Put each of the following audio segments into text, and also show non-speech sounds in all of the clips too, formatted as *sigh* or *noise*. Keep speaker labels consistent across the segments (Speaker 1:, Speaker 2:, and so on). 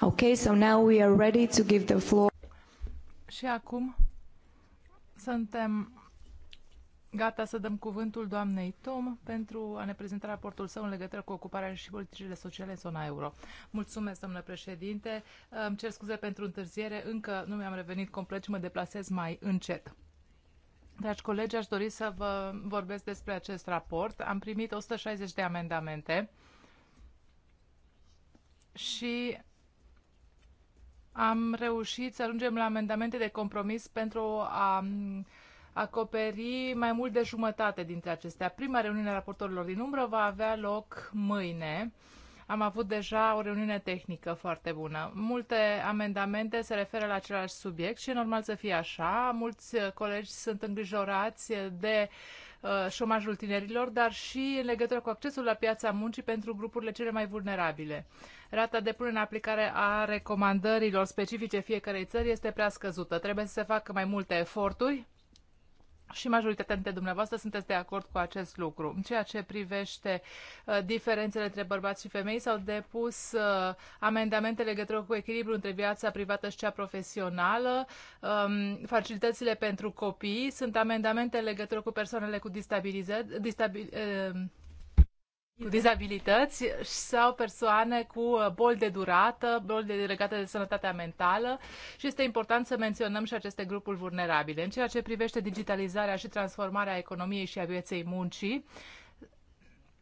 Speaker 1: Ok, so now we are ready to give the floor.
Speaker 2: Și acum suntem gata să dăm cuvântul doamnei Tom pentru a ne prezenta raportul său în legătură cu ocuparea și politicile sociale în zona euro. Mulțumesc, domnule președinte. Îmi cer scuze pentru întârziere. Încă nu mi-am revenit complet și mă deplasez mai încet. Dragi colegi, aș dori să vă vorbesc despre acest raport. Am primit 160 de amendamente și am reușit să ajungem la amendamente de compromis pentru a acoperi mai mult de jumătate dintre acestea. Prima reuniune a raportorilor din umbră va avea loc mâine. Am avut deja o reuniune tehnică foarte bună. Multe amendamente se referă la același subiect și e normal să fie așa. Mulți colegi sunt îngrijorați de uh, Uh, șomajul tinerilor, dar și în legătură cu accesul la piața muncii pentru grupurile cele mai vulnerabile. Rata de punere în aplicare a recomandărilor specifice fiecarei țări este prea scăzută. Trebuie să se facă mai multe eforturi și majoritatea dintre dumneavoastră sunteți de acord cu acest lucru. În ceea ce privește uh, diferențele între bărbați și femei, s-au depus uh, amendamente legătură cu echilibru între viața privată și cea profesională, um, facilitățile pentru copii, sunt amendamente legătură cu persoanele cu distabilizări, distabil, uh, cu dizabilități sau persoane cu boli de durată, boli de, legate de sănătatea mentală și este important să menționăm și aceste grupuri vulnerabile. În ceea ce privește digitalizarea și transformarea economiei și a vieței muncii,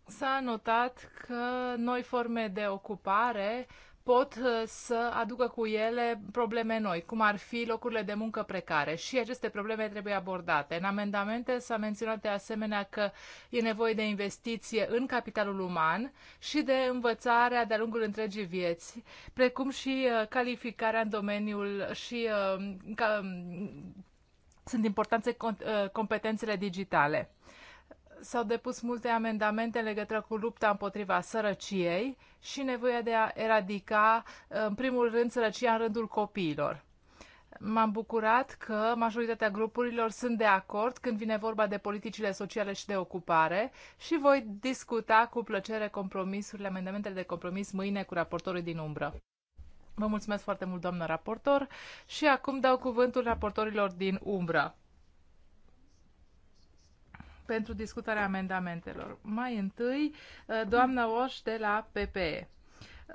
Speaker 2: s-a notat că noi forme de ocupare pot uh, să aducă cu ele probleme noi, cum ar fi locurile de muncă precare. Și aceste probleme trebuie abordate. În amendamente s-a menționat de asemenea că e nevoie de investiție în capitalul uman și de învățarea de-a lungul întregii vieți, precum și uh, calificarea în domeniul și uh, ca, sunt importante competențele digitale s-au depus multe amendamente în legătură cu lupta împotriva sărăciei și nevoia de a eradica, în primul rând, sărăcia în rândul copiilor. M-am bucurat că majoritatea grupurilor sunt de acord când vine vorba de politicile sociale și de ocupare și voi discuta cu plăcere compromisurile, amendamentele de compromis mâine cu raportorul din umbră. Vă mulțumesc foarte mult, doamnă raportor, și acum dau cuvântul raportorilor din umbră pentru discutarea amendamentelor. Mai întâi, uh, doamna Oș de la PPE.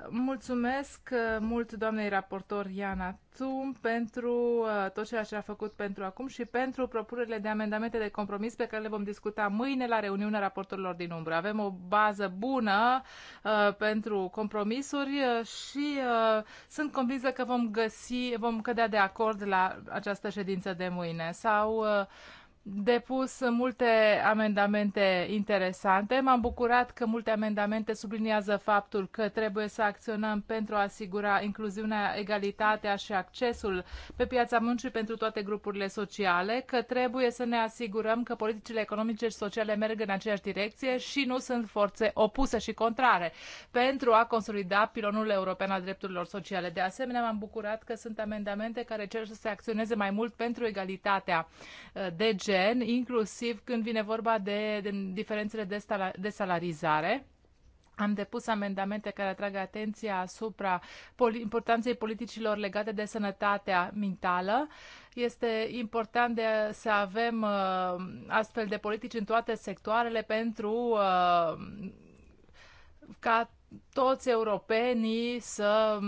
Speaker 2: Mulțumesc uh, mult doamnei raportor Iana Tum pentru uh, tot ceea ce a făcut pentru acum și pentru propunerile de amendamente de compromis pe care le vom discuta mâine la reuniunea raportorilor din umbră. Avem o bază bună uh, pentru compromisuri și uh, sunt convinsă că vom găsi, vom cădea de acord la această ședință de mâine. Sau uh, depus multe amendamente interesante. M-am bucurat că multe amendamente subliniază faptul că trebuie să acționăm pentru a asigura incluziunea, egalitatea și accesul pe piața muncii pentru toate grupurile sociale, că trebuie să ne asigurăm că politicile economice și sociale merg în aceeași direcție și nu sunt forțe opuse și contrare pentru a consolida pilonul european al drepturilor sociale. De asemenea, m-am bucurat că sunt amendamente care cer să se acționeze mai mult pentru egalitatea uh, de gen gen, inclusiv când vine vorba de, de diferențele de, stala, de salarizare. Am depus amendamente care atrag atenția asupra poli- importanței politicilor legate de sănătatea mentală. Este important de, să avem uh, astfel de politici în toate sectoarele pentru uh, ca toți europenii să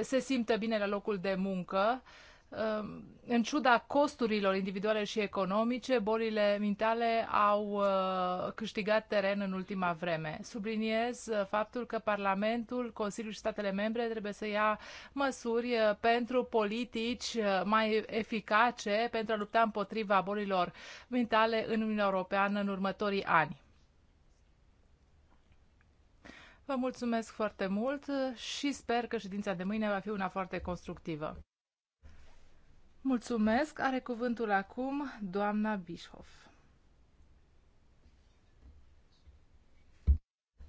Speaker 2: se simtă bine la locul de muncă. Uh, Um, în ciuda costurilor individuale și economice, bolile mentale au uh, câștigat teren în ultima vreme. Subliniez uh, faptul că Parlamentul, Consiliul și statele membre trebuie să ia măsuri uh, pentru politici mai eficace pentru a lupta împotriva bolilor mentale în Uniunea Europeană în următorii ani. Vă mulțumesc foarte mult și sper că ședința de mâine va fi una foarte constructivă. Mulțumesc. Are cuvântul acum doamna Bischoff.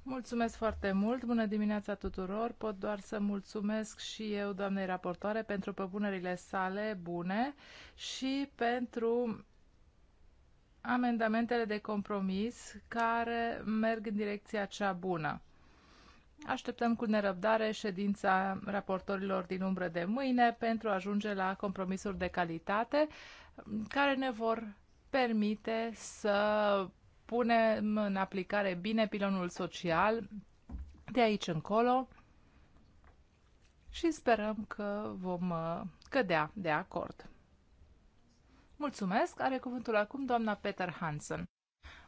Speaker 2: Mulțumesc foarte mult! Bună dimineața tuturor! Pot doar să mulțumesc și eu, doamnei raportoare, pentru propunerile sale bune și pentru amendamentele de compromis care merg în direcția cea bună. Așteptăm cu nerăbdare ședința raportorilor din umbră de mâine pentru a ajunge la compromisuri de calitate care ne vor permite să punem în aplicare bine pilonul social de aici încolo și sperăm că vom uh, cădea de acord. Mulțumesc. Are cuvântul acum doamna Peter Hansen.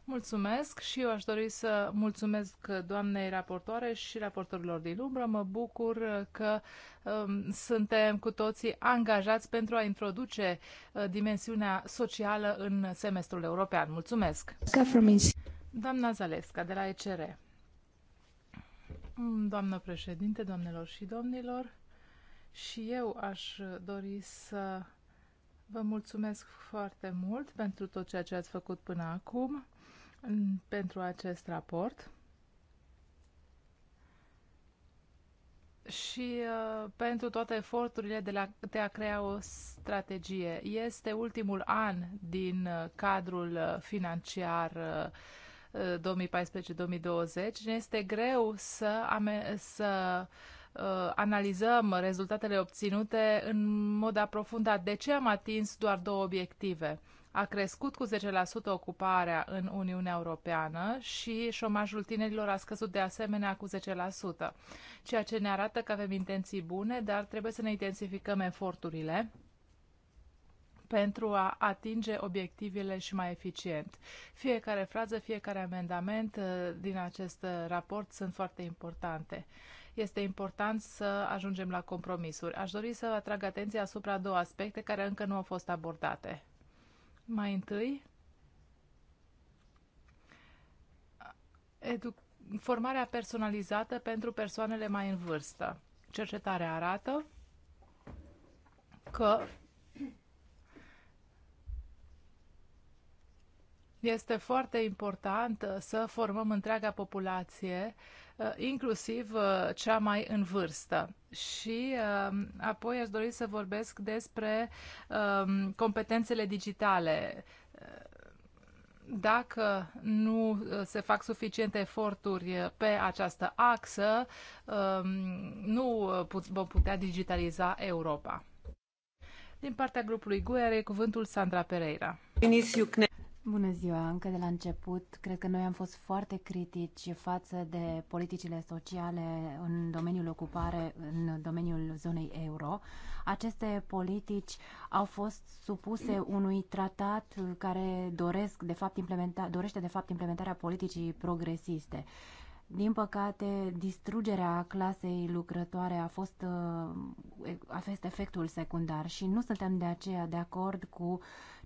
Speaker 2: Mulțumesc și eu aș dori să mulțumesc doamnei raportoare și raportorilor din umbră. Mă bucur că um, suntem cu toții angajați pentru a introduce uh, dimensiunea socială în semestrul european. Mulțumesc! Doamna Zalesca, de la ECR. Mm, doamnă președinte, doamnelor și domnilor, și eu aș dori să vă mulțumesc foarte mult pentru tot ceea ce ați făcut până acum pentru acest raport și uh, pentru toate eforturile de, la, de a crea o strategie. Este ultimul an din uh, cadrul uh, financiar uh, 2014-2020. Uh, este greu să, ame- să uh, analizăm rezultatele obținute în mod aprofundat. De ce am atins doar două obiective? a crescut cu 10% ocuparea în Uniunea Europeană și șomajul tinerilor a scăzut de asemenea cu 10%, ceea ce ne arată că avem intenții bune, dar trebuie să ne intensificăm eforturile pentru a atinge obiectivele și mai eficient. Fiecare frază, fiecare amendament uh, din acest uh, raport sunt foarte importante. Este important să ajungem la compromisuri. Aș dori să atrag atenția asupra două aspecte care încă nu au fost abordate. Mai întâi, edu- formarea personalizată pentru persoanele mai în vârstă. Cercetarea arată că este foarte important să formăm întreaga populație Uh, inclusiv uh, cea mai în vârstă. Și uh, apoi aș dori să vorbesc despre um, competențele digitale dacă nu se fac suficiente eforturi pe această axă, um, nu vom putea digitaliza Europa. Din partea grupului GUE are cuvântul Sandra Pereira.
Speaker 3: inițiu Bună ziua! Încă de la început, cred că noi am fost foarte critici față de politicile sociale în domeniul ocupare, în domeniul zonei euro. Aceste politici au fost supuse unui tratat care doresc, de fapt, implementa, dorește de fapt implementarea politicii progresiste. Din păcate, distrugerea clasei lucrătoare a fost, a fost efectul secundar și nu suntem de aceea de acord cu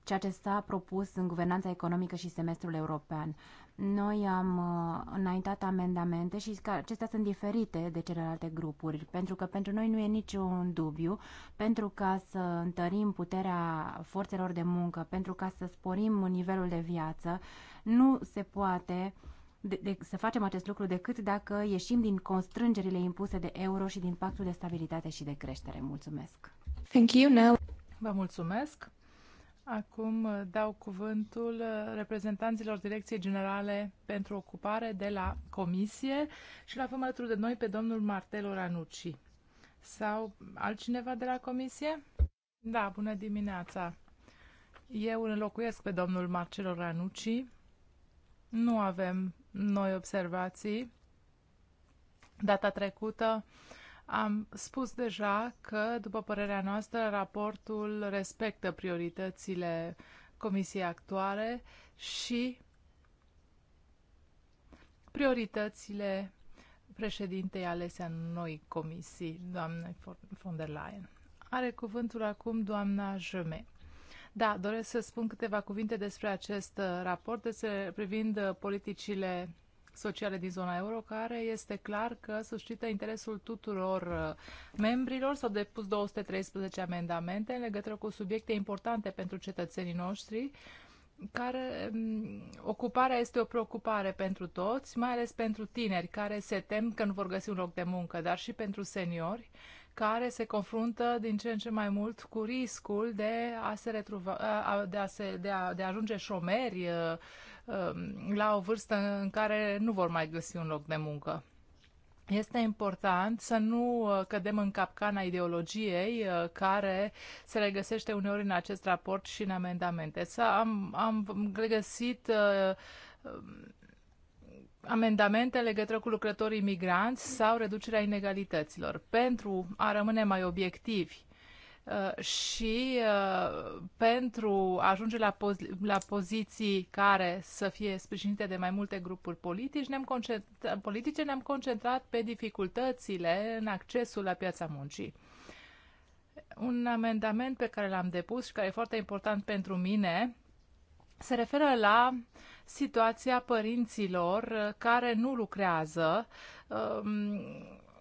Speaker 3: ceea ce s-a propus în guvernanța economică și semestrul european. Noi am uh, înaintat amendamente și că acestea sunt diferite de celelalte grupuri, pentru că pentru noi nu e niciun dubiu, pentru ca să întărim puterea forțelor de muncă, pentru ca să sporim nivelul de viață, nu se poate de, de, să facem acest lucru decât dacă ieșim din constrângerile impuse de euro și din pactul de stabilitate
Speaker 2: și de creștere. Mulțumesc!
Speaker 3: Thank you, Nell.
Speaker 2: Vă mulțumesc! Acum uh, dau cuvântul uh, reprezentanților Direcției Generale pentru Ocupare de la Comisie și la avem de noi pe domnul Martel Ranucci. Sau altcineva de la Comisie? Da, bună dimineața! Eu îl înlocuiesc pe domnul Marcelo Ranucci. Nu avem noi observații. Data trecută uh, am spus deja că, după părerea noastră, raportul respectă prioritățile comisiei actuale și prioritățile președintei alese în noi comisii, doamna von der Leyen. Are cuvântul acum doamna Jeme. Da, doresc să spun câteva cuvinte despre acest raport despre, privind politicile sociale din zona euro, care este clar că suscită interesul tuturor uh, membrilor. S-au depus 213 amendamente în legătură cu subiecte importante pentru cetățenii noștri, care mm, ocuparea este o preocupare pentru toți, mai ales pentru tineri care se tem că nu vor găsi un loc de muncă, dar și pentru seniori care se confruntă din ce în ce mai mult cu riscul de a se retruva, de a, se, de a, de a ajunge șomeri uh, Um, la o vârstă în care nu vor mai găsi un loc de muncă. Este important să nu uh, cădem în capcana ideologiei uh, care se regăsește uneori în acest raport și în amendamente. Să am, am regăsit uh, um, amendamente legătură cu lucrătorii migranți sau reducerea inegalităților. Pentru a rămâne mai obiectivi Uh, și uh, pentru a ajunge la, poz- la poziții care să fie sprijinite de mai multe grupuri politici, ne-am concentrat, politice, ne-am concentrat pe dificultățile în accesul la piața muncii. Un amendament pe care l-am depus și care e foarte important pentru mine se referă la situația părinților care nu lucrează um,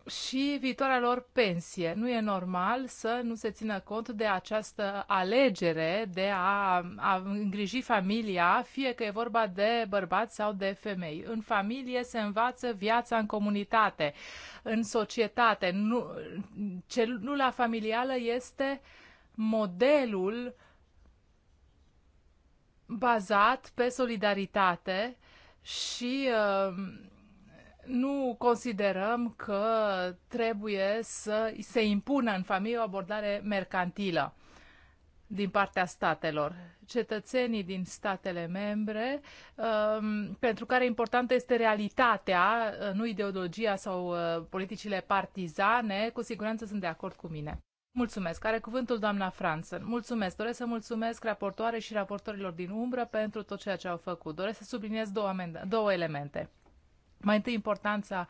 Speaker 2: și viitoarea lor pensie. Nu e normal să nu se țină cont de această alegere de a, a îngriji familia, fie că e vorba de bărbați sau de femei. În familie se învață viața în comunitate, în societate. Nu, celula familială este modelul bazat pe solidaritate și uh, nu considerăm că trebuie să se impună în familie o abordare mercantilă din partea statelor. Cetățenii din statele membre, um, pentru care importantă este realitatea, uh, nu ideologia sau uh, politicile partizane, cu siguranță sunt de acord cu mine. Mulțumesc. Are cuvântul doamna Franzen. Mulțumesc. Doresc să mulțumesc raportoare și raportorilor din umbră pentru tot ceea ce au făcut. Doresc să subliniez două, două elemente. Mai întâi importanța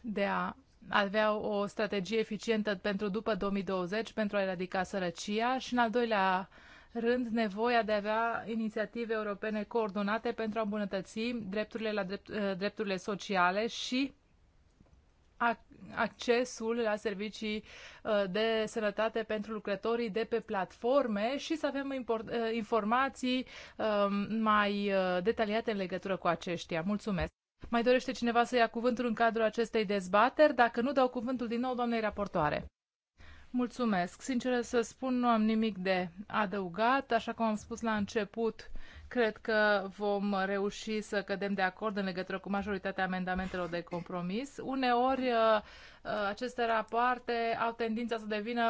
Speaker 2: de a avea o strategie eficientă pentru după 2020 pentru a eradica sărăcia și în al doilea rând nevoia de a avea inițiative europene coordonate pentru a îmbunătăți drepturile, la drept, eh, drepturile sociale și accesul la servicii eh, de sănătate pentru lucrătorii de pe platforme și să avem eh, informații mai detaliate în legătură cu aceștia. Mulțumesc! Mai dorește cineva să ia cuvântul în cadrul acestei dezbateri? Dacă nu, dau cuvântul din nou doamnei raportoare. Mulțumesc. Sincer să spun, nu am nimic de adăugat. Așa cum am spus la început, cred că vom reuși să cădem de acord în legătură cu majoritatea amendamentelor de compromis. Uneori, uh, uh, aceste rapoarte au tendința să devină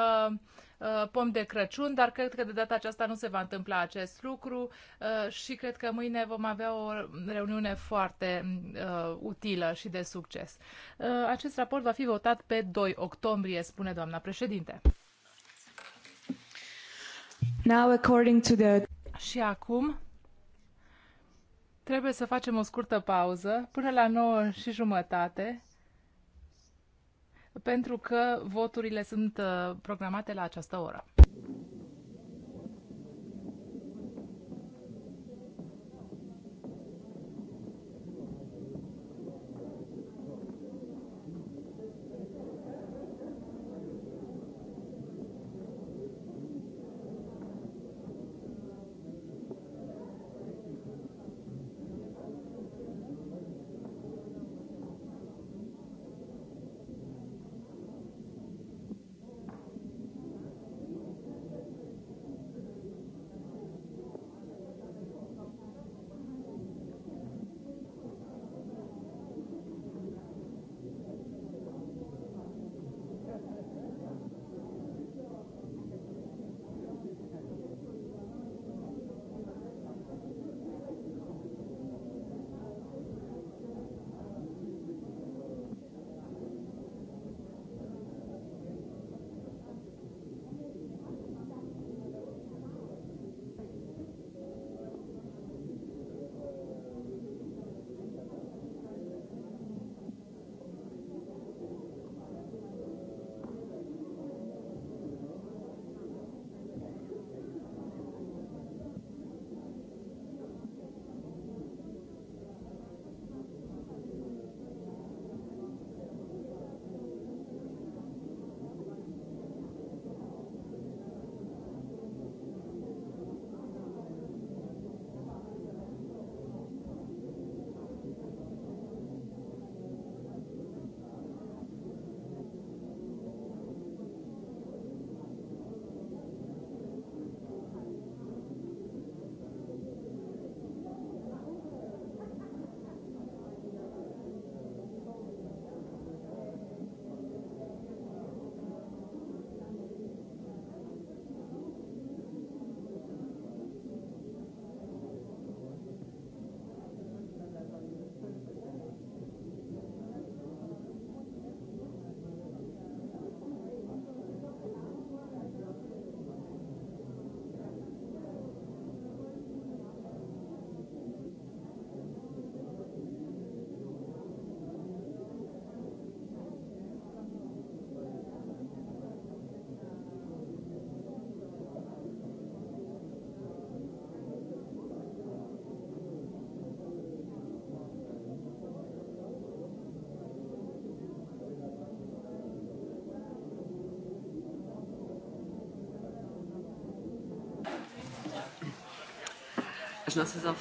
Speaker 2: Uh, pom de Crăciun, dar cred că de data aceasta nu se va întâmpla acest lucru uh, și cred că mâine vom avea o reuniune foarte uh, utilă și de succes. acest raport va fi votat pe 2 octombrie, spune doamna președinte. Now, according to the... Și acum trebuie să facem o scurtă pauză până la 9 și jumătate pentru că voturile sunt uh, programate la această oră.
Speaker 4: można sobie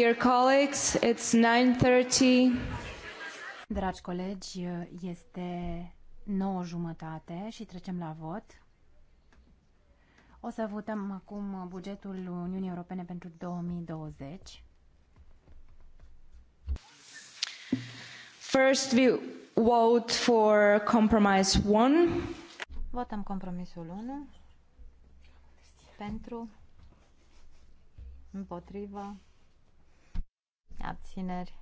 Speaker 3: Dear colleagues, it's 9:30. Dragi colegi, este 9 jumătate și trecem la vot. O să votăm acum bugetul Uniunii Europene pentru 2020. First we vote for
Speaker 1: compromise 1. Votăm compromisul 1 pentru împotriva tineri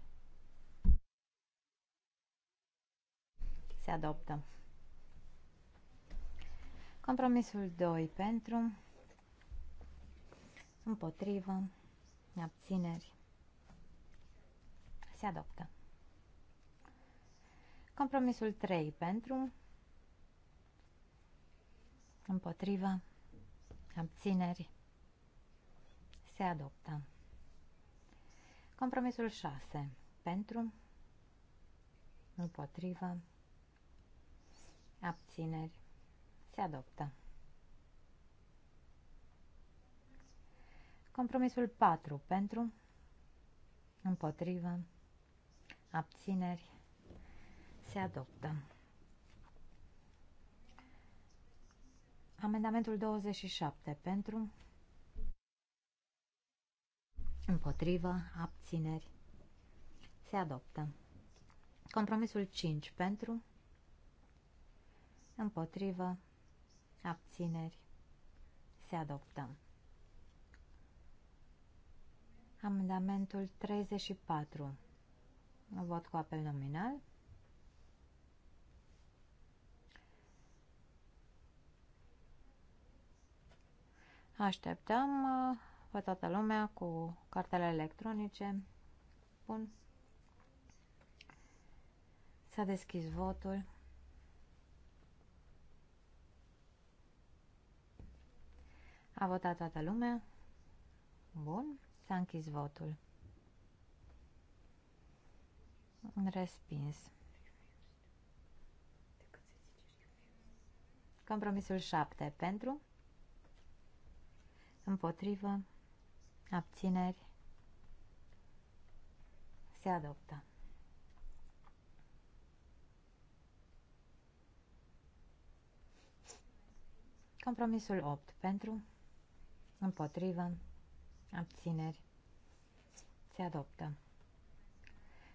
Speaker 1: se adoptă. Compromisul 2 pentru, împotrivă, abțineri, se adoptă. Compromisul 3 pentru, împotrivă, abțineri, se adoptă. Compromisul 6. Pentru, împotrivă, abțineri, se adoptă. Compromisul 4. Pentru, împotrivă, abțineri, se adoptă. Amendamentul 27. Pentru, Împotrivă, abțineri. Se adoptă. Compromisul 5 pentru. Împotrivă, abțineri. Se adoptă. Amendamentul 34. Vot cu apel nominal. Așteptăm uh, pe toată lumea cu cartele electronice. Bun. S-a deschis votul. A votat toată lumea. Bun. S-a închis votul. Respins. Compromisul 7. Pentru? Împotrivă? abțineri, se adoptă. Compromisul 8 pentru, împotrivă, abțineri, se adoptă.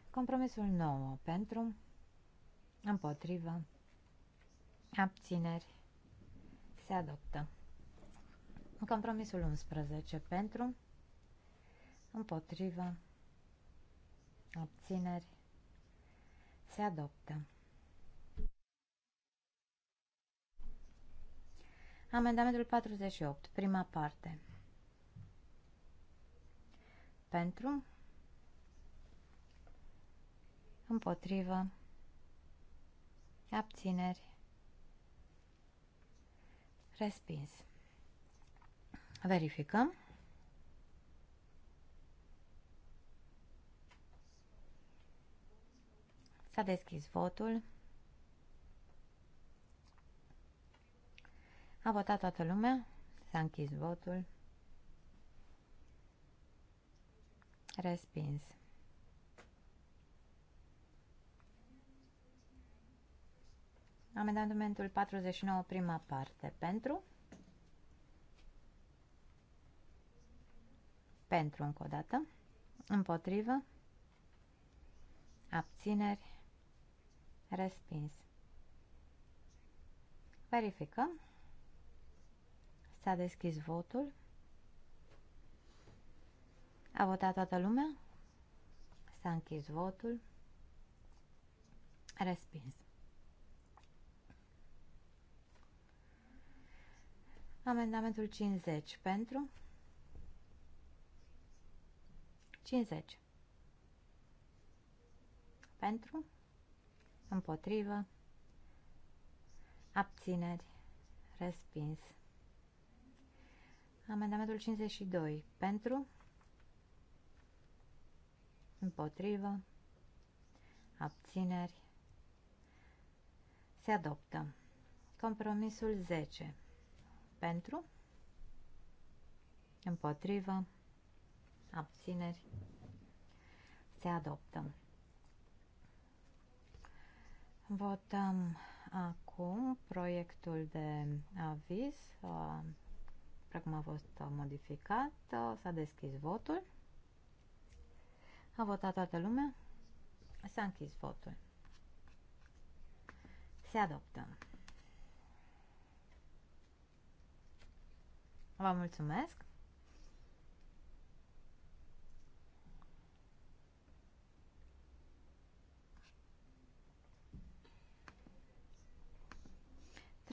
Speaker 1: Compromisul 9 pentru, împotrivă, abțineri, se adoptă. Compromisul 11 pentru, împotrivă, abțineri, se adoptă. Amendamentul 48, prima parte. Pentru, împotrivă, abțineri, respins. Verificăm. S-a deschis votul. A votat toată lumea. S-a închis votul. Respins. Amendamentul 49, prima parte. Pentru? Pentru încă o dată. Împotrivă? Abțineri? Respins. Verificăm. S-a deschis votul. A votat toată lumea? S-a închis votul. Respins. Amendamentul 50 pentru 50 pentru împotrivă, abțineri, respins. Amendamentul 52 pentru, împotrivă, abțineri, se adoptă. Compromisul 10 pentru, împotrivă, abțineri, se adoptă. Votăm acum proiectul de aviz, precum a fost modificat. S-a deschis votul. A votat toată lumea. S-a închis votul. Se adoptă. Vă mulțumesc!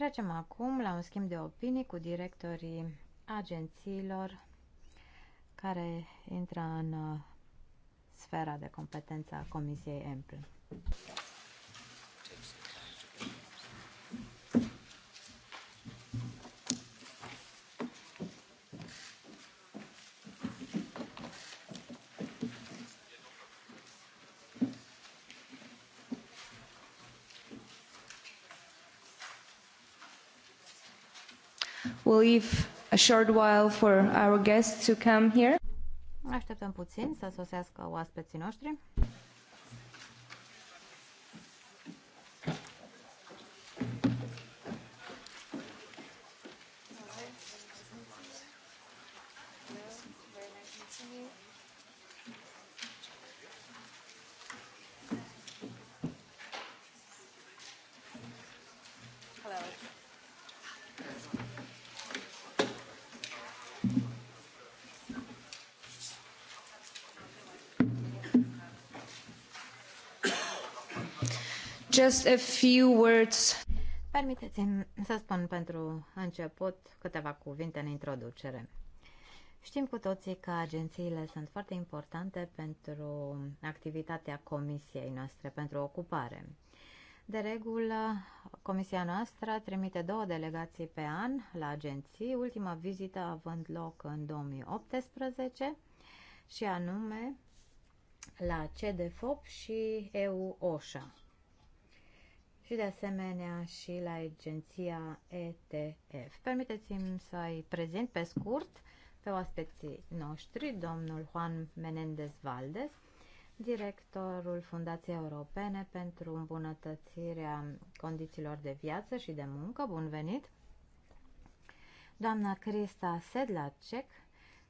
Speaker 1: Trecem acum la un schimb de opinii cu directorii agențiilor care intră în uh, sfera de competență a Comisiei EMPL. leave a short while for
Speaker 3: our guests to come here.
Speaker 1: Așteptăm puțin să sosească oaspeții noștri. just a few words. Permiteți-mi să spun pentru început câteva cuvinte în introducere. Știm cu toții că agențiile sunt foarte importante pentru activitatea Comisiei noastre pentru ocupare. De regulă, Comisia noastră trimite două delegații pe an la agenții, ultima vizită având loc în 2018 și anume la CDFOP și EU-OSHA și de asemenea și la agenția ETF. Permiteți-mi să-i prezint pe scurt pe oaspeții noștri, domnul Juan Menendez Valdes, directorul Fundației Europene pentru îmbunătățirea condițiilor de viață și de muncă. Bun venit! Doamna Crista Sedlacek,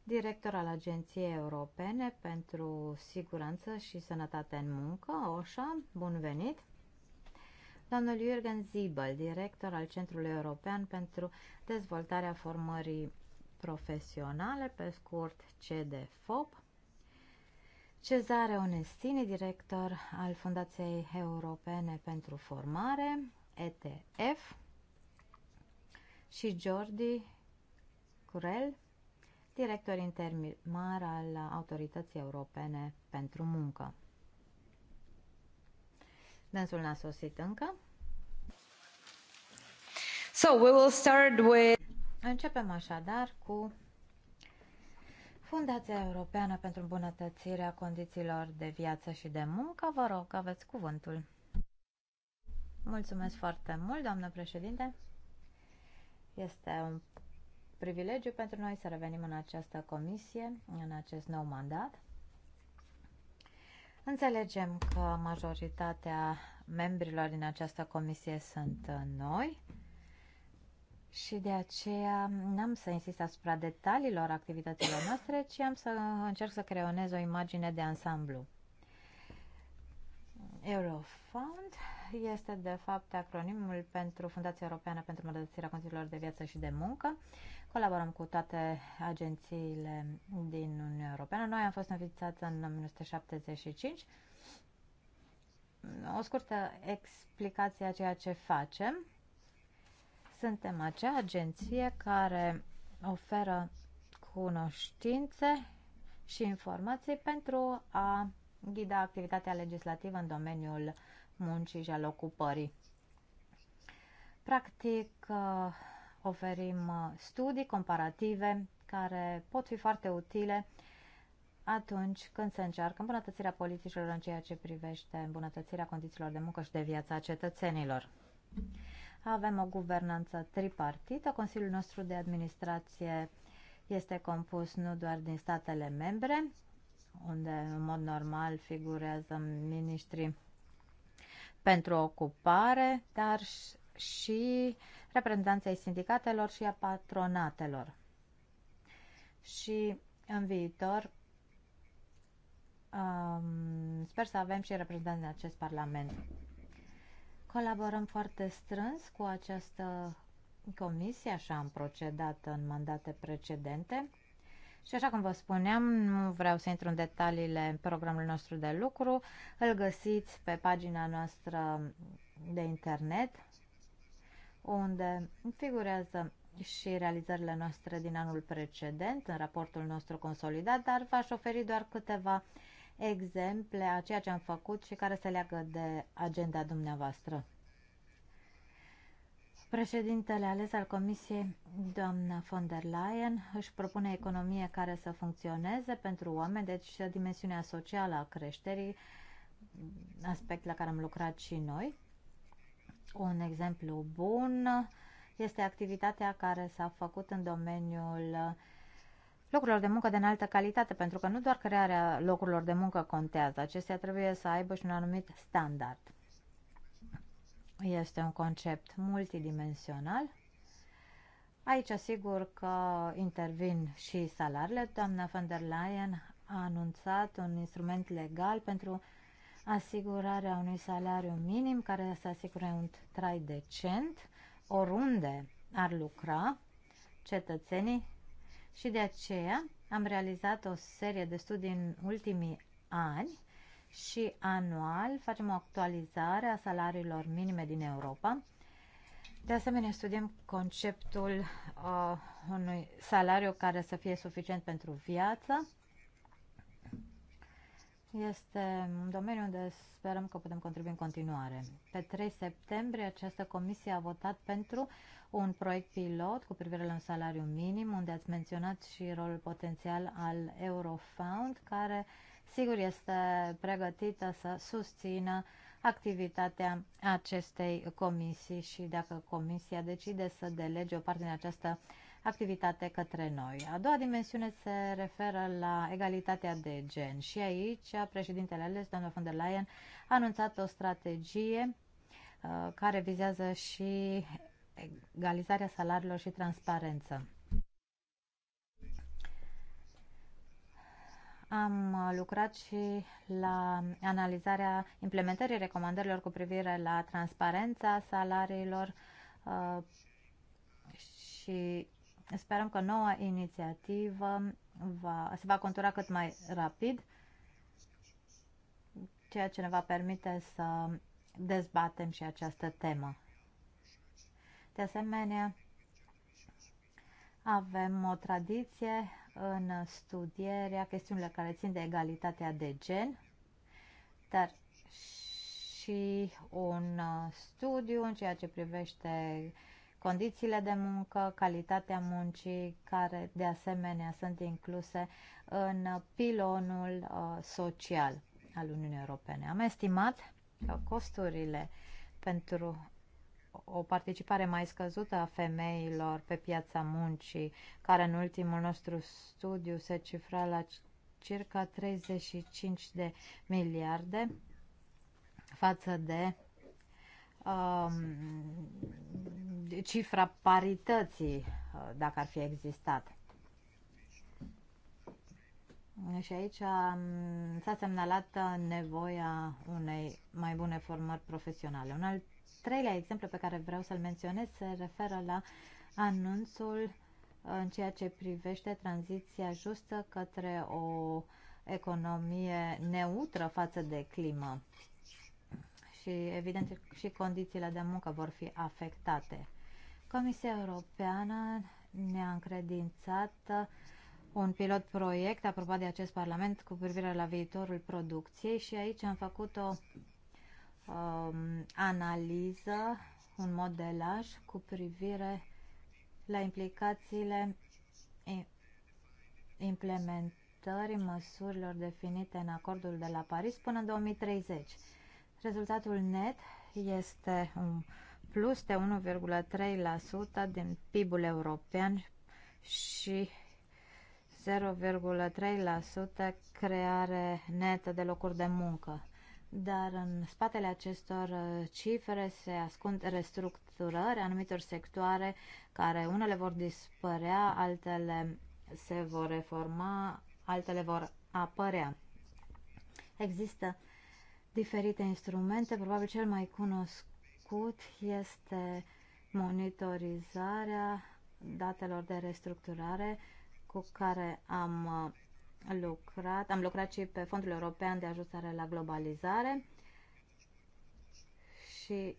Speaker 1: director al Agenției Europene pentru Siguranță și Sănătate în Muncă, OSHA. Bun venit! domnul Jürgen Siebel, director al Centrului European pentru Dezvoltarea Formării Profesionale, pe scurt CDFOP, Cezare Onestini, director al Fundației Europene pentru Formare, ETF, și Jordi Curel, director intermar al Autorității Europene pentru Muncă. Dânsul n-a sosit încă. So, we will start with... Începem așadar cu Fundația Europeană pentru îmbunătățirea condițiilor de viață și de muncă. Vă rog, aveți cuvântul. Mulțumesc foarte mult, doamnă președinte. Este un privilegiu pentru noi să revenim în această comisie, în acest nou mandat. Înțelegem că majoritatea membrilor din această comisie sunt noi și de aceea n-am să insist asupra detaliilor activităților noastre, ci am să încerc să creonez o imagine de ansamblu. Eurofund este de fapt acronimul pentru Fundația Europeană pentru Mădățirea Condițiilor de Viață și de Muncă. Colaborăm cu toate agențiile din Uniunea Europeană. Noi am fost înființați în 1975. O scurtă explicație a ceea ce facem. Suntem acea agenție care oferă cunoștințe și informații pentru a ghida activitatea legislativă în domeniul muncii și al ocupării. Practic, uh, oferim uh, studii comparative care pot fi foarte utile atunci când se încearcă îmbunătățirea politicilor în ceea ce privește îmbunătățirea condițiilor de muncă și de viața cetățenilor. Avem o guvernanță tripartită. Consiliul nostru de administrație este compus nu doar din statele membre, unde în mod normal figurează miniștrii pentru ocupare, dar și reprezentanței sindicatelor și a patronatelor. Și în viitor um, sper să avem și reprezentanți în acest parlament. Colaborăm foarte strâns cu această comisie, așa am procedat în mandate precedente și așa cum vă spuneam, nu vreau să intru în detaliile programului nostru de lucru, îl găsiți pe pagina noastră de internet, unde figurează și realizările noastre din anul precedent în raportul nostru consolidat, dar v-aș oferi doar câteva exemple a ceea ce am făcut și care se leagă de agenda dumneavoastră. Președintele ales al Comisiei, doamna von der Leyen, își propune economie care să funcționeze pentru oameni, deci dimensiunea socială a creșterii, aspect la care am lucrat și noi. Un exemplu bun este activitatea care s-a făcut în domeniul locurilor de muncă de înaltă calitate, pentru că nu doar crearea locurilor de muncă contează, acestea trebuie să aibă și un anumit standard. Este un concept multidimensional. Aici, sigur că intervin și salariile. Doamna von der Leyen a anunțat un instrument legal pentru asigurarea unui salariu minim care să asigure un trai decent oriunde ar lucra cetățenii și de aceea am realizat o serie de studii în ultimii ani și anual facem o actualizare a salariilor minime din Europa. De asemenea, studiem conceptul uh, unui salariu care să fie suficient pentru viață. Este un domeniu unde sperăm că putem contribui în continuare. Pe 3 septembrie, această comisie a votat pentru un proiect pilot cu privire la un salariu minim, unde ați menționat și rolul potențial al Eurofound, care uh, sigur este pregătită să susțină activitatea acestei comisii și dacă comisia decide să delege o parte din această activitate către noi. A doua dimensiune se referă la egalitatea de gen și aici președintele ales, doamna von der Leyen, a anunțat o strategie uh, care vizează și egalizarea salariilor și transparență. Am uh, lucrat și la analizarea implementării recomandărilor cu privire la transparența salariilor uh, și sperăm că noua inițiativă va, se va contura cât mai rapid, ceea ce ne va permite să dezbatem și această temă. De asemenea, avem o tradiție în studierea chestiunilor care țin de egalitatea de gen, dar și un studiu în ceea ce privește condițiile de muncă, calitatea muncii, care de asemenea sunt incluse în pilonul uh, social al Uniunii Europene. Am estimat că uh, costurile pentru o participare mai scăzută a femeilor pe piața muncii, care în ultimul nostru studiu se cifra la circa 35 de miliarde față de um, cifra parității, uh, dacă ar fi existat. Și aici um, s-a semnalat nevoia unei mai bune formări profesionale. Un alt treilea exemplu pe care vreau să-l menționez se referă la anunțul în ceea ce privește tranziția justă către o economie neutră față de climă. Și, evident, și condițiile de muncă vor fi afectate. Comisia Europeană ne-a încredințat un pilot proiect aprobat de acest Parlament cu privire la viitorul producției și aici am făcut o um, analiză, un modelaj cu privire la implicațiile implementării măsurilor definite în acordul de la Paris până în 2030. Rezultatul net este un plus de 1,3% din PIB-ul european și 0,3% creare netă de locuri de muncă dar în spatele acestor uh, cifre se ascund restructurări anumitor sectoare care unele vor dispărea, altele se vor reforma, altele vor apărea. Există diferite instrumente, probabil cel mai cunoscut este monitorizarea datelor de restructurare cu care am uh, lucrat, am lucrat și pe Fondul European de Ajustare la Globalizare și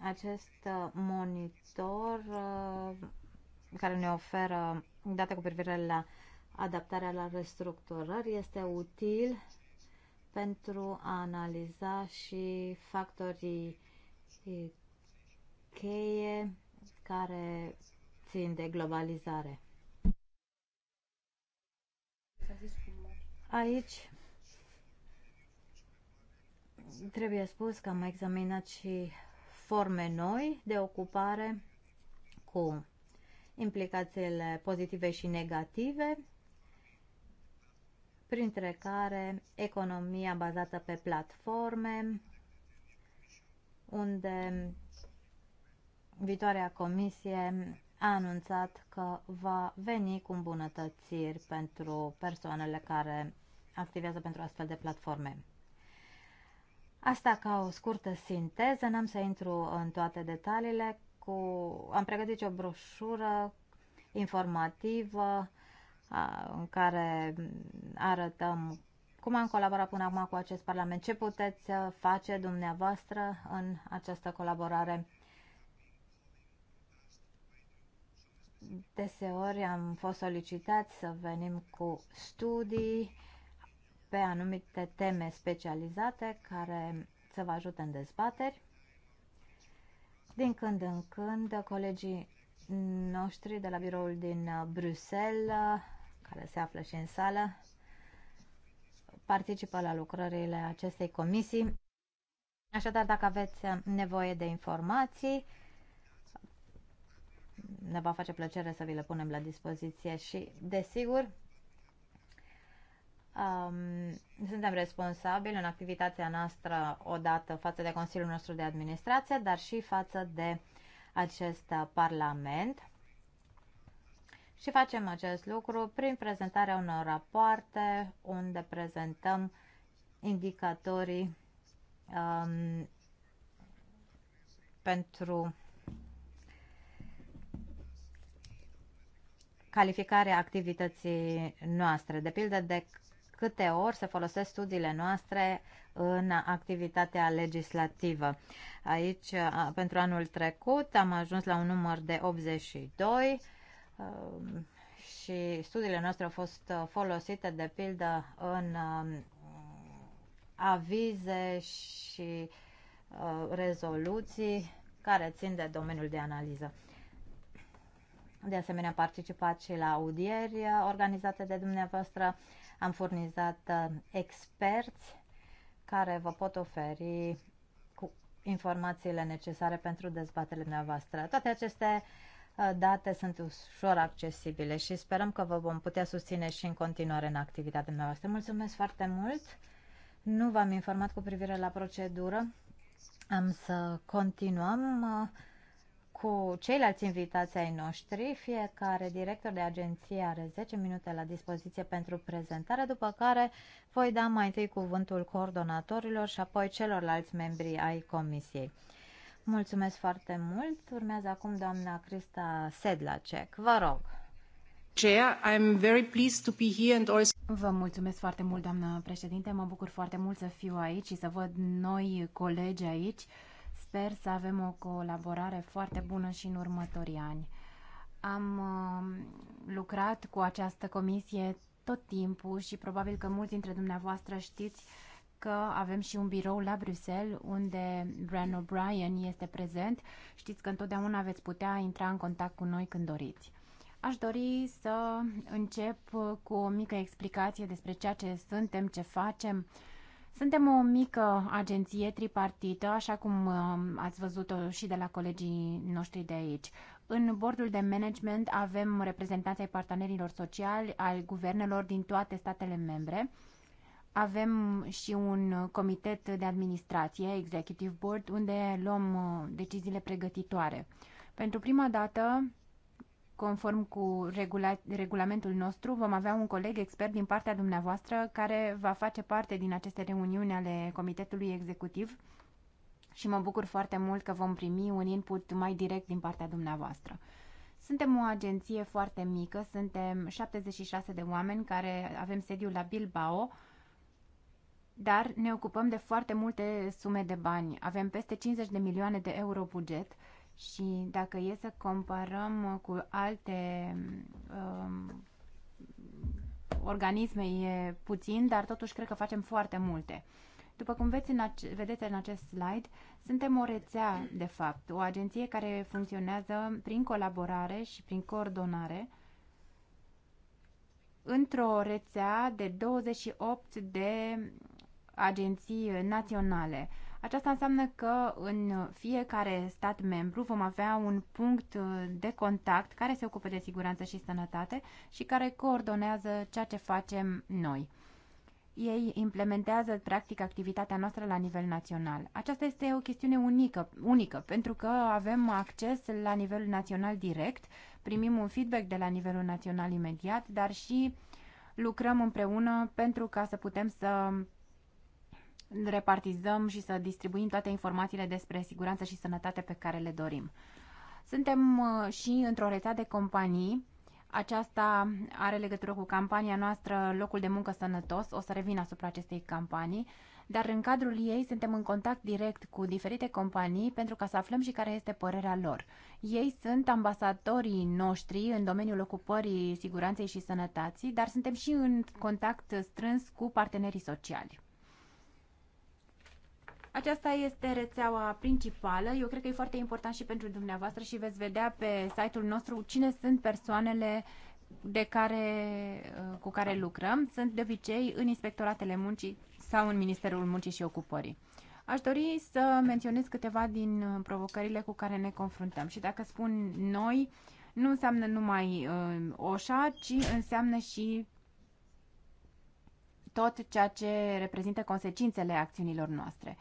Speaker 1: acest uh, monitor uh, care ne oferă date cu privire la adaptarea la restructurări este util pentru a analiza și factorii cheie care țin de globalizare. Aici trebuie spus că am examinat și forme noi de ocupare cu implicațiile pozitive și negative, printre care economia bazată pe platforme, unde viitoarea comisie a anunțat că va veni cu îmbunătățiri pentru persoanele care activează pentru astfel de platforme. Asta ca o scurtă sinteză, n-am să intru în toate detaliile. Cu... Am pregătit o broșură informativă a, în care arătăm cum am colaborat până acum cu acest Parlament, ce puteți uh, face dumneavoastră în această colaborare. Deseori am fost solicitați să venim cu studii pe anumite teme specializate care să vă ajute în dezbateri. Din când în când, colegii noștri de la biroul din uh, Bruxelles, uh, care se află și în sală, participă la lucrările acestei comisii. Așadar, dacă aveți uh, nevoie de informații, ne va face plăcere să vi le punem la dispoziție și, desigur, um, suntem responsabili în activitatea noastră odată față de Consiliul nostru de administrație, dar și față de acest Parlament. Și facem acest lucru prin prezentarea unor rapoarte unde prezentăm indicatorii um, pentru calificarea activității noastre. De pildă, de câte ori se folosesc studiile noastre în activitatea legislativă. Aici, pentru anul trecut, am ajuns la un număr de 82 um, și studiile noastre au fost uh, folosite, de pildă, în um, avize și uh, rezoluții care țin de domeniul de analiză. De asemenea, participat și la audieri uh, organizate de dumneavoastră. Am furnizat uh, experți care vă pot oferi cu informațiile necesare pentru dezbaterile noastre. Toate aceste uh, date sunt ușor accesibile și sperăm că vă vom putea susține și în continuare în activitatea noastră. Mulțumesc foarte mult! Nu v-am informat cu privire la procedură. Am să continuăm uh, cu ceilalți invitații ai noștri, fiecare director de agenție are 10 minute la dispoziție pentru prezentare, după care voi da mai întâi cuvântul coordonatorilor și apoi celorlalți membri ai comisiei. Mulțumesc foarte mult. Urmează acum doamna Crista Sedlacek. Vă rog. Chair, I'm very pleased to be here and also... Vă mulțumesc foarte mult, doamnă președinte. Mă bucur foarte mult să
Speaker 3: fiu aici și să văd noi colegi aici. Uh, Sper să avem o colaborare foarte bună și în următorii ani. Am um, lucrat cu această comisie tot timpul și probabil că mulți dintre dumneavoastră știți că avem și un birou la Bruxelles unde Bran O'Brien este prezent. Știți că întotdeauna veți putea intra în contact cu noi când doriți. Aș dori să încep cu o mică explicație despre ceea ce suntem, ce facem, suntem o mică agenție tripartită, așa cum um, ați văzut-o și de la colegii noștri de aici. În bordul de management avem reprezentanți ai partenerilor sociali, al guvernelor din toate statele membre. Avem și un comitet de administrație, Executive Board, unde luăm uh, deciziile pregătitoare. Pentru prima dată conform cu regula regulamentul nostru, vom avea un coleg expert din partea dumneavoastră care va face parte din aceste reuniuni ale Comitetului Executiv și mă bucur foarte mult că vom primi un input mai direct din partea dumneavoastră. Suntem o agenție foarte mică, suntem 76 de oameni care avem sediul la Bilbao, dar ne ocupăm de foarte multe sume de bani. Avem peste 50 de milioane de euro buget și dacă e să comparăm uh, cu alte um, organisme, e puțin, dar totuși cred că facem foarte multe. După cum veți în vedeți în acest slide, suntem o rețea, de fapt, o agenție care funcționează prin colaborare și prin coordonare într-o rețea de 28 de agenții naționale. Aceasta înseamnă că în fiecare stat membru vom avea un punct de contact care se ocupe de siguranță și sănătate și care coordonează ceea ce facem noi. Ei implementează practic activitatea noastră la nivel național. Aceasta este o chestiune unică, unică pentru că avem acces la nivelul național direct, primim un feedback de la nivelul național imediat, dar și lucrăm împreună pentru ca să putem să repartizăm și să distribuim toate informațiile despre siguranță și sănătate pe care le dorim. Suntem uh, și într-o rețea de companii. Aceasta are legătură cu campania noastră Locul de muncă sănătos. O să revin asupra acestei campanii. Dar în cadrul ei suntem în contact direct cu diferite companii pentru ca să aflăm și care este părerea lor. Ei sunt ambasadorii noștri în domeniul ocupării, siguranței și sănătății, dar suntem și în contact strâns cu partenerii sociali. Aceasta este rețeaua principală. Eu cred că e foarte important și pentru dumneavoastră și veți vedea pe site-ul nostru cine sunt persoanele de care, uh, cu care lucrăm. Sunt de obicei în inspectoratele muncii sau în Ministerul Muncii și Ocupării. Aș dori să menționez câteva din uh, provocările cu care ne confruntăm și dacă spun noi, nu înseamnă numai uh, oșa, ci înseamnă și tot ceea ce reprezintă consecințele acțiunilor noastre.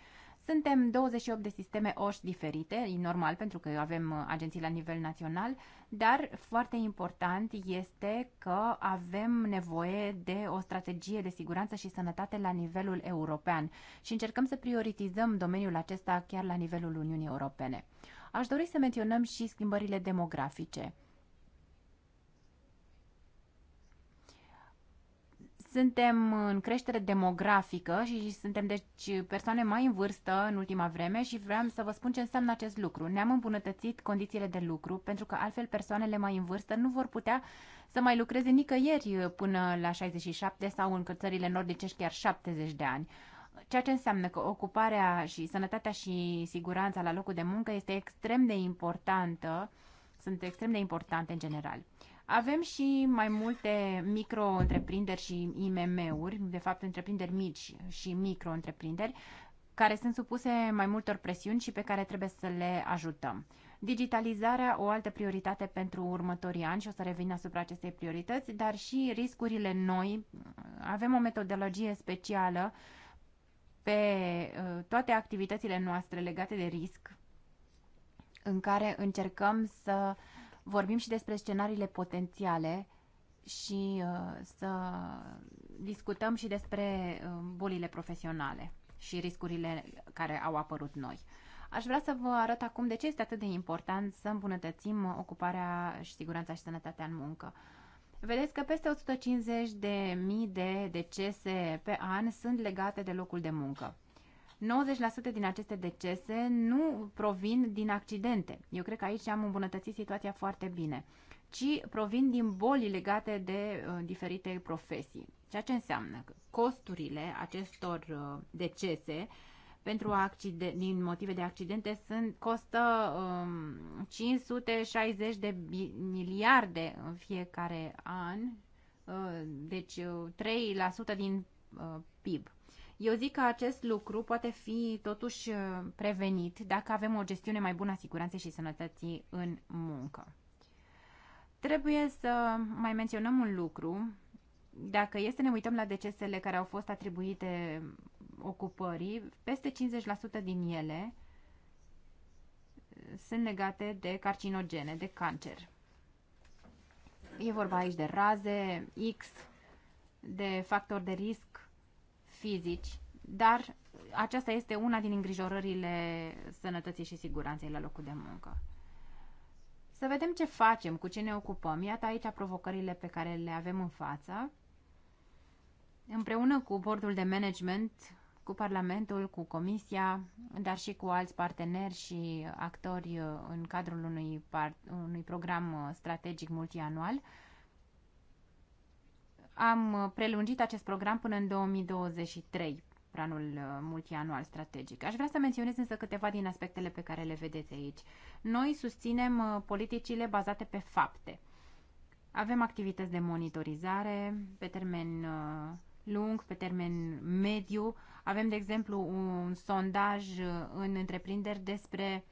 Speaker 3: Suntem 28 de sisteme OSH diferite, e normal pentru că avem uh, agenții la nivel național, dar foarte important este că avem nevoie de o strategie de siguranță și sănătate la nivelul european și încercăm să prioritizăm domeniul acesta chiar la nivelul Uniunii Europene. Aș dori să menționăm și schimbările demografice. Suntem în creștere demografică și suntem deci persoane mai în vârstă în ultima vreme și vreau să vă spun ce înseamnă acest lucru. Ne-am îmbunătățit condițiile de lucru pentru că altfel persoanele mai în vârstă nu vor putea să mai lucreze nicăieri până la 67 sau în țările nordice chiar 70 de ani. Ceea ce înseamnă că ocuparea și sănătatea și siguranța la locul de muncă este extrem de importantă, sunt extrem de importante în general. Avem și mai multe micro-întreprinderi și IMM-uri, de fapt întreprinderi mici și micro-întreprinderi, care sunt supuse mai multor presiuni și pe care trebuie să le ajutăm. Digitalizarea, o altă prioritate pentru următorii ani și o să revin asupra acestei priorități, dar și riscurile noi. Avem o metodologie specială pe uh, toate activitățile noastre legate de risc, în care încercăm să uh, vorbim și despre scenariile potențiale și uh, să discutăm și despre uh, bolile profesionale și riscurile care au apărut noi. Aș vrea să vă arăt acum de ce este atât de important să îmbunătățim ocuparea și siguranța și sănătatea în muncă. Vedeți că peste 150 de mii de decese pe an sunt legate de locul de muncă. 90% din aceste decese nu provin din accidente. Eu cred că aici am îmbunătățit situația foarte bine, ci provin din boli legate de uh, diferite profesii. Ceea ce înseamnă că costurile acestor uh, decese pentru accident, din motive de accidente sunt, costă um, 560 de miliarde în fiecare an, uh, deci 3% uh, din uh, PIB eu zic că acest lucru poate fi totuși uh, prevenit dacă avem o gestiune mai bună a siguranței și sănătății în muncă. Trebuie să mai menționăm un lucru. Dacă este ne uităm la decesele care au fost atribuite ocupării, peste 50% din ele uh, sunt legate de carcinogene, de cancer. E vorba aici de raze, X, de factori de risc fizici, dar aceasta este una din îngrijorările sănătății și siguranței la locul de muncă. Să vedem ce facem, cu ce ne ocupăm. Iată aici provocările pe care le avem în față. Împreună cu bordul de management, cu Parlamentul, cu Comisia, dar și cu alți parteneri și actori uh, în cadrul unui, unui program uh, strategic multianual, am uh, prelungit acest program până în 2023, planul uh, multianual strategic. Aș vrea să menționez însă câteva din aspectele pe care le vedeți aici. Noi susținem uh, politicile bazate pe fapte. Avem activități de monitorizare pe termen lung, pe termen mediu. Avem, de exemplu, un sondaj în întreprinderi despre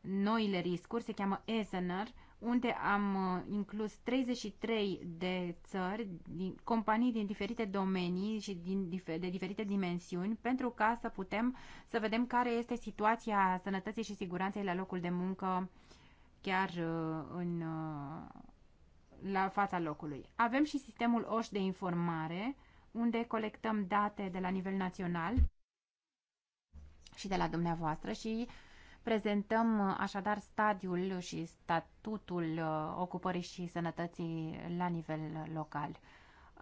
Speaker 3: noile riscuri, se cheamă Ezener, unde am uh, inclus 33 de țări, din, companii din diferite domenii și din, de diferite dimensiuni, pentru ca să putem să vedem care este situația sănătății și siguranței la locul de muncă chiar uh, în, uh, la fața locului. Avem și sistemul OȘ de informare, unde colectăm date de la nivel național și de la dumneavoastră și uh, Prezentăm uh, așadar stadiul și statutul uh, ocupării și sănătății la nivel uh, local.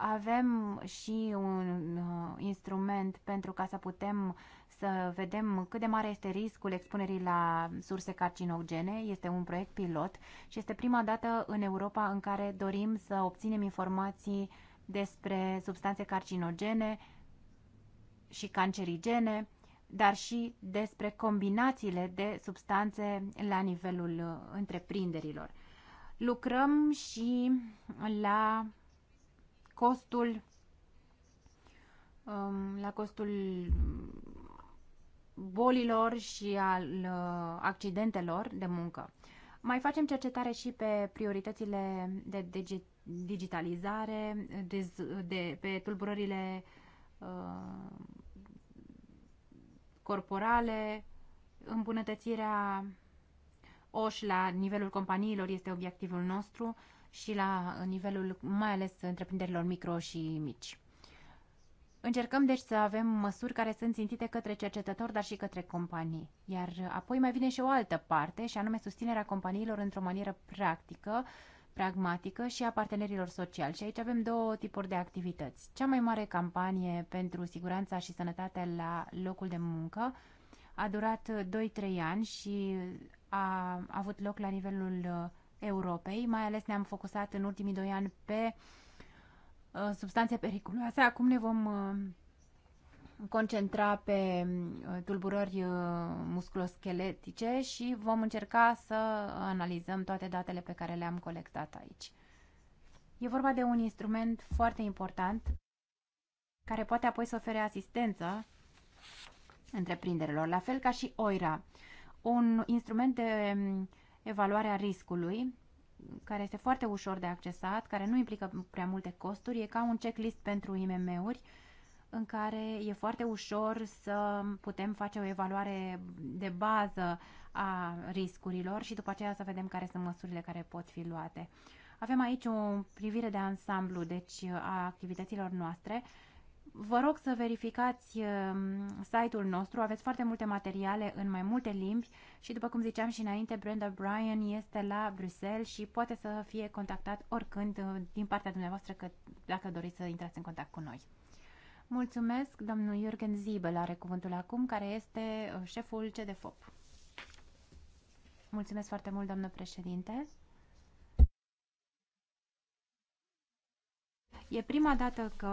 Speaker 3: Avem și un instrument pentru ca să putem să vedem cât de mare este riscul expunerii la surse carcinogene. Este un proiect pilot și este prima dată în Europa în care dorim să obținem informații despre substanțe carcinogene și cancerigene dar și despre combinațiile de substanțe la nivelul uh, întreprinderilor. Lucrăm și la costul um, la costul bolilor și al uh, accidentelor de muncă. Mai facem cercetare și pe prioritățile de digitalizare, de, de, pe tulburările uh, corporale, îmbunătățirea OSH la nivelul companiilor este obiectivul nostru și la nivelul mai ales întreprinderilor micro și mici. Încercăm deci să avem măsuri care sunt țintite către cercetători, dar și către companii. Iar apoi mai vine și o altă parte, și anume susținerea companiilor într-o manieră practică, uh, pragmatică și a partenerilor sociali. Și aici avem două tipuri de activități. Cea mai mare campanie pentru siguranța și sănătatea la locul de muncă a durat 2-3 ani și a avut loc la nivelul uh, Europei. Mai ales ne-am focusat în ultimii 2 ani pe uh, substanțe periculoase. Acum ne vom uh, concentra pe uh, tulburări uh, musculoscheletice și vom încerca să analizăm toate datele pe care le-am colectat aici. E vorba de un instrument foarte important care poate apoi să ofere asistență întreprinderilor, la fel ca și OIRA, un instrument de um, evaluare a riscului care este foarte ușor de accesat, care nu implică prea multe costuri, e ca un checklist pentru IMM-uri, în care e foarte ușor să putem face o evaluare de bază a riscurilor și după aceea să vedem care sunt măsurile care pot fi luate. Avem aici o privire de ansamblu deci, a activităților noastre. Vă rog să verificați um, site-ul nostru, aveți foarte multe materiale în mai multe limbi și după cum ziceam și înainte, Brenda Bryan este la Bruxelles și poate să fie contactat oricând uh, din partea dumneavoastră că, dacă doriți să intrați în contact cu noi. Mulțumesc, domnul Jürgen Zibel are cuvântul acum, care este uh, șeful CDFOP. Mulțumesc foarte mult, doamnă președinte. E prima dată că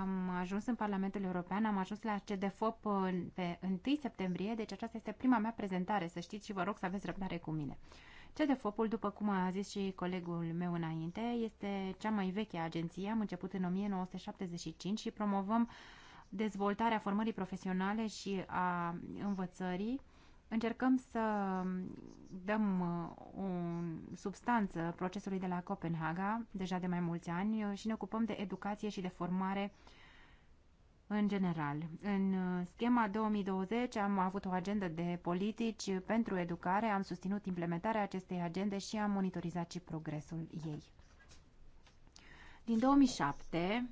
Speaker 3: am ajuns în Parlamentul European, am ajuns la CDFOP uh, pe 1 septembrie, deci aceasta este prima mea prezentare, să știți și vă rog să aveți răbdare cu mine de ul după cum a zis și colegul meu înainte, este cea mai veche agenție. Am început în 1975 și promovăm dezvoltarea formării profesionale și a învățării. Încercăm să dăm uh, o substanță procesului de la Copenhaga, deja de mai mulți ani, uh, și ne ocupăm de educație și de formare în general. În uh, schema 2020 am avut o agendă de politici pentru educare, am susținut implementarea acestei agende și am monitorizat și progresul ei. Din 2007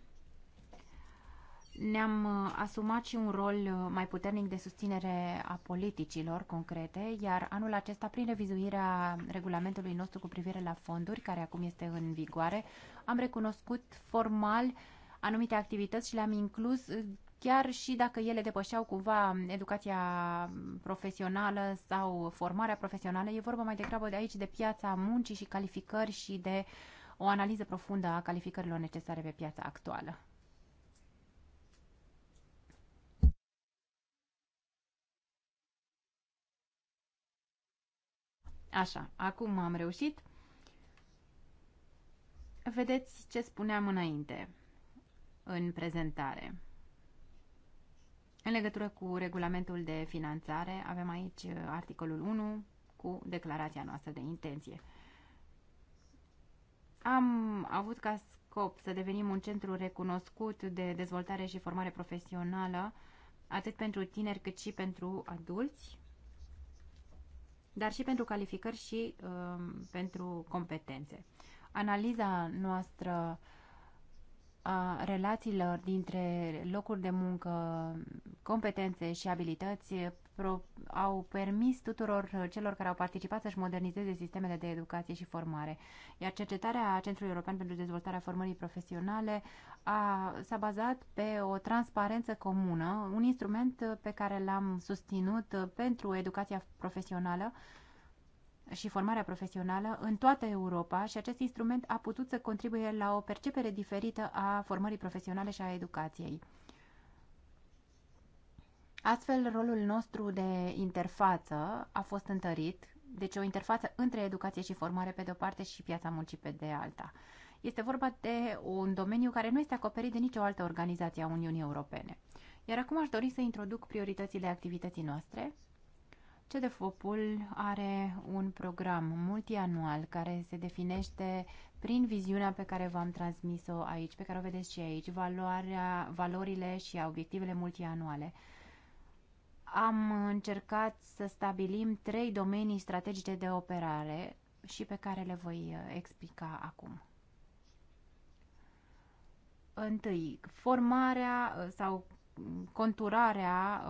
Speaker 3: ne-am uh, asumat și un rol uh, mai puternic de susținere a politicilor concrete, iar anul acesta, prin revizuirea regulamentului nostru cu privire la fonduri, care acum este în vigoare, am recunoscut formal uh, anumite activități și le-am inclus uh, chiar și dacă ele depășeau cumva educația profesională sau formarea profesională, e vorba mai degrabă de aici de piața muncii și calificări și de o analiză profundă a calificărilor necesare pe piața actuală. Așa, acum am reușit. Vedeți ce spuneam înainte în prezentare. În legătură cu regulamentul de finanțare, avem aici uh, articolul 1 cu declarația noastră de intenție. Am avut ca scop să devenim un centru recunoscut de dezvoltare și formare profesională, atât pentru tineri cât și pentru adulți, dar și pentru calificări și uh, pentru competențe. Analiza noastră uh, a relațiilor dintre locuri de muncă, competențe și abilități au permis tuturor celor care au participat să-și modernizeze sistemele de educație și formare. Iar cercetarea Centrului European pentru Dezvoltarea Formării Profesionale s-a bazat pe o transparență comună, un instrument pe care l-am susținut pentru educația profesională, și formarea profesională în toată Europa și acest instrument a putut să contribuie la o percepere diferită a formării profesionale și a educației. Astfel, rolul nostru de interfață a fost întărit, deci o interfață între educație și formare pe de-o parte și piața muncii pe de alta. Este vorba de un domeniu care nu este acoperit de nicio altă organizație a Uniunii Europene. Iar acum aș dori să introduc prioritățile activității noastre CDFOP-ul are un program multianual care se definește prin viziunea pe care v-am transmis-o aici, pe care o vedeți și aici, valoarea, valorile și obiectivele multianuale. Am încercat să stabilim trei domenii strategice de operare și pe care le voi uh, explica acum. Întâi, formarea uh, sau conturarea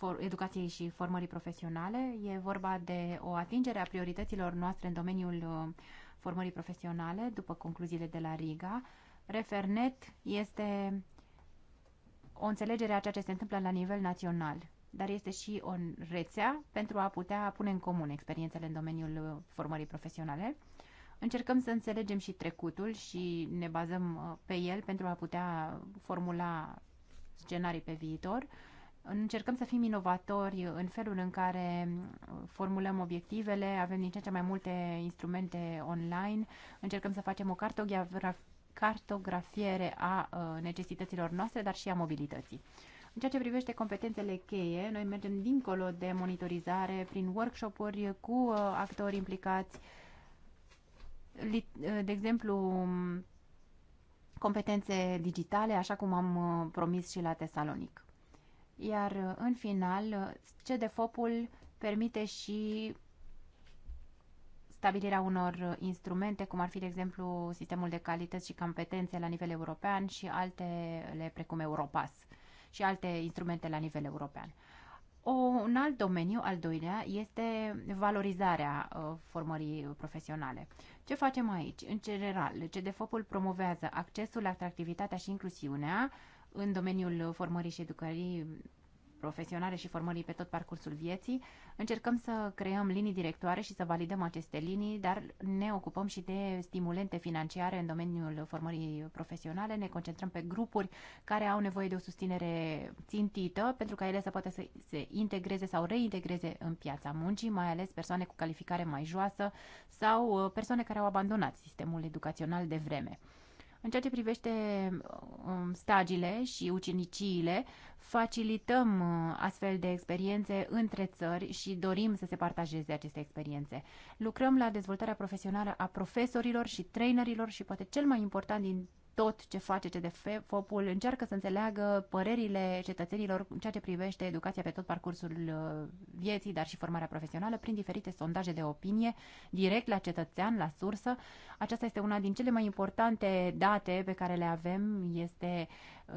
Speaker 3: uh, educației și formării profesionale. E vorba de o atingere a priorităților noastre în domeniul uh, formării profesionale, după concluziile de la Riga. Refernet este o înțelegere a ceea ce se întâmplă la nivel național, dar este și o rețea pentru a putea pune în comun experiențele în domeniul uh, formării profesionale. Încercăm să înțelegem și trecutul și ne bazăm pe el pentru a putea formula scenarii pe viitor. Încercăm să fim inovatori în felul în care formulăm obiectivele, avem din ce în ce mai multe instrumente online, încercăm să facem o cartografiere a ă, necesităților noastre, dar și a mobilității. În ceea ce privește competențele cheie, noi mergem dincolo de monitorizare prin workshop-uri cu ă, actori implicați, ă, de exemplu, competențe digitale, așa cum am uh, promis și la Tesalonic. Iar uh, în final, uh, CDFOP-ul permite și stabilirea unor instrumente, cum ar fi, de exemplu, sistemul de calități și competențe la nivel european și altele precum Europass și alte instrumente la nivel european. O, un alt domeniu, al doilea, este valorizarea uh, formării profesionale. Ce facem aici? În general, CDFOP-ul promovează accesul, atractivitatea și inclusiunea în domeniul formării și educării profesionale și formării pe tot parcursul vieții. Încercăm să creăm linii directoare și să validăm aceste linii, dar ne ocupăm și de stimulente financiare în domeniul formării profesionale. Ne concentrăm pe grupuri care au nevoie de o susținere țintită pentru ca ele să poată să se integreze sau reintegreze în piața muncii, mai ales persoane cu calificare mai joasă sau uh, persoane care au abandonat sistemul educațional de vreme. În ceea ce privește um, stagiile și uceniciile, facilităm uh, astfel de experiențe între țări și dorim să se partajeze aceste experiențe. Lucrăm la dezvoltarea profesională a profesorilor și trainerilor și poate cel mai important din tot ce face CDF-ul, încearcă să înțeleagă părerile cetățenilor în ceea ce privește educația pe tot parcursul uh, vieții, dar și formarea profesională, prin diferite sondaje de opinie, direct la cetățean, la sursă. Aceasta este una din cele mai importante date pe care le avem. Este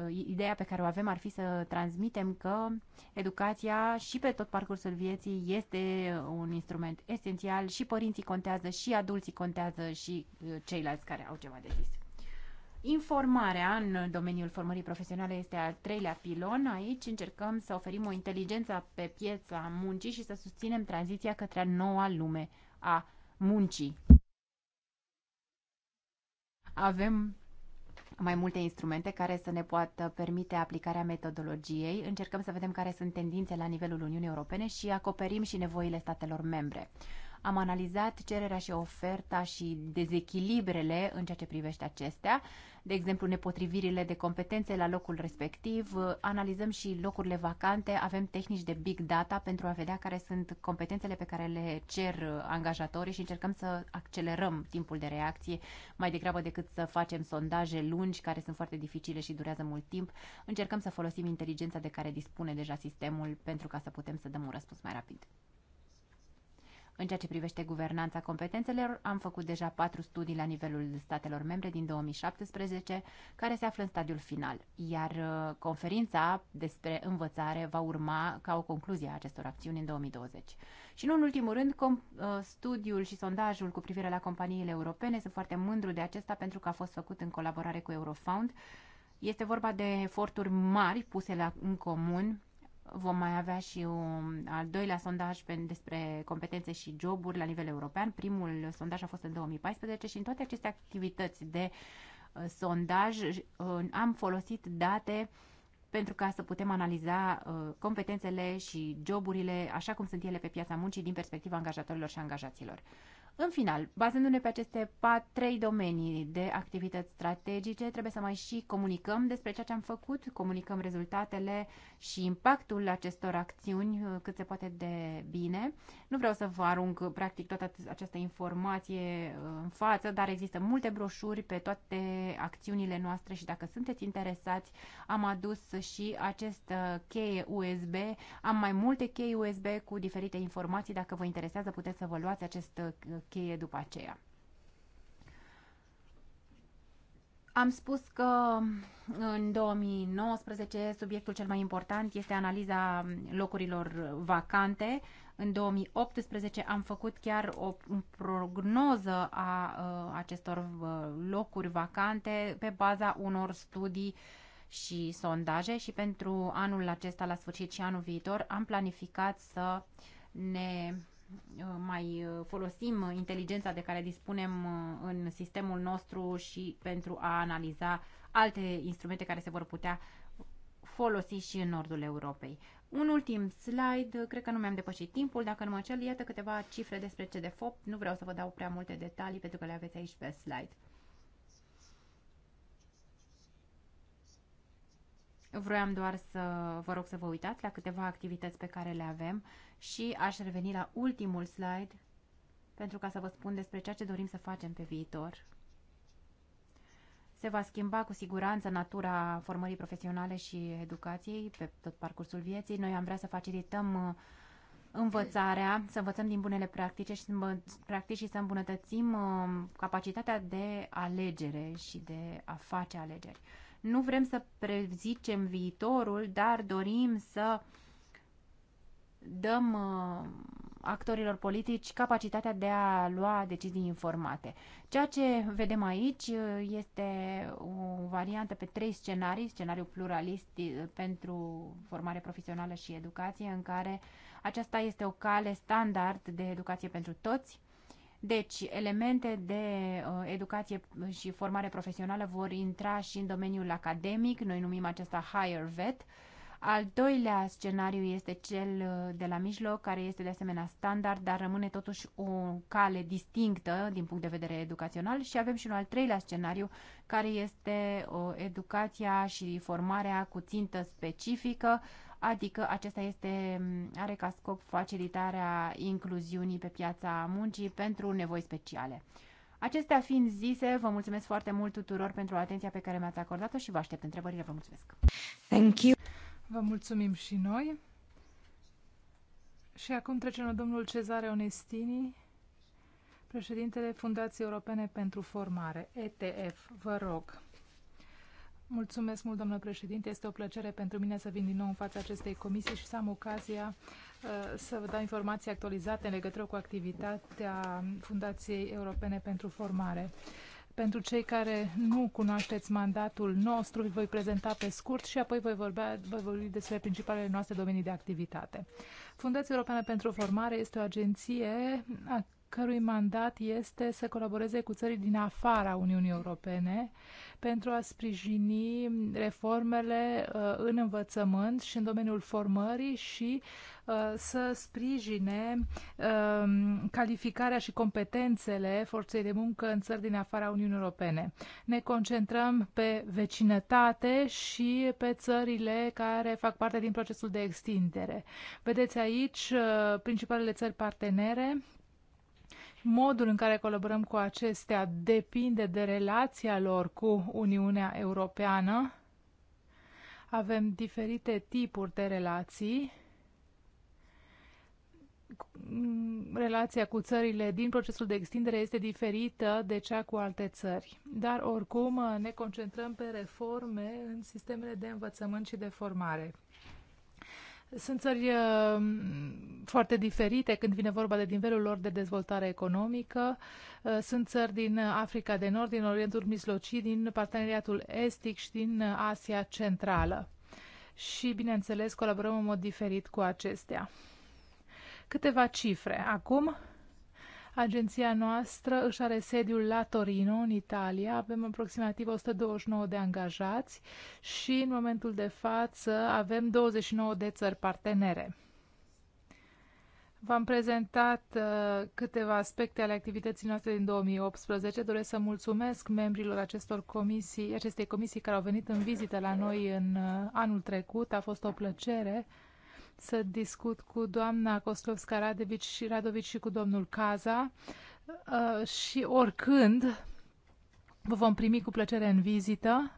Speaker 3: uh, ideea pe care o avem ar fi să transmitem că educația și pe tot parcursul vieții este uh, un instrument esențial și părinții contează, și adulții contează, și ceilalți care au ceva de zis. Informarea în domeniul formării profesionale este al treilea pilon. Aici încercăm să oferim o inteligență pe piața muncii și să susținem tranziția către noua lume a muncii. Avem mai multe instrumente care să ne poată permite aplicarea metodologiei. Încercăm să vedem care sunt tendințe la nivelul Uniunii Europene și acoperim și nevoile statelor membre. Am analizat cererea și oferta și dezechilibrele în ceea ce privește acestea, de exemplu nepotrivirile de competențe la locul respectiv, analizăm și locurile vacante, avem tehnici de big data pentru a vedea care sunt competențele pe care le cer angajatorii și încercăm să accelerăm timpul de reacție mai degrabă decât să facem sondaje lungi care sunt foarte dificile și durează mult timp. Încercăm să folosim inteligența de care dispune deja sistemul pentru ca să putem să dăm un răspuns mai rapid. În ceea ce privește guvernanța competențelor, am făcut deja patru studii la nivelul statelor membre din 2017, care se află în stadiul final, iar uh, conferința despre învățare va urma ca o concluzie a acestor acțiuni în 2020. Și nu în ultimul rând, uh, studiul și sondajul cu privire la companiile europene, sunt foarte mândru de acesta pentru că a fost făcut în colaborare cu Eurofound. Este vorba de eforturi mari puse la, în comun Vom mai avea și un al doilea sondaj despre competențe și joburi la nivel european. Primul sondaj a fost în 2014 și în toate aceste activități de uh, sondaj uh, am folosit date pentru ca să putem analiza uh, competențele și joburile așa cum sunt ele pe piața muncii din perspectiva angajatorilor și angajaților. În final, bazându-ne pe aceste trei domenii de activități strategice, trebuie să mai și comunicăm despre ceea ce am făcut, comunicăm rezultatele și impactul acestor acțiuni uh, cât se poate de bine. Nu vreau să vă arunc practic toată această informație uh, în față, dar există multe broșuri pe toate acțiunile noastre și dacă sunteți interesați, am adus și acest cheie USB. Am mai multe chei USB cu diferite informații. Dacă vă interesează, puteți să vă luați acest uh, cheie după aceea. Am spus că în 2019 subiectul cel mai important este analiza locurilor vacante. În 2018 am făcut chiar o prognoză a ă, acestor ă, locuri vacante pe baza unor studii și sondaje și pentru anul acesta, la sfârșit și anul viitor, am planificat să ne Uh, mai uh, folosim inteligența de care dispunem uh, în sistemul nostru și pentru a analiza alte instrumente care se vor putea folosi și în nordul Europei. Un ultim slide, cred că nu mi-am depășit timpul, dacă nu mă cel, iată câteva cifre despre CDFOP, nu vreau să vă dau prea multe detalii pentru că le aveți aici pe slide. Vroiam doar să vă rog să vă uitați la câteva activități pe care le avem și aș reveni la ultimul slide pentru ca să vă spun despre ceea ce dorim să facem pe viitor. Se va schimba cu siguranță natura formării profesionale și educației pe tot parcursul vieții. Noi am vrea să facilităm uh, învățarea, să învățăm din bunele practice și, practici și să îmbunătățim uh, capacitatea de alegere și de a face alegeri. Nu vrem să prezicem viitorul, dar dorim să uh, dăm uh, actorilor politici capacitatea de a lua decizii informate. Ceea ce vedem aici uh, este o variantă pe trei scenarii, scenariul pluralist uh, pentru formare profesională și educație, în care aceasta este o cale standard de educație pentru toți. Deci, elemente de educație și formare profesională vor intra și în domeniul academic, noi numim acesta higher vet, al doilea scenariu este cel uh, de la mijloc, care este de asemenea standard, dar rămâne totuși o cale distinctă din punct de vedere educațional și avem și un al treilea scenariu, care este o educația și formarea cu țintă specifică, adică acesta este, are ca scop facilitarea incluziunii pe piața muncii pentru nevoi speciale. Acestea fiind zise, vă mulțumesc foarte mult tuturor pentru atenția pe care mi-ați acordat-o
Speaker 2: și vă aștept întrebările. Vă mulțumesc! Thank you! Vă mulțumim și noi. Și acum trecem la domnul Cezare Onestini, președintele Fundației Europene pentru Formare, ETF. Vă rog. Mulțumesc mult, domnule președinte. Este o plăcere pentru mine să vin din nou în fața acestei comisii și să am ocazia uh, să vă dau informații actualizate în legătură cu activitatea Fundației Europene pentru Formare. Pentru cei care nu cunoașteți mandatul nostru, îl voi prezenta pe scurt și apoi voi, vorbea, voi vorbi despre principalele noastre domenii de activitate. Fundația Europeană pentru Formare este o agenție a cărui mandat este să colaboreze cu țării din afara Uniunii Europene pentru a sprijini reformele uh, în învățământ și în domeniul formării și uh, să sprijine um, calificarea și competențele forței de muncă în țări din afara Uniunii Europene. Ne concentrăm pe vecinătate și pe țările care fac parte din procesul de extindere. Vedeți aici uh, principalele țări partenere modul în care colaborăm cu acestea depinde de relația lor cu Uniunea Europeană. Avem diferite tipuri de relații. Relația cu țările din procesul de extindere este diferită de cea cu alte țări. Dar, oricum, ne concentrăm pe reforme în sistemele de învățământ și de formare. Sunt țări uh, foarte diferite când vine vorba de nivelul lor de dezvoltare economică. Uh, sunt țări din Africa de Nord, din Orientul Mijlociu, din Parteneriatul Estic și din Asia Centrală. Și, bineînțeles, colaborăm în mod diferit cu acestea. Câteva cifre. Acum, Agenția noastră își are sediul la Torino, în Italia. Avem aproximativ 129 de angajați și în momentul de față avem 29 de țări partenere. V-am prezentat uh, câteva aspecte ale activității noastre din 2018. Doresc să mulțumesc membrilor acestor comisii, acestei comisii care au venit în vizită la noi în uh, anul trecut. A fost o plăcere să discut cu doamna Koslovska Radovici și Radovici și cu domnul Caza uh, și oricând vă vom primi cu plăcere în vizită,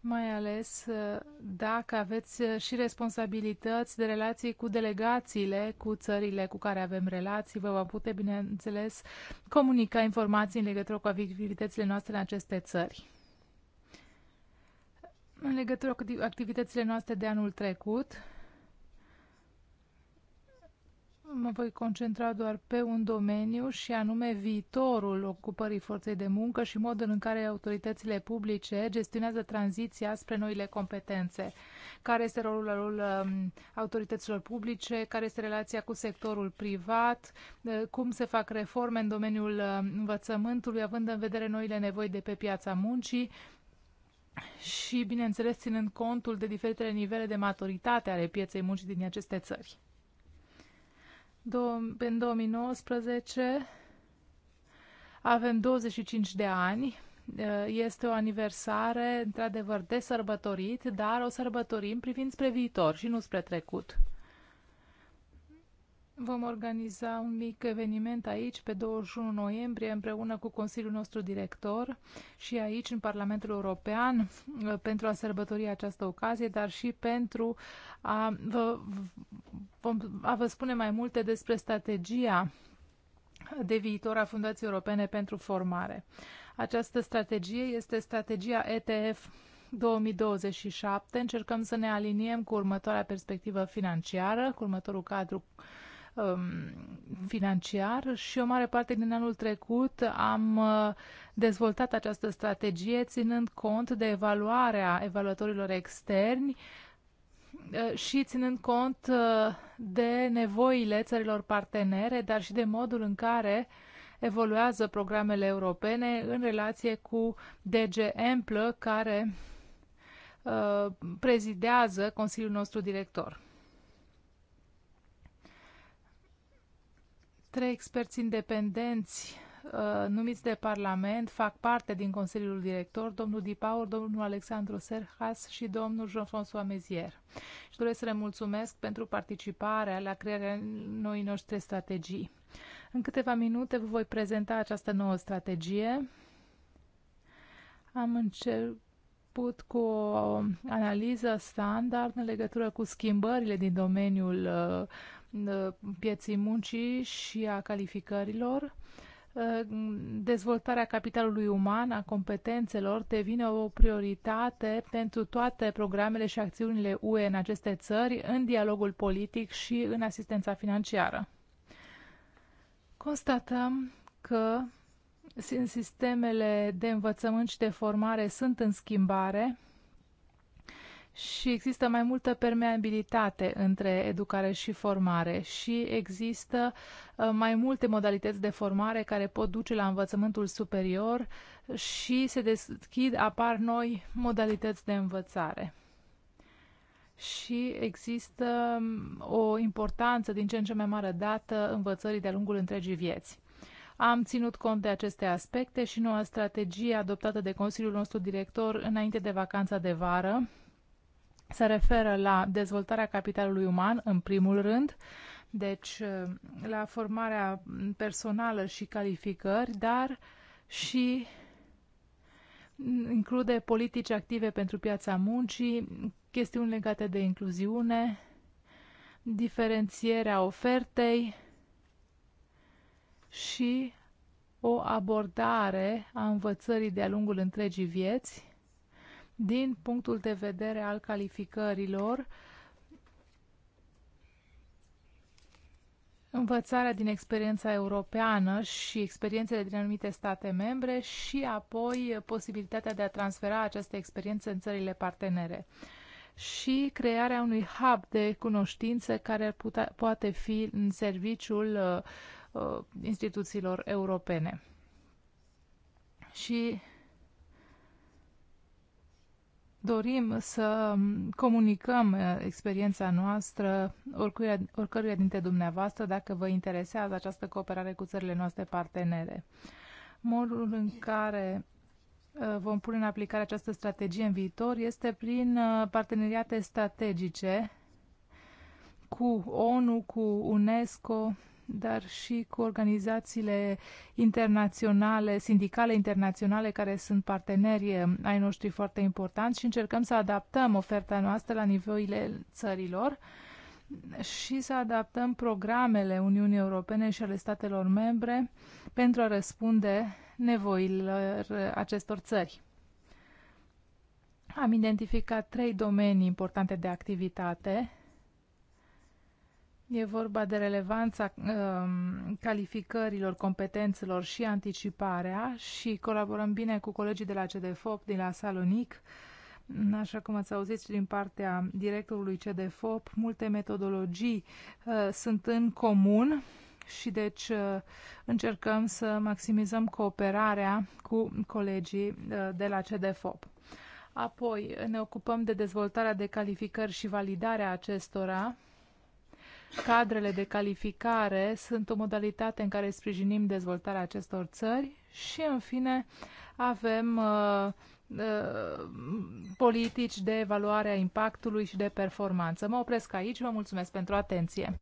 Speaker 2: mai ales uh, dacă aveți uh, și responsabilități de relații cu delegațiile, cu țările cu care avem relații, vă va putea, bineînțeles, comunica informații în legătură cu activitățile noastre în aceste țări. În legătură cu activitățile noastre de anul trecut, mă voi concentra doar pe un domeniu și anume viitorul ocupării forței de muncă și modul în care autoritățile publice gestionează tranziția spre noile competențe. Care este rolul, rolul um, autorităților publice, care este relația cu sectorul privat, cum se fac reforme în domeniul um, învățământului, având în vedere noile nevoi de pe piața muncii, și, bineînțeles, ținând contul de diferitele nivele de maturitate ale pieței muncii din aceste țări. În 2019 avem 25 de ani, este o aniversare, într-adevăr, de sărbătorit, dar o sărbătorim privind spre viitor și nu spre trecut. Vom organiza un mic eveniment aici pe 21 noiembrie împreună cu Consiliul nostru director și aici în Parlamentul European pentru a sărbători această ocazie, dar și pentru a vă, a vă spune mai multe despre strategia de viitor a Fundației Europene pentru Formare. Această strategie este strategia ETF 2027. Încercăm să ne aliniem cu următoarea perspectivă financiară, cu următorul cadru uh, Um, financiar și o mare parte din anul trecut am uh, dezvoltat această strategie ținând cont de evaluarea evaluatorilor externi uh, și ținând cont uh, de nevoile țărilor partenere, dar și de modul în care evoluează programele europene în relație cu DG Amplă, care prezidează Consiliul nostru director. Trei experți independenți uh, numiți de Parlament fac parte din Consiliul Director, domnul Di Paul, domnul Alexandru Serhas și domnul Jean-François Mezier. Și doresc să le mulțumesc pentru participarea la crearea noii noastre strategii. În câteva minute vă voi prezenta această nouă strategie. Am început cu o analiză standard în legătură cu schimbările din domeniul uh, Uh, pieței muncii și a calificărilor. Uh, dezvoltarea capitalului uman, a competențelor, devine o prioritate pentru toate programele și acțiunile UE în aceste țări, în dialogul politic și în asistența financiară. Constatăm că sistemele de învățământ și de formare sunt în schimbare și există mai multă permeabilitate între educare și formare și există uh, mai multe modalități de formare care pot duce la învățământul superior și se deschid, apar noi modalități de învățare. Și există um, o importanță din ce în ce mai mare dată învățării de-a lungul întregii vieți. Am ținut cont de aceste aspecte și noua strategie adoptată de Consiliul nostru Director înainte de vacanța de vară, se referă la dezvoltarea capitalului uman, în primul rând, deci eh, la formarea personală și calificări, dar și include politici active pentru piața muncii, chestiuni legate de incluziune, diferențierea ofertei și o abordare a învățării de-a lungul întregii vieți din punctul de vedere al calificărilor, învățarea din experiența europeană și experiențele din anumite state membre și apoi posibilitatea de a transfera aceste experiențe în țările partenere și crearea unui hub de cunoștință care putea, poate fi în serviciul uh, uh instituțiilor europene. Și dorim să comunicăm uh, experiența noastră oricăruia, oricăruia dintre dumneavoastră dacă vă interesează această cooperare cu țările noastre partenere. Modul în care uh, vom pune în aplicare această strategie în viitor este prin uh, parteneriate strategice cu ONU, cu UNESCO, dar și cu organizațiile internaționale, sindicale internaționale, care sunt parteneri eh, ai noștri foarte importanți și încercăm să adaptăm oferta noastră la nivelurile țărilor și să adaptăm programele Uniunii Europene și ale statelor membre pentru a răspunde nevoilor eh, acestor țări. Am identificat trei domenii importante de activitate E vorba de relevanța um, calificărilor, competențelor și anticiparea și colaborăm bine cu colegii de la CDFOP din la Salonic. Așa cum ați auzit și din partea directorului CDFOP, multe metodologii uh, sunt în comun și deci uh, încercăm să maximizăm cooperarea cu colegii uh, de la CDFOP. Apoi ne ocupăm de dezvoltarea de calificări și validarea acestora Cadrele de calificare sunt o modalitate în care sprijinim dezvoltarea acestor țări și, în fine, avem uh, uh, politici de evaluare a impactului și de performanță. Mă opresc aici, vă mulțumesc pentru atenție.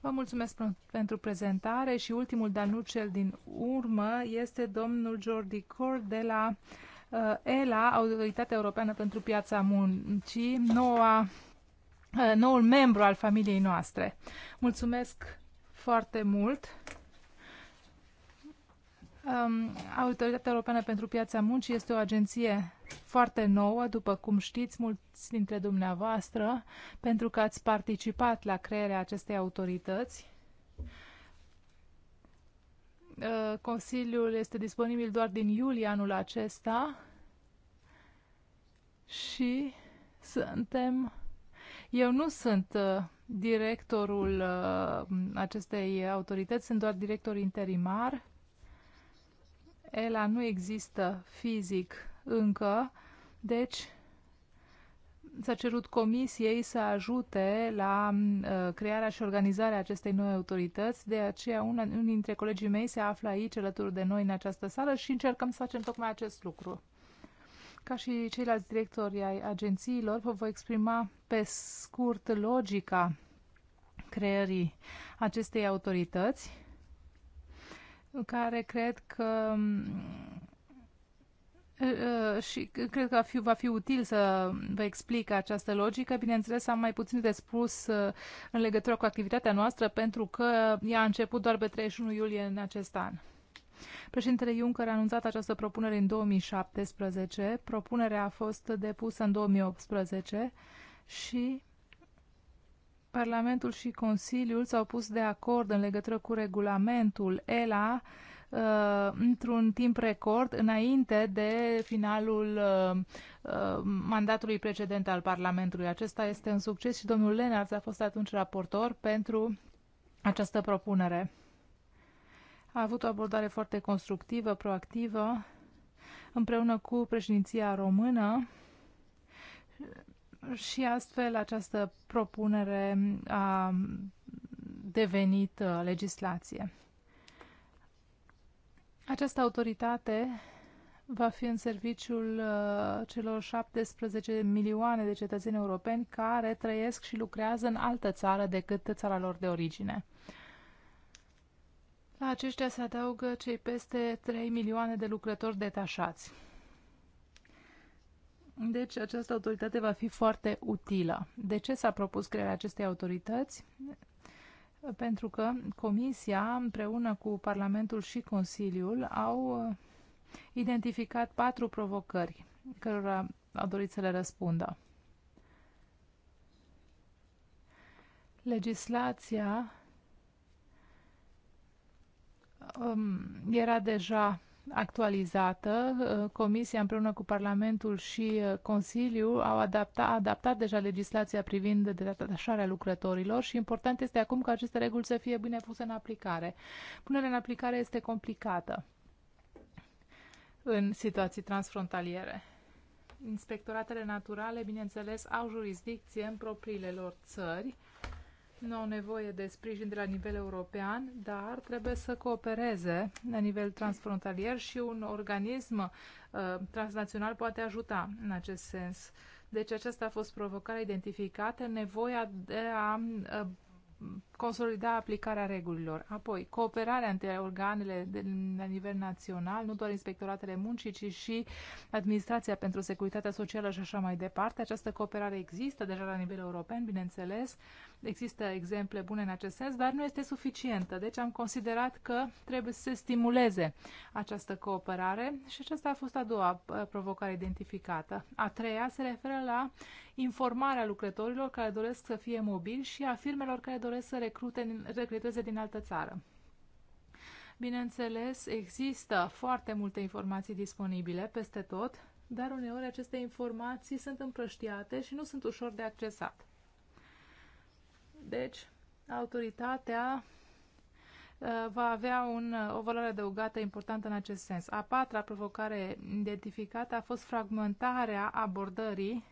Speaker 2: Vă mulțumesc pentru prezentare și ultimul, dar nu cel din urmă, este domnul Jordi Cor de la uh, ELA, Autoritatea Europeană pentru Piața Muncii, noua Uh, noul membru al familiei noastre. Mulțumesc foarte mult! Um, Autoritatea Europeană pentru Piața Muncii este o agenție foarte nouă, după cum știți mulți dintre dumneavoastră, pentru că ați participat la crearea acestei autorități. Uh, Consiliul este disponibil doar din iulie anul acesta și suntem eu nu sunt uh, directorul uh, acestei autorități, sunt doar director interimar. Ela nu există fizic încă, deci s-a cerut comisiei să ajute la uh, crearea și organizarea acestei noi autorități, de aceea una, unul dintre colegii mei se află aici alături de noi în această sală și încercăm să facem tocmai acest lucru. Ca și ceilalți directori ai agențiilor, vă voi exprima pe scurt logica creării acestei autorități, care cred că uh, uh, și cred că va fi, va fi util să vă explic această logică. Bineînțeles, am mai puțin de spus uh, în legătură cu activitatea noastră, pentru că ea a început doar pe 31 iulie în acest an. Președintele Juncker a anunțat această propunere în 2017. Propunerea a fost depusă în 2018 și Parlamentul și Consiliul s-au pus de acord în legătură cu regulamentul ELA uh, într-un timp record înainte de finalul uh, uh, mandatului precedent al Parlamentului. Acesta este un succes și domnul Lenars a fost atunci raportor pentru această propunere a avut o abordare foarte constructivă, proactivă, împreună cu președinția română și astfel această propunere a devenit uh, legislație. Această autoritate va fi în serviciul uh, celor 17 milioane de cetățeni europeni care trăiesc și lucrează în altă țară decât țara lor de origine. La aceștia se adaugă cei peste 3 milioane de lucrători detașați. Deci această autoritate va fi foarte utilă. De ce s-a propus crearea acestei autorități? Pentru că Comisia, împreună cu Parlamentul și Consiliul, au uh, identificat patru provocări cărora au dorit să le răspundă. Legislația Um, era deja actualizată. Uh, comisia împreună cu Parlamentul și uh, Consiliul au adaptat, adaptat deja legislația privind detașarea lucrătorilor și important este acum ca aceste reguli să fie bine puse în aplicare. Punerea în aplicare este complicată în situații transfrontaliere. Inspectoratele naturale, bineînțeles, au jurisdicție în propriile lor țări nu au nevoie de sprijin de la nivel european, dar trebuie să coopereze la nivel transfrontalier și un organism uh, transnațional poate ajuta în acest sens. Deci aceasta a fost provocarea identificată, nevoia de a uh, consolida aplicarea regulilor. Apoi, cooperarea între organele de, la nivel național, nu doar inspectoratele muncii, ci și administrația pentru securitatea socială și așa mai departe. Această cooperare există deja la nivel european, bineînțeles, uh, Există exemple bune în acest sens, dar nu este suficientă. Deci am considerat că trebuie să se stimuleze această cooperare și aceasta a fost a doua uh, provocare identificată. A treia se referă la informarea lucrătorilor care doresc să fie mobili și a firmelor care doresc să recrute, recruteze din altă țară. Bineînțeles, există foarte multe informații disponibile peste tot, dar uneori aceste informații sunt împrăștiate și nu sunt ușor de accesat. Deci, autoritatea uh, va avea un, o valoare adăugată importantă în acest sens. A patra provocare identificată a fost fragmentarea abordării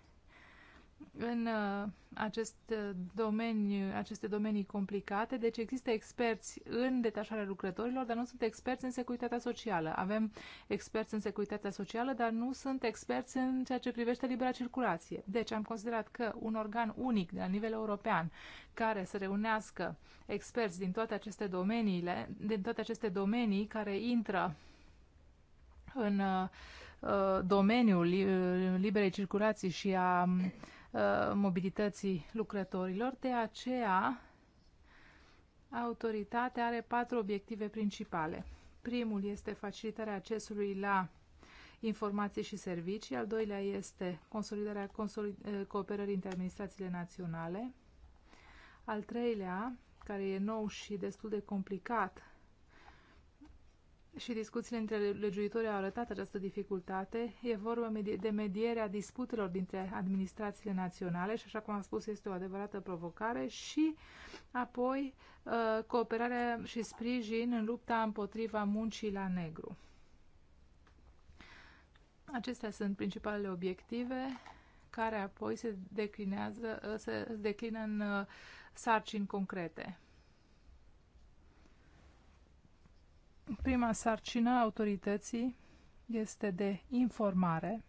Speaker 2: în uh, acest uh, domeniu, aceste domenii complicate. Deci există experți în detașarea lucrătorilor, dar nu sunt experți în securitatea socială. Avem experți în securitatea socială, dar nu sunt experți în ceea ce privește libera circulație. Deci am considerat că un organ unic de la nivel european care să reunească experți din toate aceste domeniile, din toate aceste domenii care intră în uh, uh domeniul liberei circulații și a Uh, mobilității lucrătorilor. De aceea, autoritatea are patru obiective principale. Primul este facilitarea accesului la informații și servicii, al doilea este consolidarea consolid uh, cooperării între administrațiile naționale, al treilea, care e nou și destul de complicat, și discuțiile între legiuitori au arătat această dificultate. E vorba de medierea disputelor dintre administrațiile naționale și, așa cum am spus, este o adevărată provocare și apoi uh, cooperarea și sprijin în lupta împotriva muncii la negru. Acestea sunt principalele obiective care apoi se declinează, uh, se declină în uh, sarcini concrete. Prima sarcină a autorității este de informare.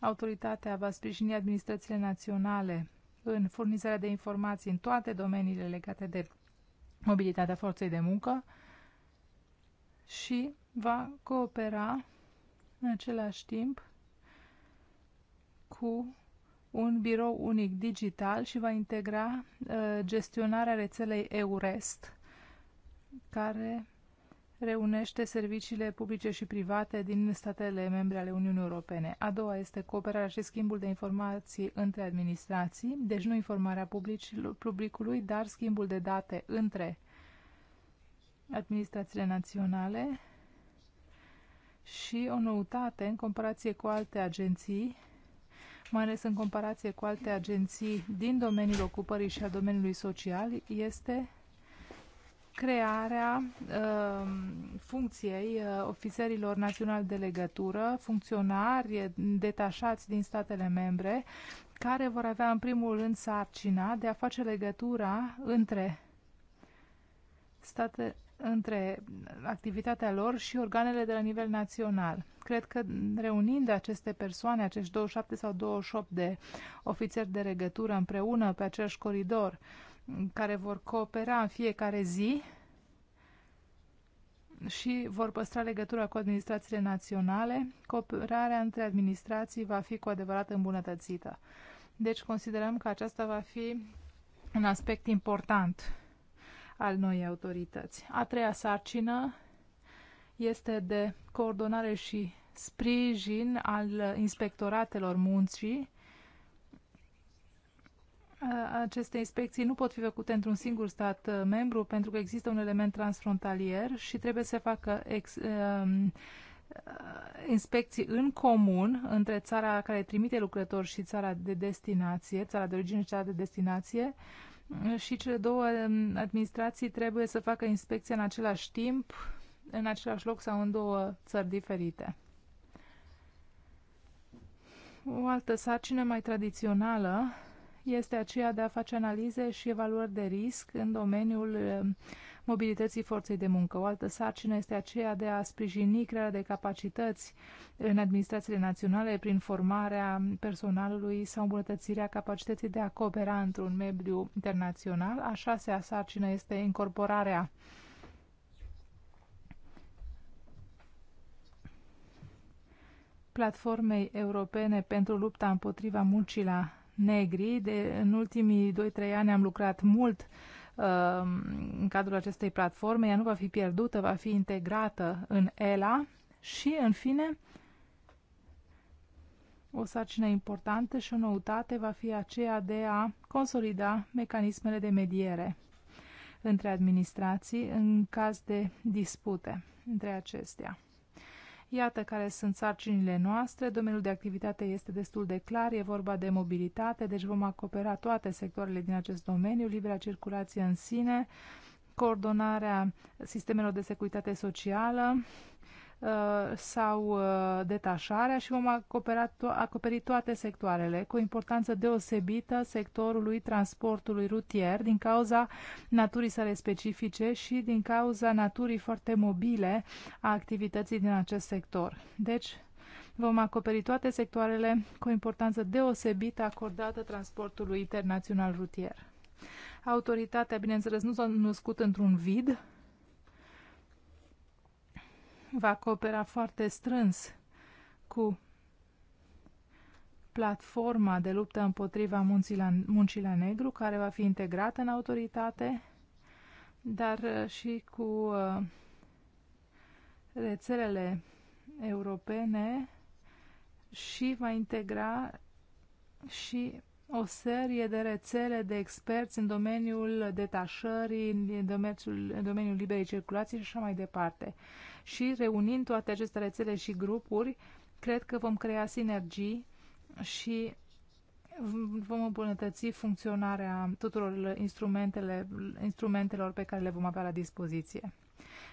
Speaker 2: Autoritatea va sprijini administrațiile naționale în furnizarea de informații în toate domeniile legate de mobilitatea forței de muncă și va coopera în același timp cu un birou unic digital și va integra uh, gestionarea rețelei EUREST, care reunește serviciile publice și private din statele membre ale Uniunii Europene. A doua este cooperarea și schimbul de informații între administrații, deci nu informarea publicului, dar schimbul de date între administrațiile naționale și o noutate în comparație cu alte agenții, mai ales în comparație cu alte agenții din domeniul ocupării și al domeniului social, este crearea uh, funcției uh, ofițerilor naționali de legătură, funcționari detașați din statele membre, care vor avea în primul rând sarcina de a face legătura între state, între activitatea lor și organele de la nivel național. Cred că reunind aceste persoane, acești 27 sau 28 de ofițeri de legătură împreună pe același coridor, uh, care vor coopera în fiecare zi și vor păstra legătura cu administrațiile naționale, cooperarea între administrații va fi cu adevărat îmbunătățită. Deci considerăm că aceasta va fi un aspect important al noii autorități. A treia sarcină este de coordonare și sprijin al inspectoratelor muncii aceste inspecții nu pot fi făcute într-un singur stat uh, membru pentru că există un element transfrontalier și trebuie să facă ex, um, uh, inspecții în comun între țara care trimite lucrători și țara de destinație, țara de origine și țara de destinație și cele două um, administrații trebuie să facă inspecția în același timp, în același loc sau în două țări diferite. O altă sarcină mai tradițională este aceea de a face analize și evaluări de risc în domeniul eh, mobilității forței de muncă. O altă sarcină este aceea de a sprijini crearea de capacități în administrațiile naționale prin formarea personalului sau îmbunătățirea capacității de a coopera într-un mediu internațional. A șasea sarcină este incorporarea platformei europene pentru lupta împotriva muncii la negri. De, în ultimii 2-3 ani am lucrat mult uh, în cadrul acestei platforme. Ea nu va fi pierdută, va fi integrată în ELA și, în fine, o sarcină importantă și o noutate va fi aceea de a consolida mecanismele de mediere între administrații în caz de dispute între acestea. Iată care sunt sarcinile noastre. Domeniul de activitate este destul de clar, e vorba de mobilitate, deci vom acopera toate sectoarele din acest domeniu, libera circulație în sine, coordonarea sistemelor de securitate socială, Uh, sau uh, detașarea și vom acoperi toate sectoarele, cu importanță deosebită sectorului transportului rutier, din cauza naturii sale specifice și din cauza naturii foarte mobile a activității din acest sector. Deci, Vom acoperi toate sectoarele cu importanță deosebită acordată transportului internațional rutier. Autoritatea, bineînțeles, nu s-a născut într-un vid, va coopera foarte strâns cu platforma de luptă împotriva la, muncii la negru, care va fi integrată în autoritate, dar uh, și cu uh, rețelele europene și va integra și o serie de rețele de experți în domeniul detașării, în domeniul, în domeniul liberei circulații și așa mai departe și reunind toate aceste rețele și grupuri, cred că vom crea sinergii și vom îmbunătăți funcționarea tuturor instrumentele, instrumentelor pe care le vom avea la dispoziție.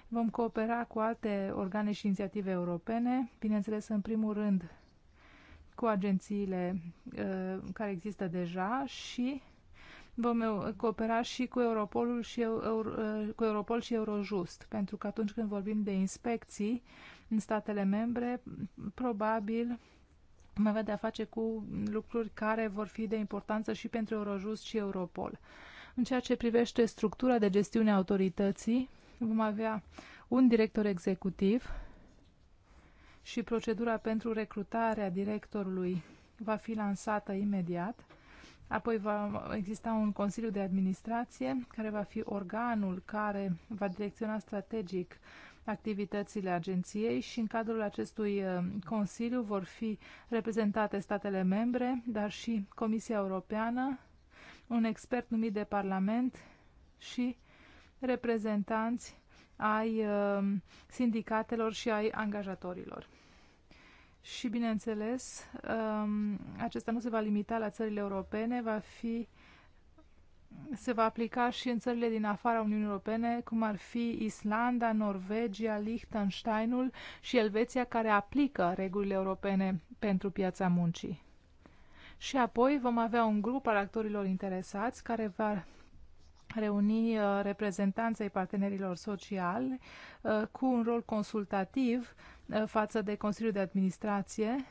Speaker 2: Vom coopera cu alte organe și inițiative europene, bineînțeles, în primul rând, cu agențiile uh, care există deja și vom uh, coopera și cu Europolul și Euro, uh, cu Europol și Eurojust, pentru că atunci când vorbim de inspecții în statele membre, probabil mă avea de-a face cu lucruri care vor fi de importanță și pentru Eurojust și Europol. În ceea ce privește structura de gestiune a autorității, vom avea un director executiv și procedura pentru recrutarea directorului va fi lansată imediat. Apoi va exista un Consiliu de Administrație, care va fi organul care va direcționa strategic activitățile agenției și în cadrul acestui uh, Consiliu vor fi reprezentate statele membre, dar și Comisia Europeană, un expert numit de Parlament și reprezentanți ai uh, sindicatelor și ai angajatorilor și, bineînțeles, um, acesta nu se va limita la țările europene, va fi se va aplica și în țările din afara Uniunii Europene, cum ar fi Islanda, Norvegia, Liechtensteinul și Elveția, care aplică regulile europene pentru piața muncii. Și apoi vom avea un grup al actorilor interesați care va reuni uh, reprezentanței partenerilor sociali uh, cu un rol consultativ uh, față de Consiliul de Administrație,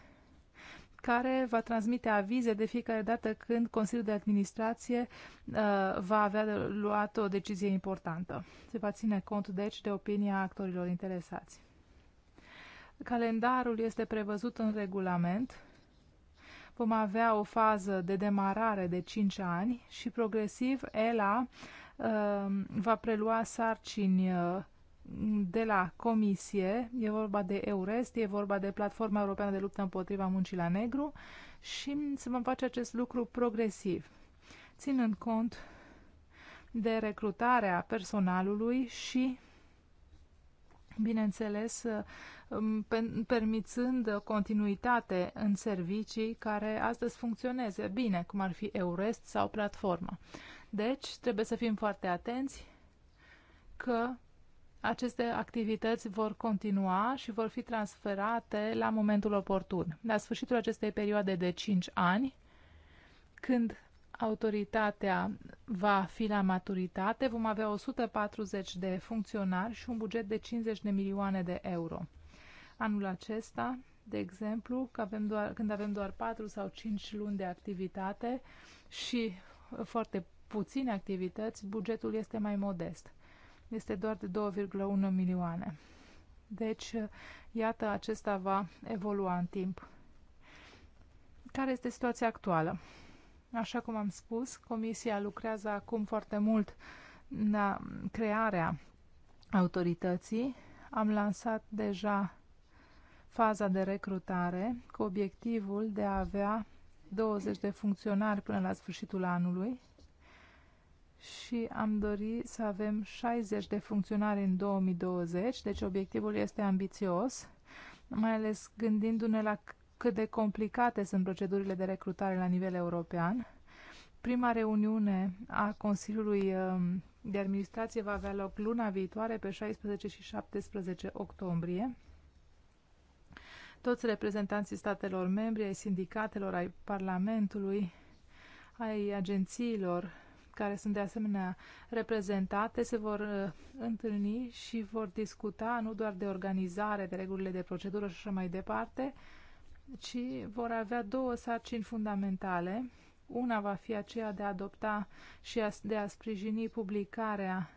Speaker 2: care va transmite avize de fiecare dată când Consiliul de Administrație va avea luat o decizie importantă. Se va ține cont, deci, de opinia actorilor interesați. Calendarul este prevăzut în regulament vom avea o fază de demarare de 5 ani și progresiv ELA uh, va prelua sarcini uh, de la comisie, e vorba de EUREST, e vorba de Platforma Europeană de Luptă împotriva muncii la negru și se va face acest lucru progresiv, ținând cont de recrutarea personalului și bineînțeles, um, permițând continuitate în servicii care astăzi funcționeze bine, cum ar fi Eurest sau platforma. Deci, trebuie să fim foarte atenți că aceste activități vor continua și vor fi transferate la momentul oportun. La sfârșitul acestei perioade de 5 ani, când autoritatea va fi la maturitate, vom avea 140 de funcționari și un buget de 50 de milioane de euro. Anul acesta, de exemplu, că avem doar, când avem doar 4 sau 5 luni de activitate și foarte puține activități, bugetul este mai modest. Este doar de 2,1 milioane. Deci, iată, acesta va evolua în timp. Care este situația actuală? Așa cum am spus, Comisia lucrează acum foarte mult la crearea autorității. Am lansat deja faza de recrutare cu obiectivul de a avea 20 de funcționari până la sfârșitul anului și am dori să avem 60 de funcționari în 2020, deci obiectivul este ambițios, mai ales gândindu-ne la cât de complicate sunt procedurile de recrutare la nivel european. Prima reuniune a Consiliului um, de Administrație va avea loc luna viitoare, pe 16 și 17 octombrie. Toți reprezentanții statelor membri, ai sindicatelor, ai Parlamentului, ai agențiilor care sunt de asemenea reprezentate se vor uh, întâlni și vor discuta nu doar de organizare, de regulile de procedură și așa mai departe, ci vor avea două sarcini fundamentale. Una va fi aceea de a adopta și de a sprijini publicarea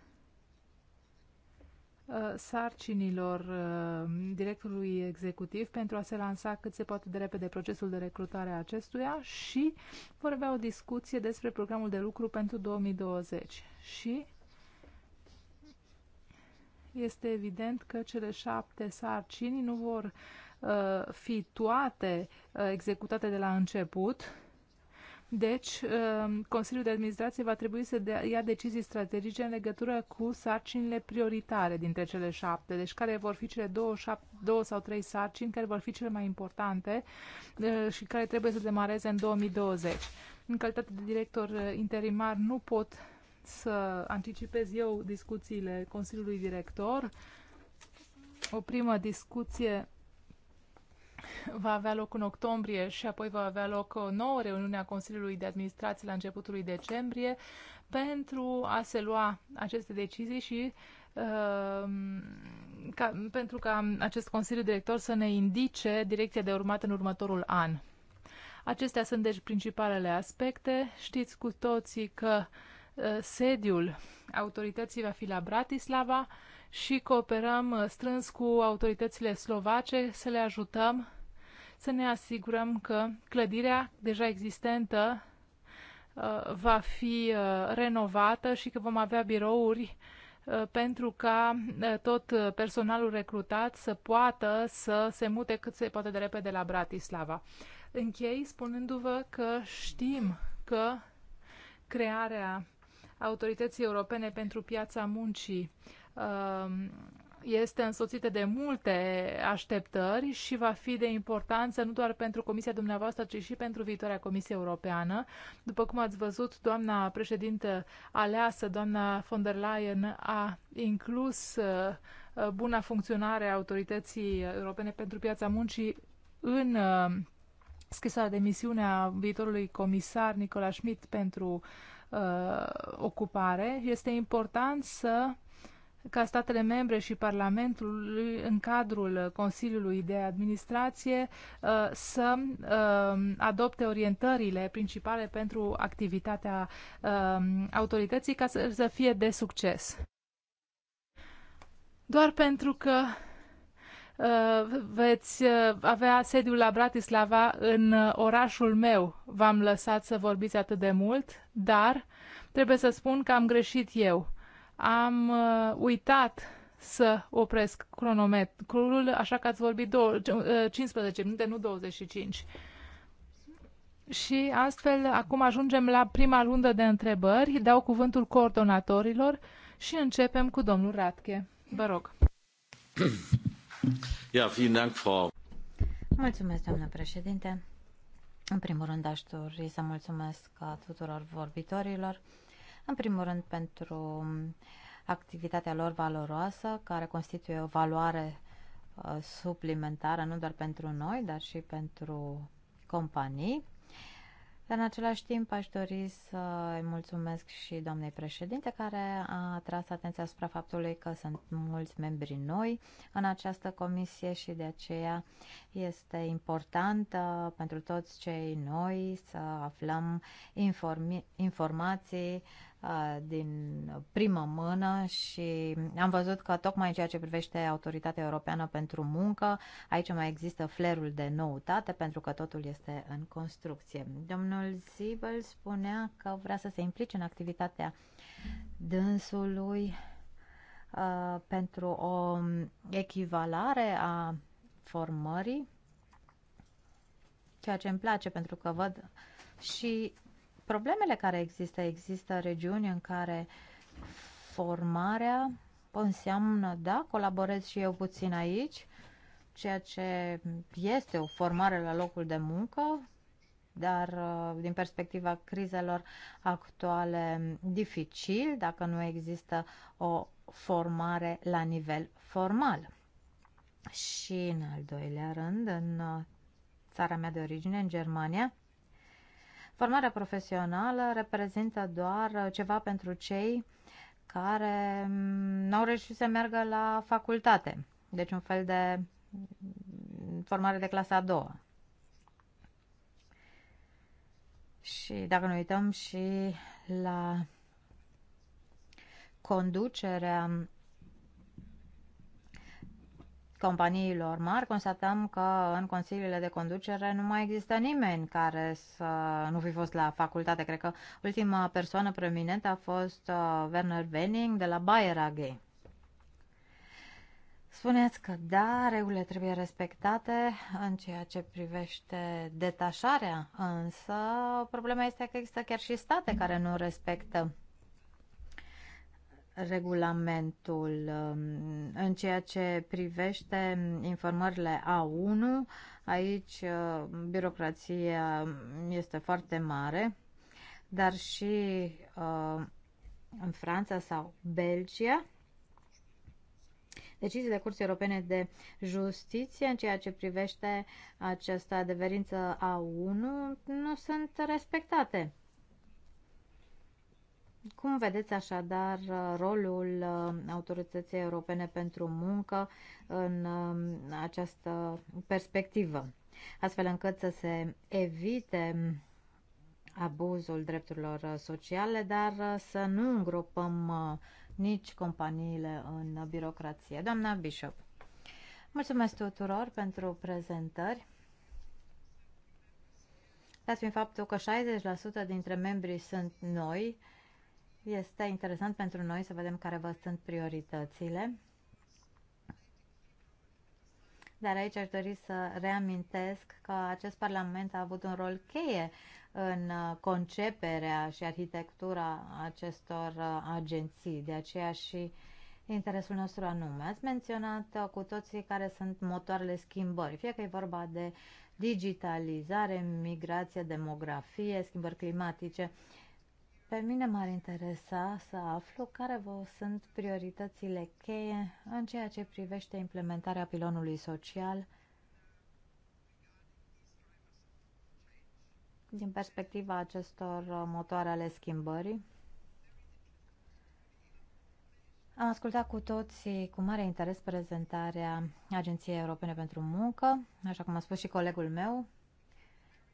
Speaker 2: uh, sarcinilor uh, directorului executiv pentru a se lansa cât se poate de repede procesul de recrutare a acestuia și vor avea o discuție despre programul de lucru pentru 2020. Și este evident că cele șapte sarcini nu vor uh, Uh, fi toate uh, executate de la început. Deci, uh, Consiliul de Administrație va trebui să dea, ia decizii strategice în legătură cu sarcinile prioritare dintre cele șapte, deci care vor fi cele două, șap, două sau trei sarcini care vor fi cele mai importante și care trebuie să demareze în 2020. În calitate de director interimar nu pot să anticipez eu discuțiile Consiliului Director. O primă discuție va avea loc în octombrie și apoi va avea loc o nouă reuniune a Consiliului de Administrație la începutul lui decembrie pentru a se lua aceste decizii și uh, ca, pentru ca acest Consiliu Director să ne indice direcția de urmat în următorul an. Acestea sunt deci principalele aspecte. Știți cu toții că uh, sediul autorității va fi la Bratislava și cooperăm uh, strâns cu autoritățile slovace să le ajutăm să ne asigurăm că clădirea deja existentă uh, va fi uh, renovată și că vom avea birouri pentru ca tot personalul recrutat să poată să se mute cât se poate de repede la Bratislava. Închei spunându-vă că știm că crearea Autorității Europene pentru Piața Muncii Um, este însoțită de multe așteptări și va fi de importanță nu doar pentru Comisia dumneavoastră, ci și pentru viitoarea Comisie Europeană. După cum ați văzut, doamna președintă aleasă, doamna von der Leyen, a inclus uh, buna funcționare a Autorității Europene pentru Piața Muncii în uh, scrisoarea de misiune a viitorului comisar Nicola Schmidt pentru uh, ocupare. Este important să uh, ca statele membre și Parlamentul în cadrul Consiliului de Administrație uh, să uh, adopte orientările principale pentru activitatea uh, autorității ca să fie de succes. Doar pentru că veți avea sediul la Bratislava în orașul meu. V-am lăsat să vorbiți atât de mult, dar trebuie să spun că am greșit eu am uh, uitat să opresc cronometrul, așa că ați vorbit 15 uh, minute, nu 25. Și astfel, acum ajungem la prima rundă de întrebări. Dau cuvântul coordonatorilor și începem cu domnul Ratche. Vă rog.
Speaker 1: Ja, vielen Dank, Frau.
Speaker 2: Mulțumesc, doamnă președinte. În primul rând,
Speaker 1: aș dori să mulțumesc tuturor vorbitorilor. În primul rând pentru activitatea lor valoroasă, care constituie o valoare uh, suplimentară nu doar pentru noi, dar și pentru companii. Dar în același timp aș dori să îi mulțumesc și doamnei președinte care a atras atenția asupra faptului că sunt mulți membri noi în această comisie și de aceea este important pentru toți cei noi să aflăm informi- informații din primă mână și am văzut că tocmai în ceea ce privește Autoritatea Europeană pentru Muncă, aici mai există flerul de noutate pentru că totul este în construcție. Domnul Zibel spunea că vrea să se implice în activitatea dânsului uh, pentru o echivalare a formării, ceea ce îmi place pentru că văd și problemele care există. Există regiuni în care formarea înseamnă, da, colaborez și eu puțin aici, ceea ce este o formare la locul de muncă, dar uh, din perspectiva crizelor actuale dificil dacă nu există o formare la nivel formal. Și în al doilea rând, în uh, țara mea de origine, în Germania, Formarea profesională reprezintă doar uh, ceva pentru cei care mm, n-au reușit să meargă la facultate. Deci un fel de mm, formare de clasa a doua. Și dacă ne uităm și la conducerea companiilor mari, constatăm că în consiliile de conducere nu mai există nimeni care să nu fi fost la facultate. Cred că ultima persoană preeminentă a fost uh, Werner Wenning de la Bayer AG. Spuneți că da, regulile trebuie respectate în ceea ce privește detașarea, însă problema este că există chiar și state care nu respectă regulamentul um, în ceea ce privește informările A1. Aici uh, birocrația este foarte mare, dar și uh, în Franța sau Belgia. Deciziile Curții Europene de Justiție în ceea ce privește această adeverință A1 nu sunt respectate. Cum vedeți așadar uh, rolul uh, Autorității Europene pentru Muncă în um, această perspectivă, astfel încât să se evite abuzul drepturilor uh, sociale, dar să nu îngropăm nici companiile în birocrație. Doamna Bishop, mulțumesc tuturor pentru prezentări. Dați-mi faptul că 60% dintre membrii sunt noi, este interesant pentru noi să vedem care vă sunt prioritățile. Dar aici aș dori să reamintesc că acest Parlament a avut un rol cheie în uh, conceperea și arhitectura acestor uh, agenții. De aceea și interesul nostru anume. Ați menționat uh, cu toții care sunt motoarele schimbări, fie că e vorba de digitalizare, migrație, demografie, schimbări climatice. Pe mine m-ar interesa să aflu care vă sunt prioritățile cheie în ceea ce privește implementarea pilonului social din perspectiva acestor motoare ale schimbării. Am ascultat cu toții cu mare interes prezentarea Agenției Europene pentru Muncă, așa cum a spus și colegul meu.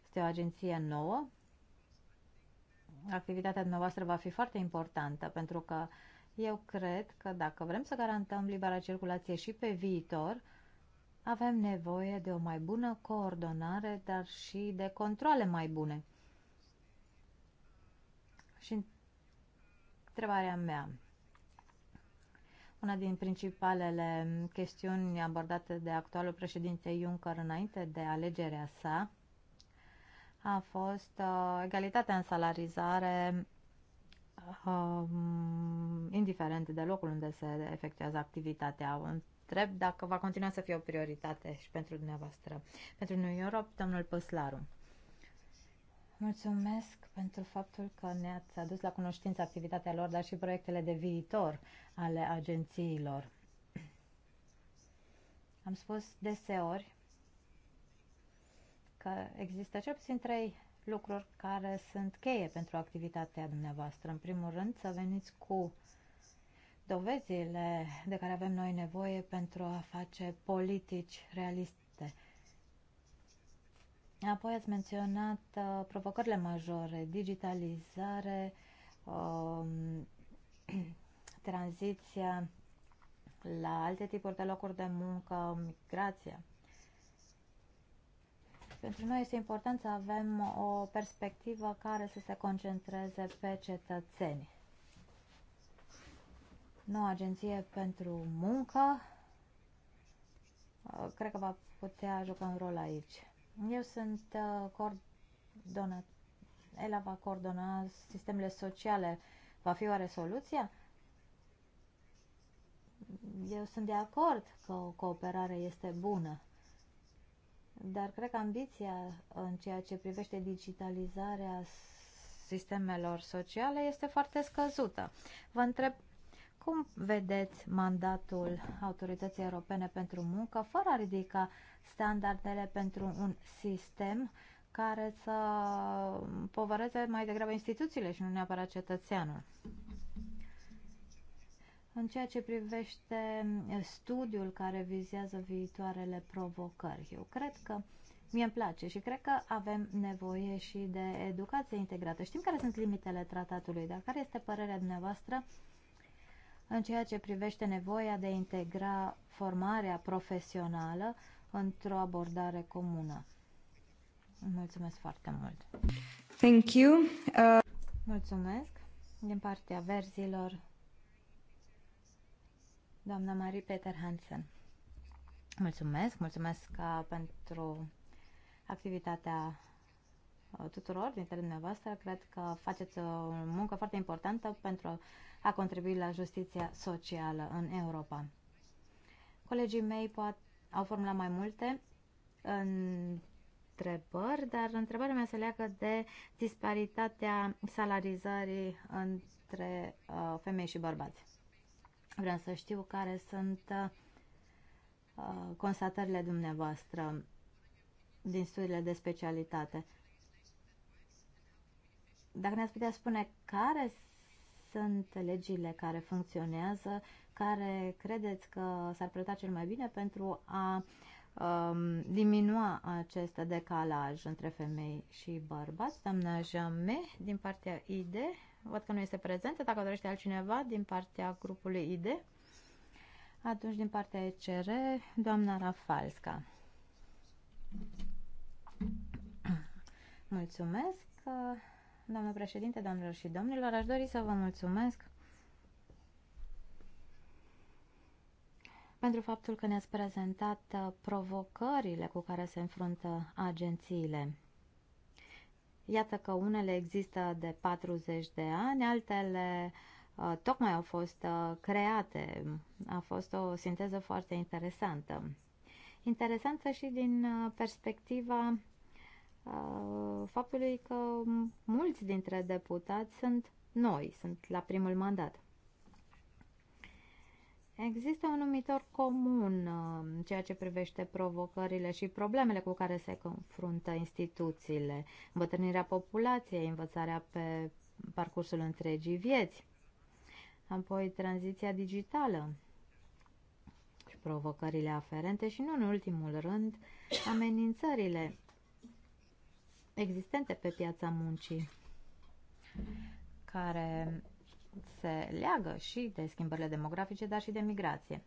Speaker 1: Este o agenție nouă activitatea dumneavoastră va fi foarte importantă, pentru că eu cred că dacă vrem să garantăm libera circulație și pe viitor, avem nevoie de o mai bună coordonare, dar și de controle mai bune. Și întrebarea mea, una din principalele chestiuni abordate de actualul președinte Juncker înainte de alegerea sa a fost uh, egalitatea în salarizare um, indiferent de locul unde se efectuează activitatea. Întreb dacă va continua să fie o prioritate și pentru dumneavoastră. Pentru New Europe, domnul Păslaru. Mulțumesc pentru faptul că ne-ați adus la cunoștință activitatea lor, dar și proiectele de viitor ale agențiilor. Am spus deseori că există cel puțin trei lucruri care sunt cheie pentru activitatea dumneavoastră. În primul rând, să veniți cu dovezile de care avem noi nevoie pentru a face politici realiste. Apoi ați menționat uh, provocările majore, digitalizare, uh, *clears throat* tranziția la alte tipuri de locuri de muncă, migrația. Pentru noi este important să avem o perspectivă care să se concentreze pe cetățeni. Noua agenție pentru muncă uh, cred că va putea juca un rol aici. Eu sunt uh, coordonat, ela va coordona sistemele sociale. Va fi oare soluția? Eu sunt de acord că o cooperare este bună dar cred că ambiția în ceea ce privește digitalizarea sistemelor sociale este foarte scăzută. Vă întreb cum vedeți mandatul Autorității Europene pentru Muncă fără a ridica standardele pentru un sistem care să povăreze mai degrabă instituțiile și nu neapărat cetățeanul? În ceea ce privește eh, studiul care vizează viitoarele provocări, eu cred că mie îmi place și cred că avem nevoie și de educație integrată. Știm care sunt limitele tratatului, dar care este părerea dumneavoastră în ceea ce privește nevoia de a integra formarea profesională într-o abordare comună? Mulțumesc foarte mult! Thank you! Uh... Mulțumesc! Din partea verzilor, doamna Marie Peter Hansen. Mulțumesc, mulțumesc uh, pentru activitatea uh, tuturor dintre dumneavoastră. Cred că faceți uh, o muncă foarte importantă pentru a contribui la justiția socială în Europa. Colegii mei poate au formulat mai multe întrebări, dar întrebarea mea se leagă de disparitatea salarizării între uh, femei și bărbați. Vreau să știu care sunt uh, constatările dumneavoastră din studiile de specialitate. Dacă ne-ați putea spune care sunt legile care funcționează, care credeți că s-ar preta cel mai bine pentru a um, diminua acest decalaj între femei și bărbați. Doamna Jame, din partea IDE, Văd că nu este prezentă. Dacă dorește altcineva din partea grupului ID, atunci din partea ECR, doamna Rafalska. Mulțumesc, doamnă președinte, doamnelor și domnilor. Aș dori să vă mulțumesc pentru faptul că ne-ați prezentat provocările cu care se înfruntă agențiile Iată că unele există de 40 de ani, altele uh, tocmai au fost uh, create. A fost o sinteză foarte interesantă. Interesantă și din uh, perspectiva uh, faptului că mulți dintre deputați sunt noi, sunt la primul mandat. Există un numitor comun um, în ceea ce privește provocările și problemele cu care se confruntă instituțiile, îmbătrânirea populației, învățarea pe parcursul întregii vieți, apoi tranziția digitală și provocările aferente și, nu în ultimul rând, amenințările existente pe piața muncii, care se leagă și de schimbările demografice, dar și de migrație.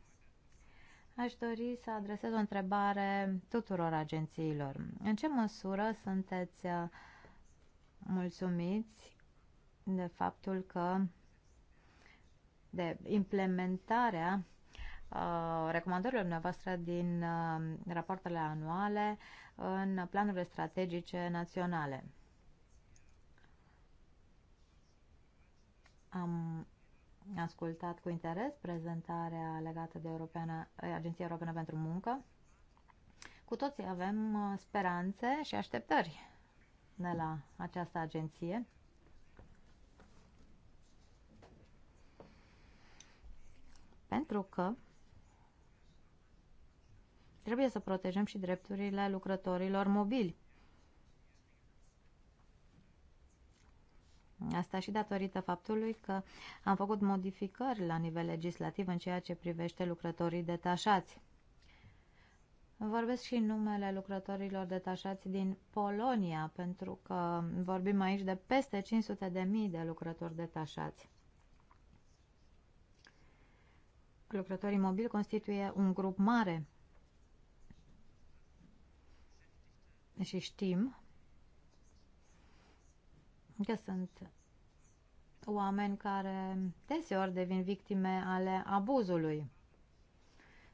Speaker 1: Aș dori să adresez o întrebare tuturor agențiilor. În ce măsură sunteți uh, mulțumiți de faptul că de implementarea uh, recomandărilor dumneavoastră din uh, rapoartele anuale în planurile strategice naționale. Am ascultat cu interes prezentarea legată de Europeană, eh, Agenția Europeană pentru Muncă. Cu toții avem eh, speranțe și așteptări de la această agenție. Pentru că trebuie să protejăm și drepturile lucrătorilor mobili. Asta și datorită faptului că am făcut modificări la nivel legislativ în ceea ce privește lucrătorii detașați. Vorbesc și numele lucrătorilor detașați din Polonia, pentru că vorbim aici de peste 500 de mii de lucrători detașați. Lucrătorii mobili constituie un grup mare și știm că sunt oameni care deseori devin victime ale abuzului.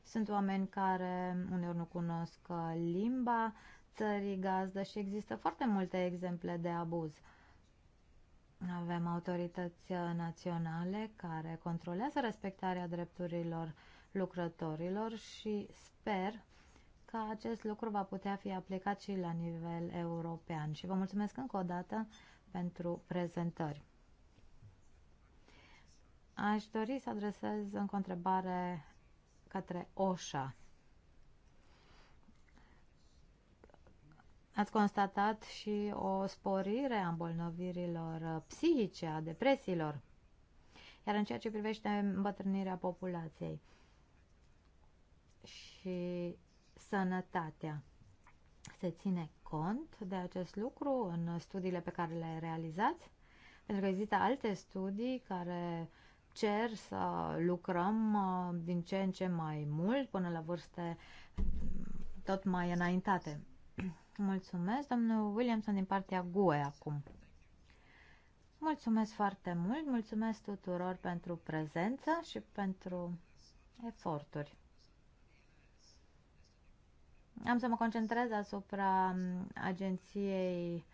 Speaker 1: Sunt oameni care uneori nu cunosc uh, limba țării gazdă și există foarte multe exemple de abuz. Avem autorități uh, naționale care controlează respectarea drepturilor lucrătorilor și sper că acest lucru va putea fi aplicat și la nivel european. Și vă mulțumesc încă o dată pentru prezentări. Aș dori să adresez în întrebare către OSHA. Ați constatat și o sporire a îmbolnăvirilor psihice, a depresiilor, iar în ceea ce privește îmbătrânirea populației și sănătatea se ține cont de acest lucru în studiile pe care le realizați? Pentru că există alte studii care cer să lucrăm uh, din ce în ce mai mult până la vârste mm, tot mai înaintate. *clears throat* Mulțumesc, domnul Williamson, din partea GUE acum. Mulțumesc foarte mult, mulțumesc tuturor pentru prezență și pentru eforturi. Am să mă concentrez asupra um, Agenției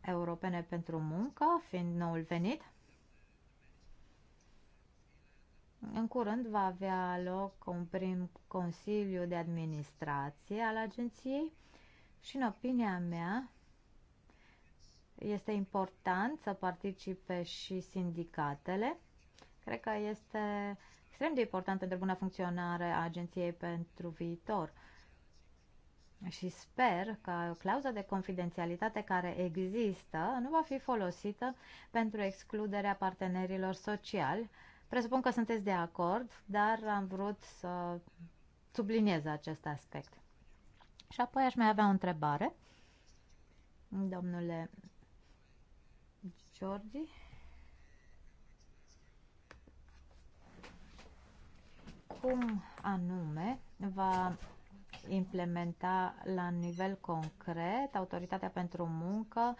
Speaker 1: Europene pentru Muncă, fiind noul venit. În curând va avea loc un prim consiliu de administrație al agenției și, în opinia mea, este important să participe și sindicatele. Cred că este extrem de important pentru bună funcționare a agenției pentru viitor și sper că clauza de confidențialitate care există nu va fi folosită pentru excluderea partenerilor sociali. Presupun că sunteți de acord, dar am vrut să subliniez acest aspect. Și apoi aș mai avea o întrebare. Domnule Georgi? Cum anume va implementa la nivel concret autoritatea pentru muncă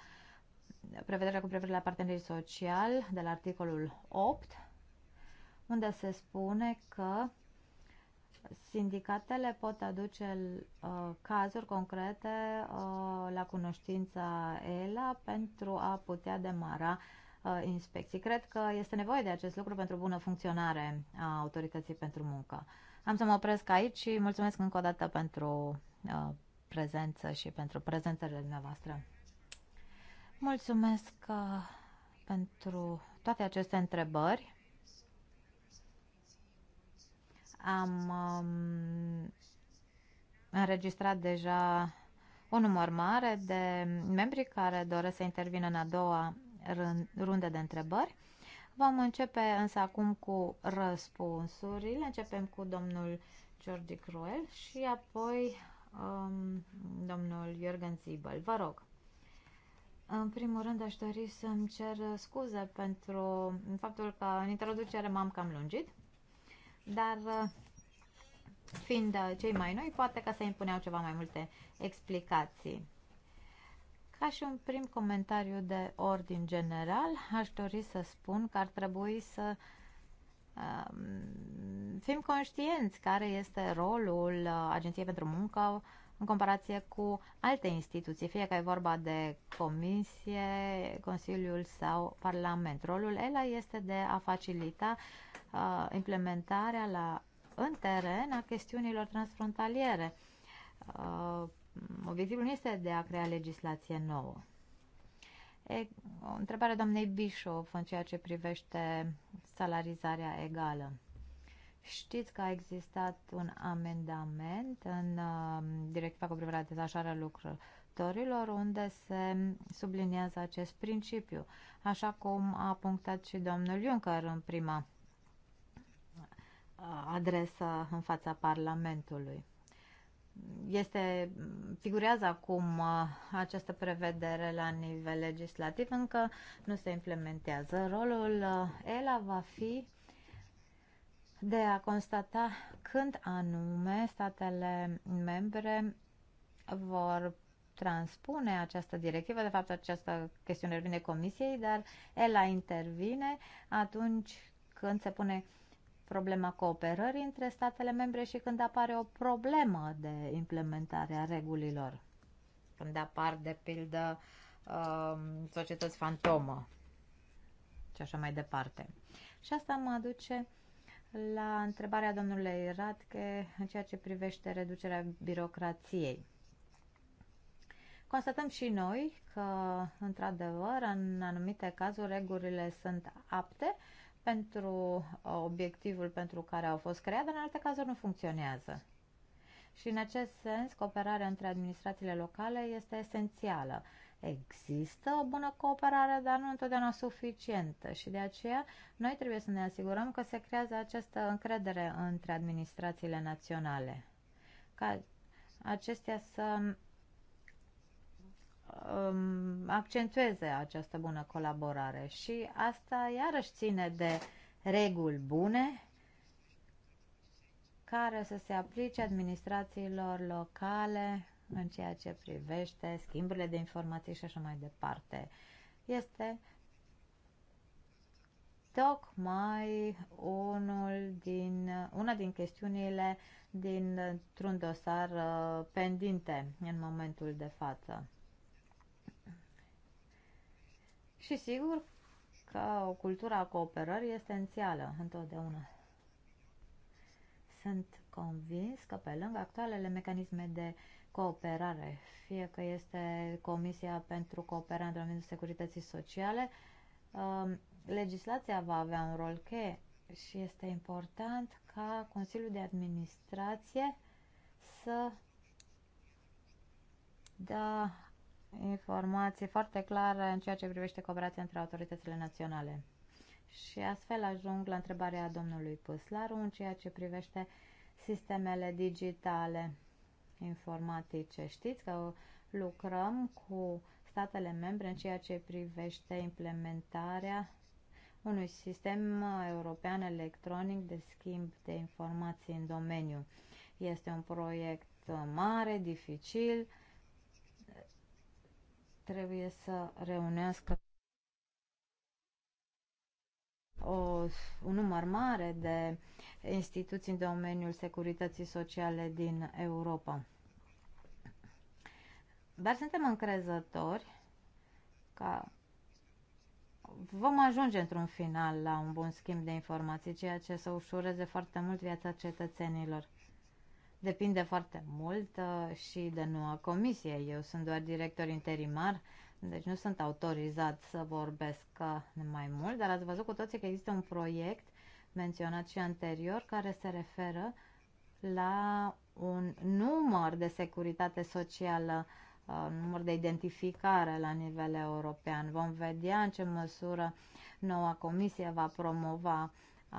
Speaker 1: prevederea cu privire la partenerii social de la articolul 8 unde se spune că sindicatele pot aduce uh, cazuri concrete uh, la cunoștința ELA pentru a putea demara uh, inspecții. Cred că este nevoie de acest lucru pentru bună funcționare a autorității pentru muncă. Uh, am să mă opresc aici și mulțumesc încă o dată pentru uh, prezență și pentru prezențele dumneavoastră. Mulțumesc uh, pentru toate aceste întrebări. Am um, înregistrat deja un număr mare de membri care doresc să intervină în a doua rând, runde de întrebări. Vom începe însă acum cu răspunsurile. Începem cu domnul Jordi Cruel și apoi um, domnul Jürgen Zibel. Vă rog. În primul rând aș dori să-mi cer scuze pentru faptul că în introducere m-am cam lungit, dar fiind cei mai noi, poate că se impuneau ceva mai multe explicații. Ca și un prim comentariu de ordin general, aș dori să spun că ar trebui să um, fim conștienți care este rolul uh, Agenției pentru Muncă în comparație cu alte instituții, fie că e vorba de Comisie, Consiliul sau Parlament. Rolul ELA este de a facilita uh, implementarea la, în teren a chestiunilor transfrontaliere. Uh, obiectivul nu este de a crea legislație nouă. E, o întrebare doamnei Bishop în ceea ce privește salarizarea egală. Știți că a existat un amendament în uh, directiva cu privire la detașarea lucrătorilor unde se subliniază acest principiu, așa cum a punctat și domnul Juncker în prima uh, adresă în fața Parlamentului este, figurează acum uh, această prevedere la nivel legislativ, încă nu se implementează. Rolul uh, ELA va fi de a constata când anume statele membre vor transpune această directivă. De fapt, această chestiune vine Comisiei, dar ELA intervine atunci când se pune problema cooperării între statele membre și când apare o problemă de implementare a regulilor. Când apar, de pildă, um, societăți fantomă și așa mai departe. Și asta mă aduce la întrebarea domnului Radke în ceea ce privește reducerea birocrației. Constatăm și noi că, într-adevăr, în anumite cazuri regulile sunt apte, pentru uh, obiectivul pentru care au fost create, dar în alte cazuri nu funcționează. Și în acest sens, cooperarea între administrațiile locale este esențială. Există o bună cooperare, dar nu întotdeauna suficientă și de aceea noi trebuie să ne asigurăm că se creează această încredere între administrațiile naționale, ca acestea să um, accentueze această bună colaborare și asta iarăși ține de reguli bune care să se aplice administrațiilor locale în ceea ce privește schimburile de informații și așa mai departe. Este tocmai unul din, una din chestiunile dintr-un dosar uh, pendinte în momentul de față. Și sigur că o cultură a cooperării este esențială întotdeauna. Sunt convins că pe lângă actualele mecanisme de cooperare, fie că este Comisia pentru Cooperare în domeniul securității sociale, um, legislația va avea un rol cheie și este important ca Consiliul de Administrație să da informații foarte clare în ceea ce privește cooperația între autoritățile naționale. Și astfel ajung la întrebarea domnului Păslaru în ceea ce privește sistemele digitale informatice. Știți că lucrăm cu statele membre în ceea ce privește implementarea unui sistem european electronic de schimb de informații în domeniu. Este un proiect mare, dificil, trebuie să reunească o, un număr mare de instituții în domeniul securității sociale din Europa. Dar suntem încrezători că vom ajunge într-un final la un bun schimb de informații, ceea ce să ușureze foarte mult viața cetățenilor depinde foarte mult uh, și de noua comisie. Eu sunt doar director interimar, deci nu sunt autorizat să vorbesc uh, mai mult, dar ați văzut cu toții că există un proiect menționat și anterior care se referă la un număr de securitate socială, uh, număr de identificare la nivel european. Vom vedea în ce măsură noua comisie va promova uh,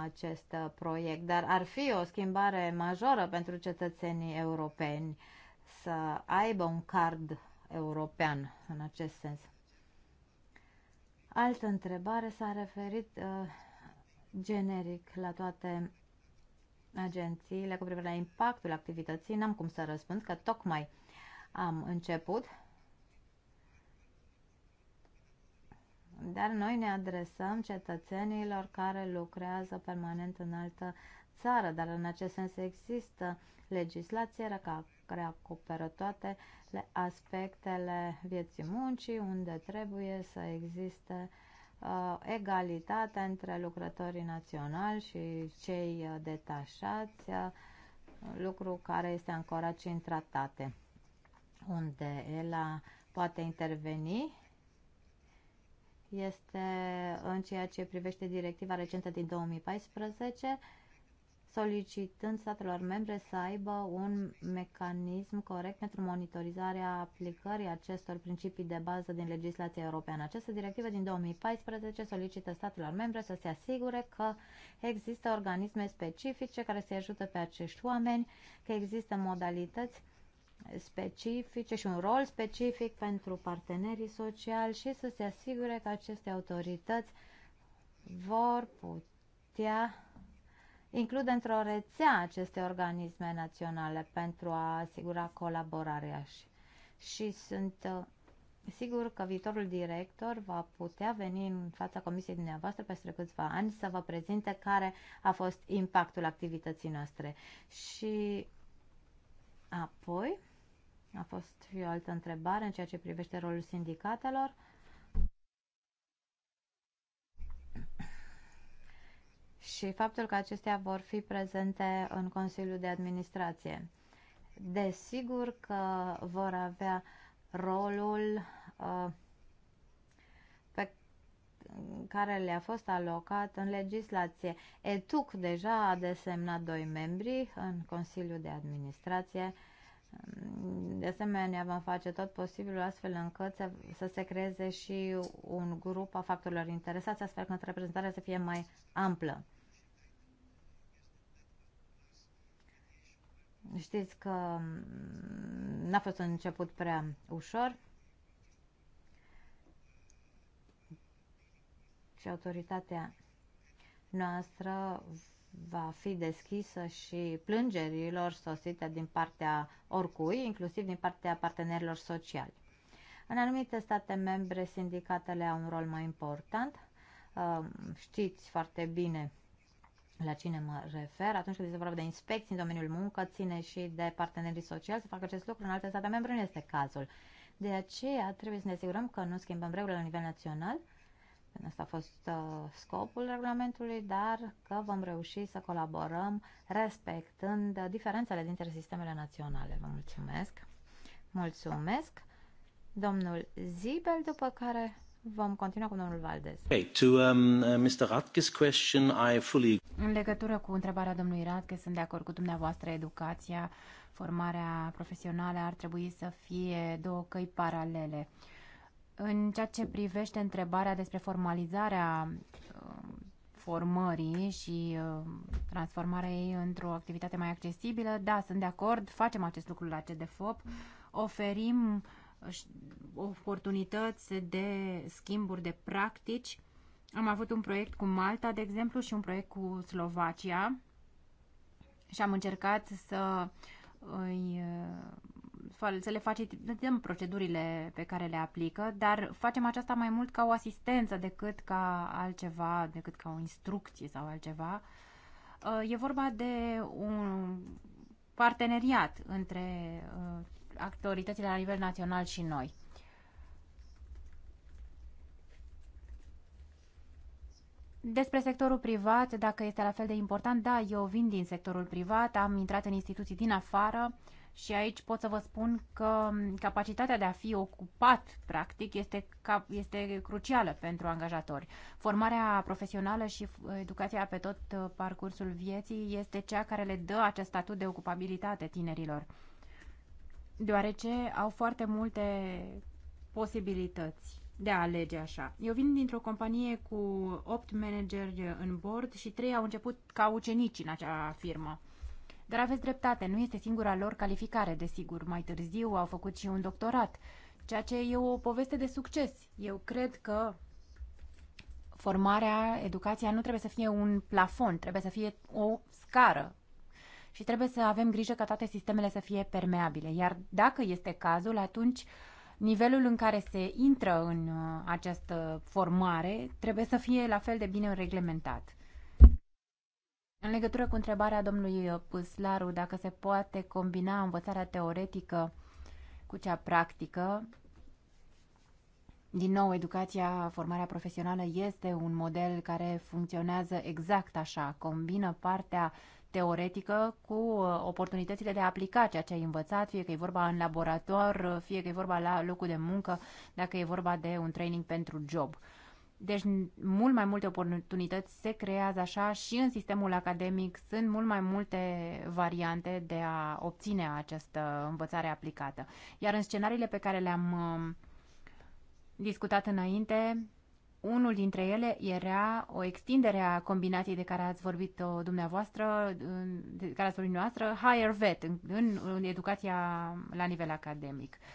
Speaker 1: acest uh, proiect, dar ar fi o schimbare majoră pentru cetățenii europeni să aibă un card european în acest sens. Altă întrebare s-a referit uh, generic la toate agențiile cu privire la impactul activității. N-am cum să răspund, că tocmai am început Dar noi ne adresăm cetățenilor care lucrează permanent în altă țară, dar în acest sens există legislație care acoperă toate aspectele vieții muncii, unde trebuie să existe uh, egalitate între lucrătorii naționali și cei uh, detașați, uh, lucru care este ancorat și în tratate, unde ELA poate interveni este în ceea ce privește directiva recentă din 2014, solicitând statelor membre să aibă un mecanism corect pentru monitorizarea aplicării acestor principii de bază din legislația europeană. Această directivă din 2014 solicită statelor membre să se asigure că există organisme specifice care să ajută pe acești oameni, că există modalități specifice și un rol specific pentru partenerii sociali și să se asigure că aceste autorități vor putea include într-o rețea aceste organisme naționale pentru a asigura colaborarea și, și sunt uh, sigur că viitorul director va putea veni în fața comisiei dumneavoastră peste câțiva ani să vă prezinte care a fost impactul activității noastre. Și apoi a fost și o altă întrebare în ceea ce privește rolul sindicatelor. Și faptul că acestea vor fi prezente în Consiliul de Administrație. Desigur că vor avea rolul uh, pe care le-a fost alocat în legislație. ETUC deja a desemnat doi membri în Consiliul de Administrație uh, Ehm, de asemenea, vom face tot posibilul astfel încât să, să se creeze și un grup a factorilor interesați, astfel încât reprezentarea să fie mai amplă. Știți că mm, n-a fost un început prea ușor și autoritatea noastră va fi deschisă și plângerilor sosite din partea oricui, inclusiv din partea partenerilor sociali. În anumite state membre, sindicatele au un rol mai important. Uh, știți foarte bine la cine mă refer. Atunci când se vorba de inspecții în domeniul muncă, ține și de partenerii sociali să facă acest lucru. În alte state membre nu este cazul. De aceea trebuie să ne asigurăm că nu schimbăm regulile la nivel național, Asta a fost uh, scopul regulamentului, dar că vom reuși să colaborăm respectând uh, diferențele dintre sistemele naționale. Vă mulțumesc! Mulțumesc! Domnul Zibel, după care Vom continua cu domnul Valdez.
Speaker 4: Okay, to um, uh, Mr. question, I fully...
Speaker 1: În legătură
Speaker 3: cu întrebarea domnului Radke, sunt de acord cu dumneavoastră. Educația, formarea profesională ar trebui să fie două căi paralele. Uh, în ceea ce privește întrebarea despre formalizarea um, formării și um, transformarea ei într-o activitate mai accesibilă, da, sunt de acord, facem acest lucru la CDFOP, oferim uh, oportunități de schimburi de practici. Am avut un proiect cu Malta, de exemplu, și un proiect cu Slovacia și am încercat să îi uh, să le facilităm procedurile pe care le aplică, dar facem aceasta mai mult ca o asistență decât ca altceva, decât ca o instrucție sau altceva. Uh, e vorba de un parteneriat între uh, autoritățile la nivel național și noi. Despre sectorul privat, dacă este la fel de important, da, eu vin din sectorul privat, am intrat în instituții din afară, uh, și aici pot să vă spun că capacitatea de a fi ocupat, practic, este, cap, este crucială pentru angajatori. Formarea profesională și educația pe tot uh, parcursul vieții este cea care le dă acest statut de ocupabilitate tinerilor, deoarece au foarte multe posibilități de a alege așa. Eu vin dintr-o companie cu 8 manageri în board și 3 au început ca ucenici în acea firmă. Dar aveți dreptate, nu este singura lor calificare, desigur. Mai târziu au făcut și un doctorat, ceea ce e o poveste de succes. Eu cred că formarea, educația nu trebuie să fie un plafon, trebuie să fie o scară și trebuie să avem grijă ca toate sistemele să fie permeabile. Iar dacă este cazul, atunci nivelul în care se intră în uh, această formare trebuie să fie la fel de bine reglementat. În legătură cu întrebarea domnului uh, Puslaru dacă se poate combina învățarea teoretică cu cea practică, din nou, educația, formarea profesională este un model care funcționează exact așa, combină partea teoretică cu uh, oportunitățile de a aplica ceea ce ai învățat, fie că e vorba în laborator, fie că e vorba la locul de muncă, dacă e vorba de un training pentru job. Deci mult mai multe oportunități se creează așa și în sistemul academic sunt mult mai multe variante de a obține această învățare aplicată. Iar în scenariile pe care le-am um, discutat înainte, unul dintre ele era o extindere a combinației de care ați vorbit -o uh, dumneavoastră, de care ați vorbit dumneavoastră, higher vet, în, în educația la nivel academic. Uh,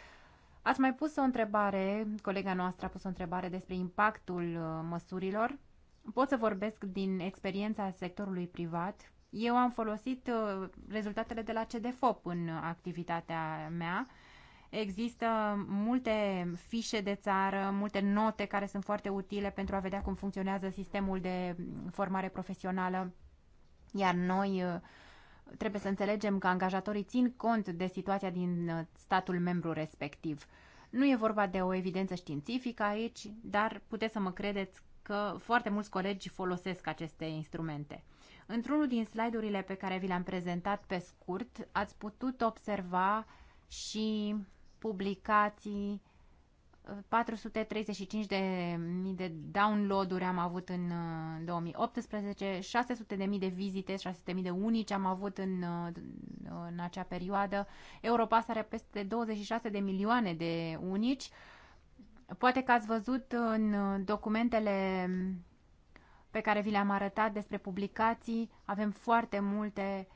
Speaker 3: Ați mai pus o întrebare, colega noastră a pus o întrebare despre impactul uh, măsurilor. Pot să vorbesc din experiența sectorului privat. Eu am folosit uh, rezultatele de la CDFOP în activitatea mea. Există multe fișe de țară, multe note care sunt foarte utile pentru a vedea cum funcționează sistemul de formare profesională. Iar noi uh, Trebuie să înțelegem că angajatorii țin cont de situația din uh, statul membru respectiv. Nu e vorba de o evidență științifică aici, dar puteți să mă credeți că foarte mulți colegi folosesc aceste instrumente. Într-unul din slide-urile pe care vi le-am prezentat pe scurt, ați putut observa și publicații 435 de mii de download-uri am avut în 2018, uh, 600.000 de mii de vizite, 600.000 de mii de unici am avut în, uh, în acea perioadă. Europa are peste 26 de milioane de unici. Poate că ați văzut în uh, documentele pe care vi le-am arătat despre publicații, avem foarte multe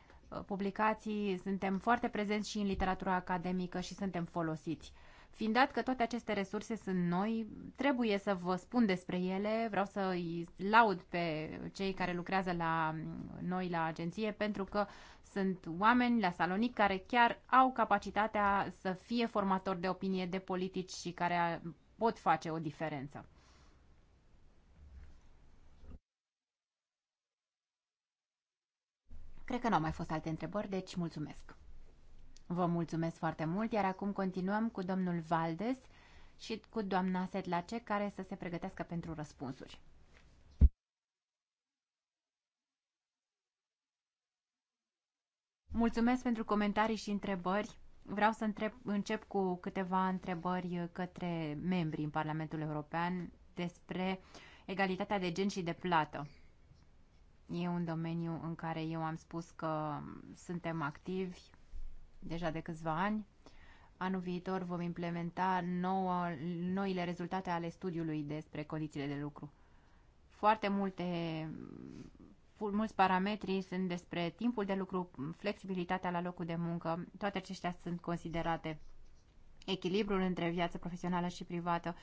Speaker 3: publicații, suntem foarte prezenți și în literatura academică și suntem folosiți. Fiind dat că toate aceste resurse sunt noi, trebuie să vă spun despre ele, vreau să îi laud pe cei care lucrează la mm, noi la agenție pentru că sunt oameni la Salonic care chiar au capacitatea să fie formatori de opinie de politici și care pot face o diferență. Cred că nu au mai fost alte întrebări, deci mulțumesc. Vă mulțumesc foarte mult, iar acum continuăm cu domnul Valdes și cu doamna Sedlace, care să se pregătească pentru răspunsuri. Mulțumesc pentru comentarii și întrebări. Vreau să întreb, încep cu câteva întrebări către membrii în Parlamentul European despre egalitatea de gen și de plată. E un domeniu în care eu am spus că suntem activi, deja de câțiva ani. Anul viitor vom implementa nouă, noile rezultate ale studiului despre condițiile de lucru. Foarte multe, mulți parametri sunt despre timpul de lucru, flexibilitatea la locul de muncă, toate aceștia sunt considerate. Echilibrul între viață profesională și privată,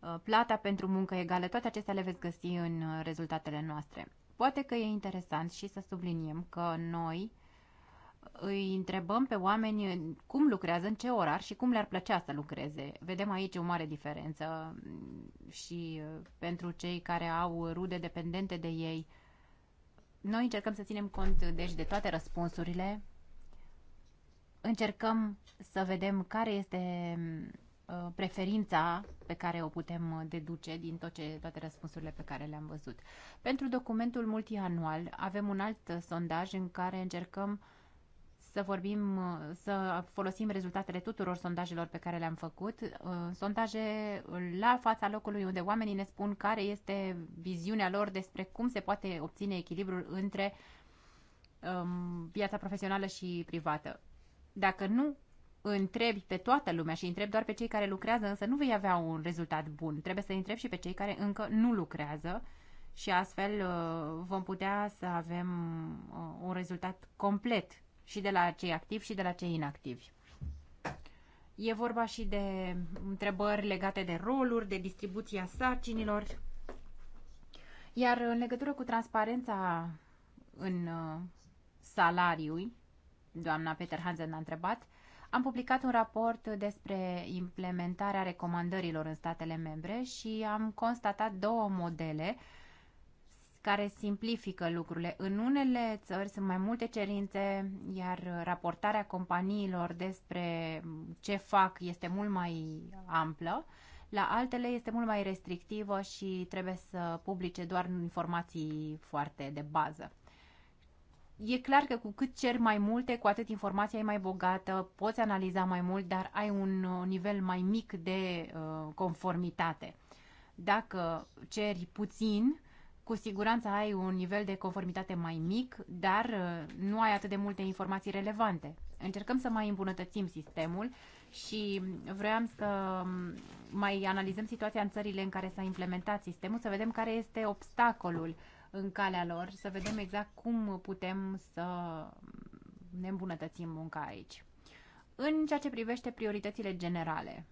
Speaker 3: uh, plata pentru muncă egală, toate acestea le veți găsi în uh, rezultatele noastre. Poate că e interesant și să subliniem că noi îi întrebăm pe oameni cum lucrează, în ce orar și cum le-ar plăcea să lucreze. Vedem aici o mare diferență mm, și uh, pentru cei care au rude dependente de ei. Noi încercăm să ținem cont deci de toate răspunsurile. Încercăm să vedem care este mm, uh, preferința pe care o putem uh, deduce din tot ce, toate răspunsurile pe care le-am văzut. Pentru documentul multianual avem un alt sondaj în care încercăm uh, să vorbim, să folosim rezultatele tuturor sondajelor pe care le-am făcut, uh, sondaje la fața locului unde oamenii ne spun care este viziunea lor despre cum se poate obține echilibrul între um, viața profesională și privată. Dacă nu întrebi pe toată lumea și întrebi doar pe cei care lucrează, însă nu vei avea un rezultat bun. Trebuie să întrebi și pe cei care încă nu lucrează și astfel uh, vom putea să avem uh, un rezultat complet și de la cei activi și de la cei inactivi. E vorba și de întrebări legate de roluri, de distribuția sarcinilor. Iar în legătură cu transparența în uh, salariu, doamna Peter Hansen a întrebat, am publicat un raport despre implementarea recomandărilor în statele membre și am constatat două modele uh, care simplifică lucrurile. În unele țări sunt mai multe cerințe, iar raportarea companiilor despre ce fac este mult mai amplă. La altele este mult mai restrictivă și trebuie să publice doar informații foarte de bază. E clar că cu cât cer mai multe, cu atât informația e mai bogată, poți analiza mai mult, dar ai un uh, nivel mai mic de uh, conformitate. Dacă ceri puțin, cu siguranță ai un nivel de conformitate mai mic, dar uh, nu ai atât de multe informații relevante. Încercăm să mai îmbunătățim sistemul și vreau să um, mai analizăm situația în țările în care s-a implementat sistemul, să vedem care este obstacolul în calea lor, să vedem exact cum putem să ne îmbunătățim munca aici. În ceea ce privește prioritățile generale,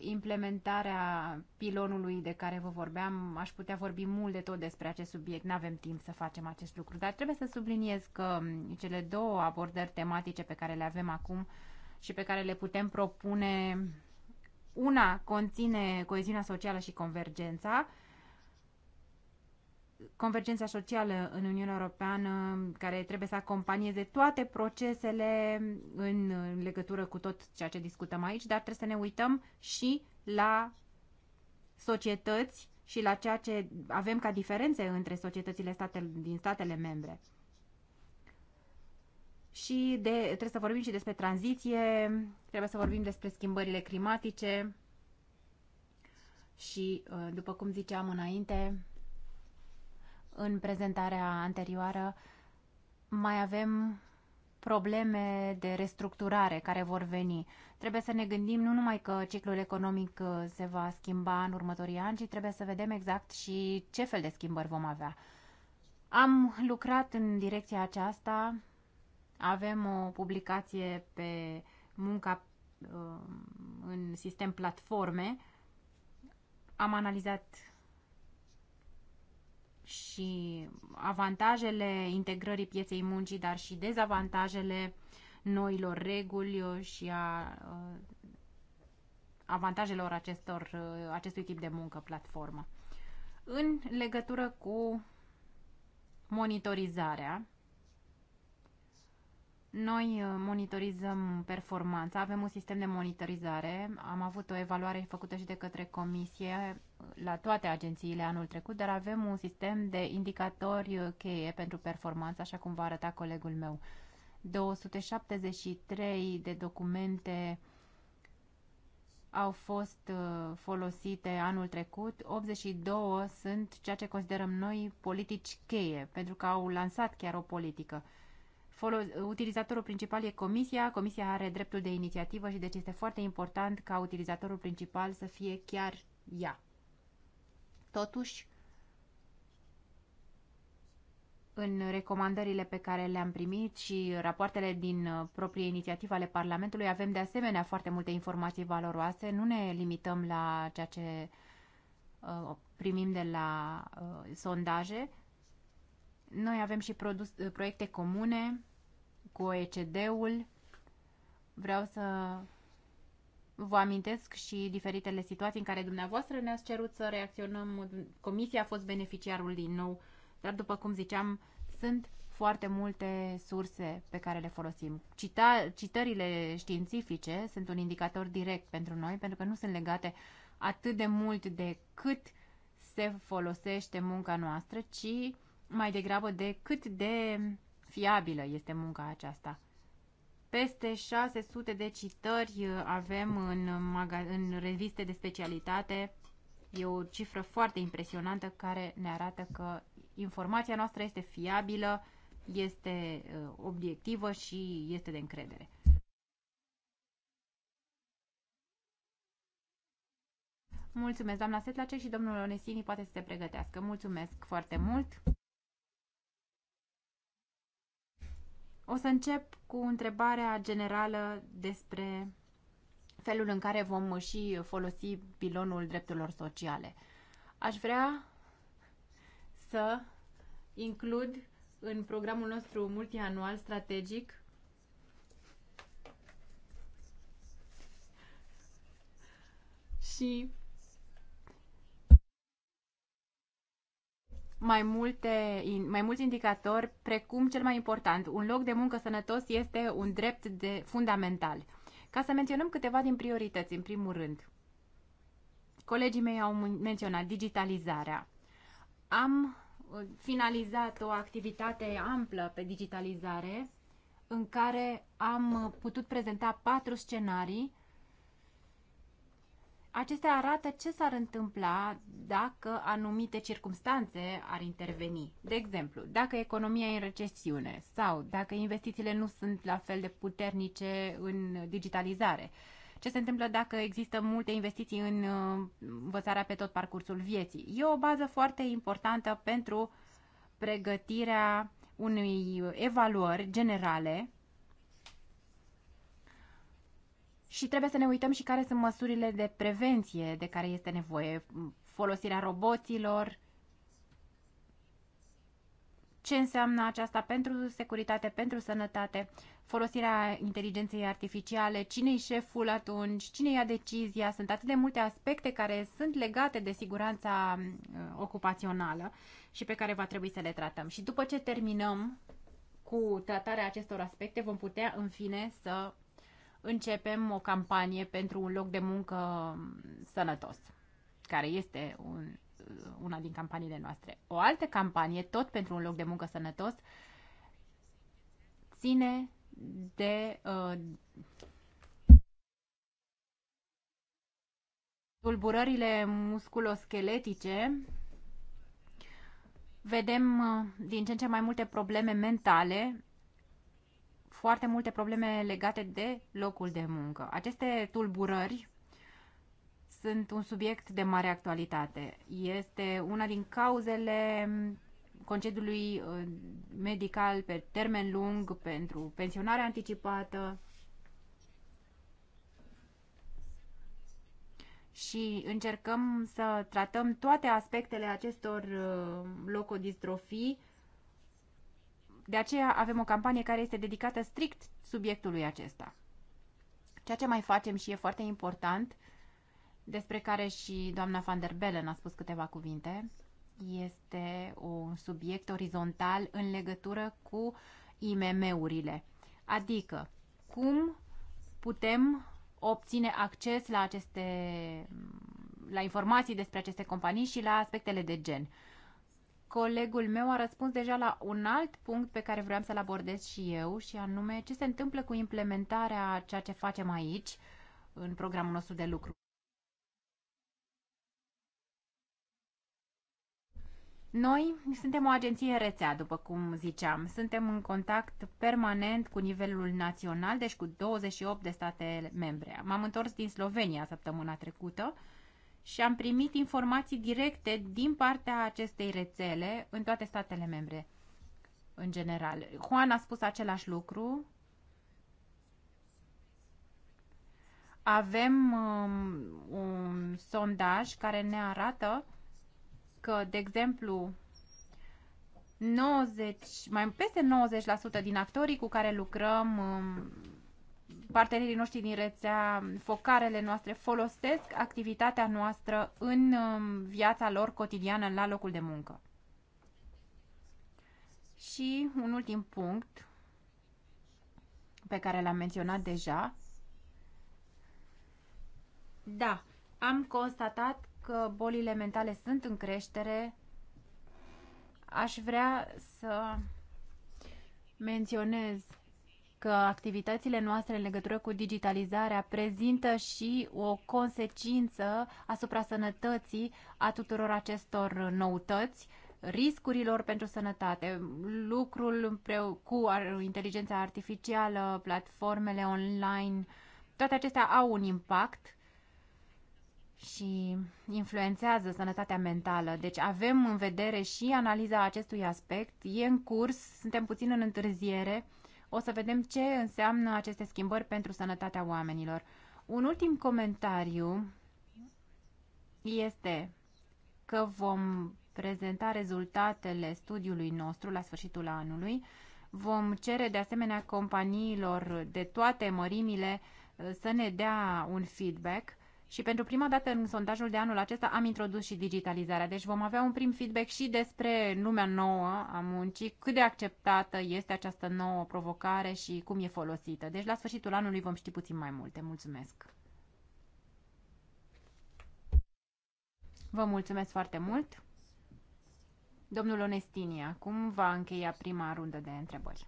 Speaker 3: implementarea pilonului de care vă vorbeam, aș putea vorbi mult de tot despre acest subiect, nu avem timp să facem acest lucru, dar trebuie să subliniez că cele două abordări tematice pe care le avem acum și pe care le putem propune, una conține coeziunea socială și convergența, convergența socială în Uniunea Europeană care trebuie să acompanieze toate procesele în legătură cu tot ceea ce discutăm aici, dar trebuie să ne uităm și la societăți și la ceea ce avem ca diferențe între societățile statele, din statele membre. Și de, trebuie să vorbim și despre tranziție, trebuie să vorbim despre schimbările climatice și, uh, după cum ziceam înainte, în prezentarea anterioară, mai avem probleme de restructurare care vor veni. Trebuie să ne gândim nu numai că ciclul economic uh, se va schimba în următorii ani, ci trebuie să vedem exact și ce fel de schimbări vom avea. Am lucrat în direcția aceasta, avem o publicație pe munca uh, în sistem platforme, am analizat și avantajele integrării pieței muncii, dar și dezavantajele noilor reguli și a uh, avantajelor acestor, uh, acestui tip de muncă, platformă. În legătură cu monitorizarea, noi uh, monitorizăm performanța, avem un sistem de monitorizare, am avut o evaluare făcută și de către comisie la toate agențiile anul trecut, dar avem un sistem de indicatori cheie pentru performanță, așa cum va arăta colegul meu. 273 de documente au fost uh, folosite anul trecut, 82 sunt ceea ce considerăm noi politici cheie, pentru că au lansat chiar o politică. Utilizatorul principal e comisia, comisia are dreptul de inițiativă și deci este foarte important ca utilizatorul principal să fie chiar ea. Totuși, în recomandările pe care le-am primit și rapoartele din uh, proprie inițiativă ale Parlamentului avem de asemenea foarte multe informații valoroase. Nu ne limităm la ceea ce uh, primim de la uh, sondaje. Noi avem și produs, proiecte comune cu OECD-ul. Vreau să Vă amintesc și diferitele situații în care dumneavoastră ne-ați cerut să reacționăm. Comisia a fost beneficiarul din nou, dar după cum ziceam, sunt foarte multe surse pe care le folosim. Cita, citările științifice sunt un indicator direct pentru noi, pentru că nu sunt legate atât de mult de cât se folosește munca noastră, ci mai degrabă de cât de fiabilă este munca aceasta. Peste 600 de citări uh, avem în, în reviste de specialitate. E o cifră foarte impresionantă care ne arată că informația noastră este fiabilă, este uh, obiectivă și este de încredere. Mulțumesc, doamna Setlace și domnul Onesini poate să se pregătească. Mulțumesc foarte mult! O să încep cu întrebarea generală despre felul în care vom și folosi pilonul drepturilor sociale. Aș vrea să includ în programul nostru multianual strategic și mai, multe, mai mulți indicatori, precum cel mai important, un loc de muncă sănătos este un drept de fundamental. Ca să menționăm câteva din priorități, în primul rând, colegii mei au menționat digitalizarea. Am uh, finalizat o activitate amplă pe digitalizare în care am uh, putut prezenta patru scenarii Acestea arată ce s-ar întâmpla dacă anumite circumstanțe ar interveni. De exemplu, dacă economia e în recesiune sau dacă investițiile nu sunt la fel de puternice în digitalizare. Ce se întâmplă dacă există multe investiții în uh, învățarea pe tot parcursul vieții. E o bază foarte importantă pentru pregătirea unei evaluări generale Și trebuie să ne uităm și care sunt măsurile de prevenție de care este nevoie. Folosirea roboților, ce înseamnă aceasta pentru securitate, pentru sănătate, folosirea inteligenței artificiale, cine-i șeful atunci, cine ia decizia. Sunt atât de multe aspecte care sunt legate de siguranța uh, ocupațională și pe care va trebui să le tratăm. Și după ce terminăm cu tratarea acestor aspecte, vom putea în fine să începem o campanie pentru un loc de muncă sănătos, care este un, una din campaniile noastre. O altă campanie, tot pentru un loc de muncă sănătos, ține de uh, tulburările musculoscheletice vedem uh, din ce în ce mai multe probleme mentale foarte multe probleme legate de locul de muncă. Aceste tulburări sunt un subiect de mare actualitate. Este una din cauzele concediului uh, medical pe termen lung pentru pensionare anticipată și încercăm să tratăm toate aspectele acestor uh, locodistrofii de aceea avem o campanie care este dedicată strict subiectului acesta. Ceea ce mai facem și e foarte important, despre care și doamna van der Bellen a spus câteva cuvinte, este un subiect orizontal în legătură cu IMM-urile. Adică, cum putem obține acces la aceste la informații despre aceste companii și la aspectele de gen. Colegul meu a răspuns deja la un alt punct pe care vreau să-l abordez și eu, și anume ce se întâmplă cu implementarea ceea ce facem aici, în programul nostru de lucru. Noi suntem o agenție rețea, după cum ziceam. Suntem în contact permanent cu nivelul național, deci cu 28 de state membre. M-am întors din Slovenia săptămâna trecută și am primit informații directe din partea acestei rețele în toate statele membre, în general. Juan a spus același lucru. Avem um, un sondaj care ne arată că, de exemplu, 90, mai peste 90% din actorii cu care lucrăm um, partenerii noștri din rețea, focarele noastre, folosesc activitatea noastră în um, viața lor cotidiană la locul de muncă. Și un ultim punct pe care l-am menționat deja. Da, am constatat că bolile mentale sunt în creștere. Aș vrea să menționez că activitățile noastre în legătură cu digitalizarea prezintă și o consecință asupra sănătății a tuturor acestor noutăți, riscurilor pentru sănătate, lucrul cu inteligența artificială, platformele online, toate acestea au un impact și influențează sănătatea mentală. Deci avem în vedere și analiza acestui aspect, e în curs, suntem puțin în întârziere, o să vedem ce înseamnă aceste schimbări pentru sănătatea oamenilor. Un ultim comentariu este că vom prezenta rezultatele studiului nostru la sfârșitul anului. Vom cere de asemenea companiilor de toate mărimile uh, să ne dea un feedback și pentru prima dată în sondajul de anul acesta am introdus și digitalizarea. Deci vom avea un prim feedback și despre lumea nouă a muncii, cât de acceptată este această nouă provocare și cum e folosită. Deci la sfârșitul anului vom ști puțin mai multe. Mulțumesc! Vă mulțumesc foarte mult! Domnul Onestinia, acum va încheia prima rundă de întrebări.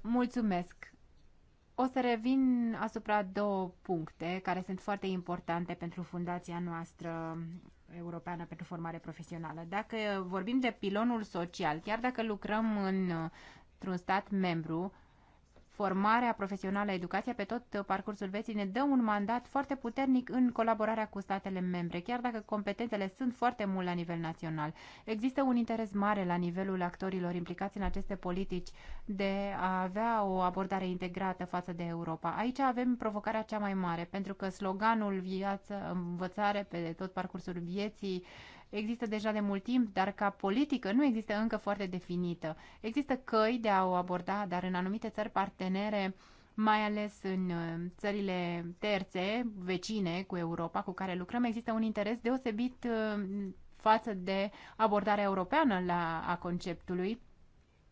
Speaker 3: Mulțumesc! O să revin asupra două puncte care sunt foarte importante pentru fundația noastră europeană pentru formare profesională. Dacă vorbim de pilonul social, chiar dacă lucrăm în, într-un stat membru, formarea profesională, educația pe tot parcursul vieții ne dă un mandat foarte puternic în colaborarea cu statele membre, chiar dacă competențele sunt foarte mult la nivel național. Există un interes mare la nivelul actorilor implicați în aceste politici de a avea o abordare integrată față de Europa. Aici avem provocarea cea mai mare, pentru că sloganul viață, învățare pe tot parcursul vieții, uh, există deja de mult timp, dar ca politică nu există încă foarte definită. Există căi de a o aborda, dar în anumite țări partenere, mai ales în uh, țările terțe, vecine cu Europa, cu care lucrăm, există un interes deosebit uh, față de abordarea europeană la, a conceptului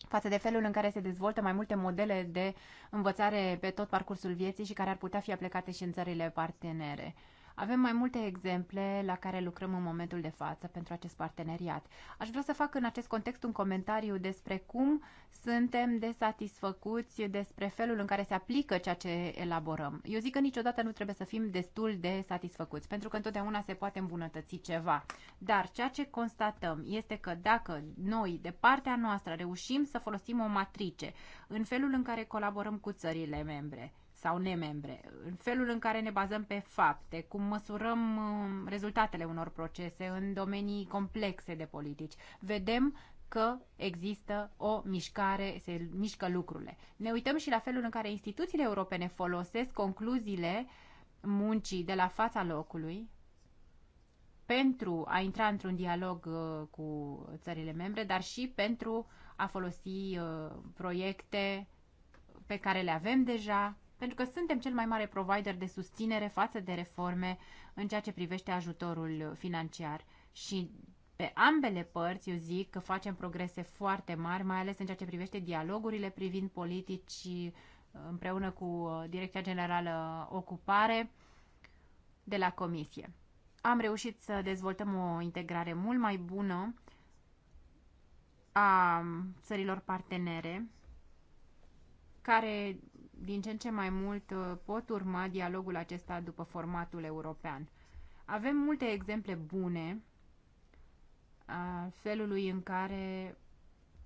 Speaker 3: față de felul în care se dezvoltă mai multe modele de învățare pe tot parcursul vieții și care ar putea fi aplicate și în țările partenere. Avem mai multe exemple la care lucrăm în momentul de față pentru acest parteneriat. Aș vrea să fac în acest context un comentariu despre cum suntem desatisfăcuți despre felul în care se aplică ceea ce elaborăm. Eu zic că niciodată nu trebuie să fim destul de satisfăcuți, pentru că întotdeauna se poate îmbunătăți ceva. Dar ceea ce constatăm este că dacă noi, de partea noastră, reușim să folosim o matrice în felul în care colaborăm cu țările membre, sau nemembre, în felul în care ne bazăm pe fapte, cum măsurăm um, rezultatele unor procese în domenii complexe de politici, vedem că există o mișcare, se mișcă lucrurile. Ne uităm și la felul în care instituțiile europene folosesc concluziile muncii de la fața locului pentru a intra într-un dialog uh, cu țările membre, dar și pentru a folosi uh, proiecte pe care le avem deja pentru că suntem cel mai mare provider de susținere față de reforme în ceea ce privește ajutorul financiar și pe ambele părți, eu zic că facem progrese foarte mari, mai ales în ceea ce privește dialogurile privind politici împreună cu uh, Direcția Generală Ocupare de la Comisie. Am reușit să dezvoltăm o integrare mult mai bună a țărilor partenere, care din ce în ce mai mult uh, pot urma dialogul acesta după formatul european. Avem multe exemple bune a felului în care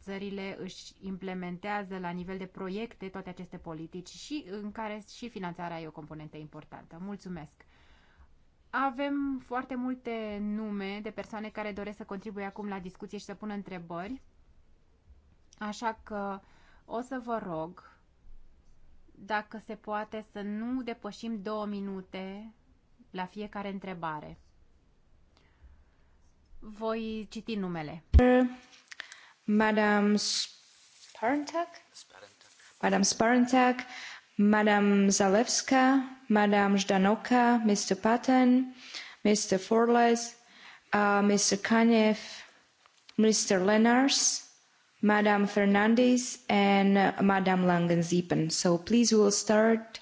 Speaker 3: țările își implementează la nivel de proiecte toate aceste politici și în care și finanțarea e o componentă importantă. Mulțumesc! Avem foarte multe nume de persoane care doresc să contribuie acum la discuție și să pună întrebări, așa că o să vă rog dacă se poate să nu depășim două minute la fiecare întrebare. Voi citi numele. Madam Sparentac, Madam Sparentac, Madam Zalewska, Madam Zdanoka, Mr. Patton, Mr. Forles, uh, Mr. Kanev, Mr. Lenars, Madame Fernandez and Madame Langenzipen. So please we'll start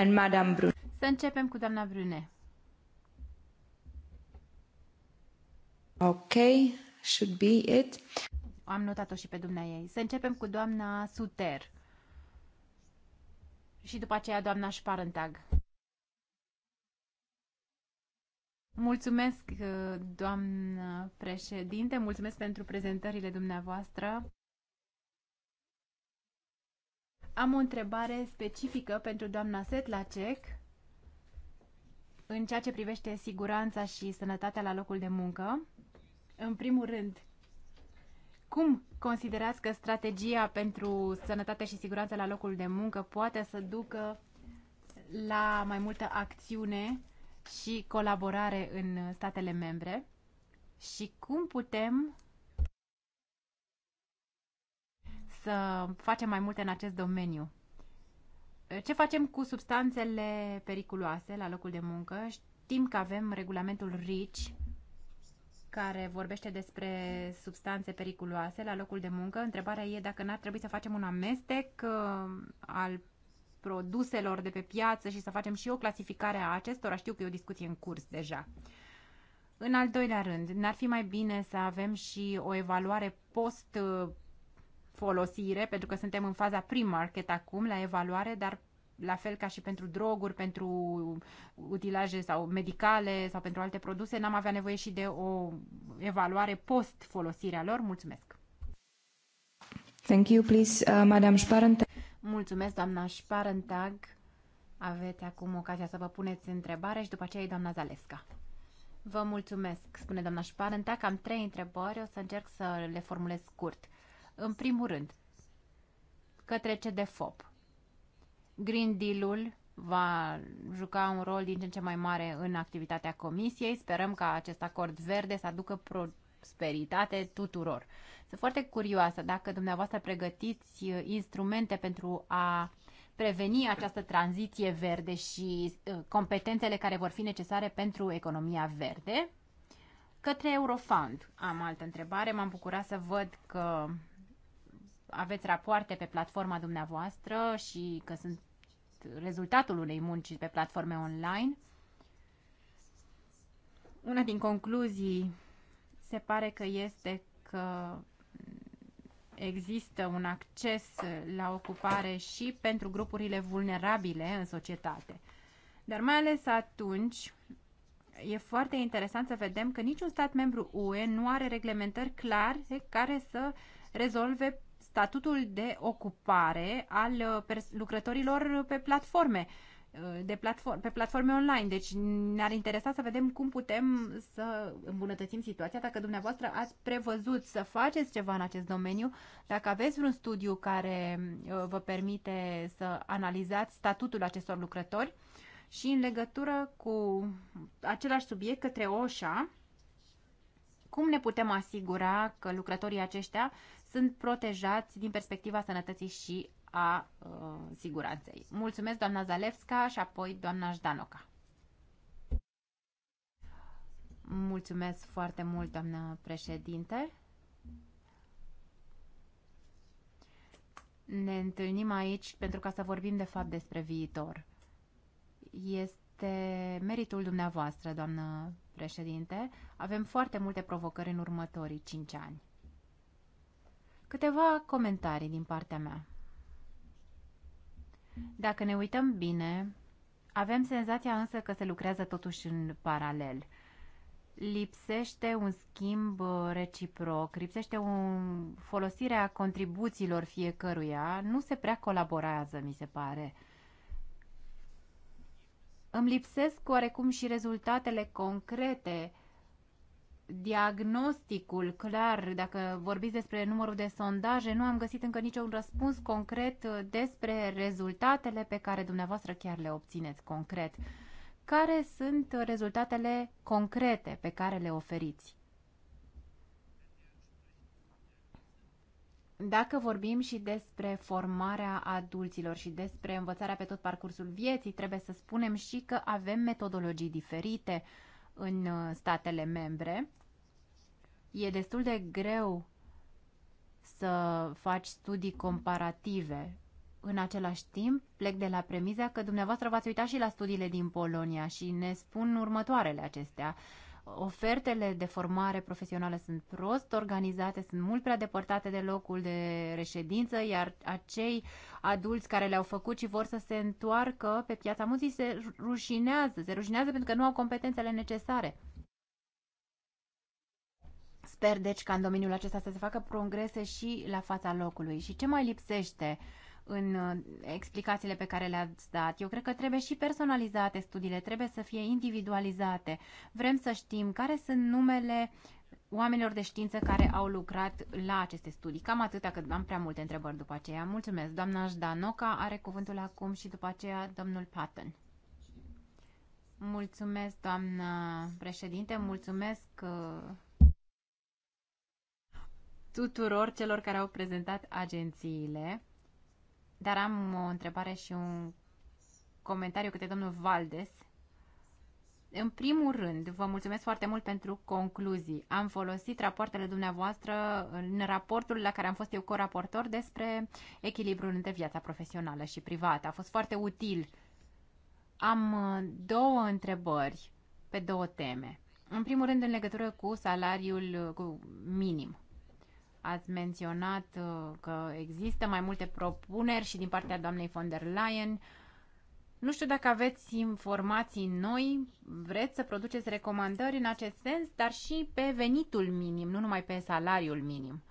Speaker 3: and Madam Brune. Să începem cu doamna Brune. Ok, should be it. Am notat-o și pe dumnea ei. Să începem cu doamna Suter. Și după aceea doamna Sparentag. Mulțumesc, uh, doamnă președinte, mulțumesc pentru prezentările dumneavoastră. Am o întrebare specifică pentru doamna Setlacek în ceea ce privește siguranța și sănătatea la locul de muncă. În primul rând, cum considerați că strategia pentru sănătate și siguranță la locul de muncă poate să ducă la mai multă acțiune și colaborare în statele membre și cum putem să facem mai multe în acest domeniu. Ce facem cu substanțele periculoase la locul de muncă? Știm că avem regulamentul RICH, care vorbește despre substanțe periculoase la locul de muncă. Întrebarea e dacă n-ar trebui să facem un amestec uh, al produselor de pe piață și să facem și o clasificare a acestora. Știu că e o discuție în curs deja. În al doilea rând, n-ar fi mai bine să avem și o evaluare post folosire, pentru că suntem în faza pre-market acum la evaluare, dar la fel ca și pentru droguri, pentru utilaje sau medicale sau pentru alte produse, n-am avea nevoie și de o evaluare post folosirea lor. Mulțumesc! Thank you, please, uh, Madam Sparente. Mulțumesc, doamna Sparentag. Aveți acum ocazia să vă puneți întrebare și după aceea e doamna Zalesca. Vă mulțumesc, spune doamna Sparentac. Am trei întrebări, o să încerc să le formulez scurt. În primul rând, către FOP, Green Deal-ul va juca un rol din ce în ce mai mare în activitatea Comisiei. Sperăm ca acest acord verde să aducă pro- prosperitate tuturor. Sunt foarte curioasă dacă dumneavoastră pregătiți uh, instrumente pentru a preveni această tranziție verde și uh, competențele care vor fi necesare pentru economia verde. Către Eurofund am altă întrebare. M-am bucurat să văd că aveți rapoarte pe platforma dumneavoastră și că sunt rezultatul unei munci pe platforme online. Una din concluzii se pare că este că există un acces la ocupare și pentru grupurile vulnerabile în societate. Dar mai ales atunci e foarte interesant să vedem că niciun stat membru UE nu are reglementări clare care să rezolve statutul de ocupare al lucrătorilor pe platforme. Uh, de platform, pe platforme online. Deci ne-ar interesa să vedem cum putem să îmbunătățim situația, dacă dumneavoastră ați prevăzut să faceți ceva în acest domeniu, dacă aveți vreun studiu care uh, vă permite să analizați statutul acestor lucrători și în legătură cu același subiect către OSHA, cum ne putem asigura că lucrătorii aceștia sunt protejați din perspectiva sănătății și a uh, siguranței. Mulțumesc, doamna Zalewska și apoi doamna Jdanoca. Mulțumesc foarte mult, doamna președinte. Ne întâlnim aici pentru ca să vorbim de fapt despre viitor. Este meritul dumneavoastră, doamnă președinte. Avem foarte multe provocări în următorii cinci ani. Câteva comentarii din partea mea. Dacă ne uităm bine, avem senzația însă că se lucrează totuși în paralel. Lipsește un schimb uh, reciproc, lipsește o folosire a contribuțiilor fiecăruia, nu se prea colaborează, mi se pare. Îmi lipsesc oarecum și rezultatele concrete diagnosticul clar, dacă vorbiți despre numărul de sondaje, nu am găsit încă niciun răspuns concret despre rezultatele pe care dumneavoastră chiar le obțineți concret. Care sunt rezultatele concrete pe care le oferiți? Dacă vorbim și despre formarea adulților și despre învățarea pe tot parcursul vieții, trebuie să spunem și că avem metodologii diferite în statele membre E destul de greu să faci studii comparative. În același timp, plec de la premiza că dumneavoastră v-ați uitat și la studiile din Polonia și ne spun următoarele acestea. Ofertele de formare profesională sunt prost organizate, sunt mult prea depărtate de locul de reședință, iar acei adulți care le-au făcut și vor să se întoarcă pe piața muzii se rușinează, se rușinează pentru că nu au competențele necesare. Sper deci ca în domeniul acesta să se facă progrese și la fața locului. Și ce mai lipsește în uh, explicațiile pe care le-ați dat. Eu cred că trebuie și personalizate studiile, trebuie să fie individualizate. Vrem să știm care sunt numele oamenilor de știință care au lucrat la aceste studii. Cam atâta, că am prea multe întrebări după aceea. Mulțumesc. Doamna Jdanoca are cuvântul acum și după aceea domnul Patton. Mulțumesc, doamna președinte, mulțumesc uh, tuturor celor care au prezentat agențiile, dar am o întrebare și un comentariu către domnul Valdes. În primul rând, vă mulțumesc foarte mult pentru concluzii. Am folosit rapoartele dumneavoastră în raportul la care am fost eu coraportor despre echilibrul între viața profesională și privată. A fost foarte util. Am uh, două întrebări pe două teme. În primul rând, în legătură cu salariul uh, minim. Ați menționat uh, că există mai multe propuneri și din partea doamnei von der Leyen. Nu știu dacă aveți informații noi, vreți să produceți recomandări în acest sens, dar și pe venitul minim, nu numai pe salariul minim.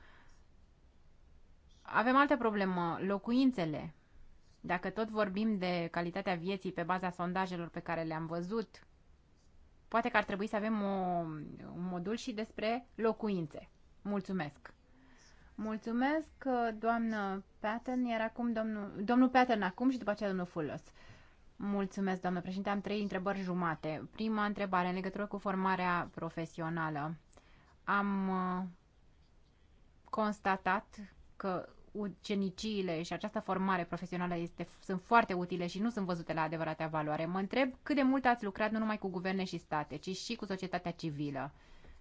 Speaker 3: Avem altă problemă, locuințele. Dacă tot vorbim de calitatea vieții pe baza sondajelor pe care le-am văzut, poate că ar trebui să avem o, un modul și despre locuințe. Mulțumesc! Mulțumesc, doamnă Patton, iar acum domnul, domnul Patton acum și după aceea domnul Fulos. Mulțumesc, doamnă președinte. Am trei întrebări jumate. Prima întrebare, în legătură cu formarea profesională. Am uh, constatat că uceniciile și această formare profesională este, sunt foarte utile și nu sunt văzute la adevărata valoare. Mă întreb cât de mult ați lucrat nu numai cu guverne și state, ci și cu societatea civilă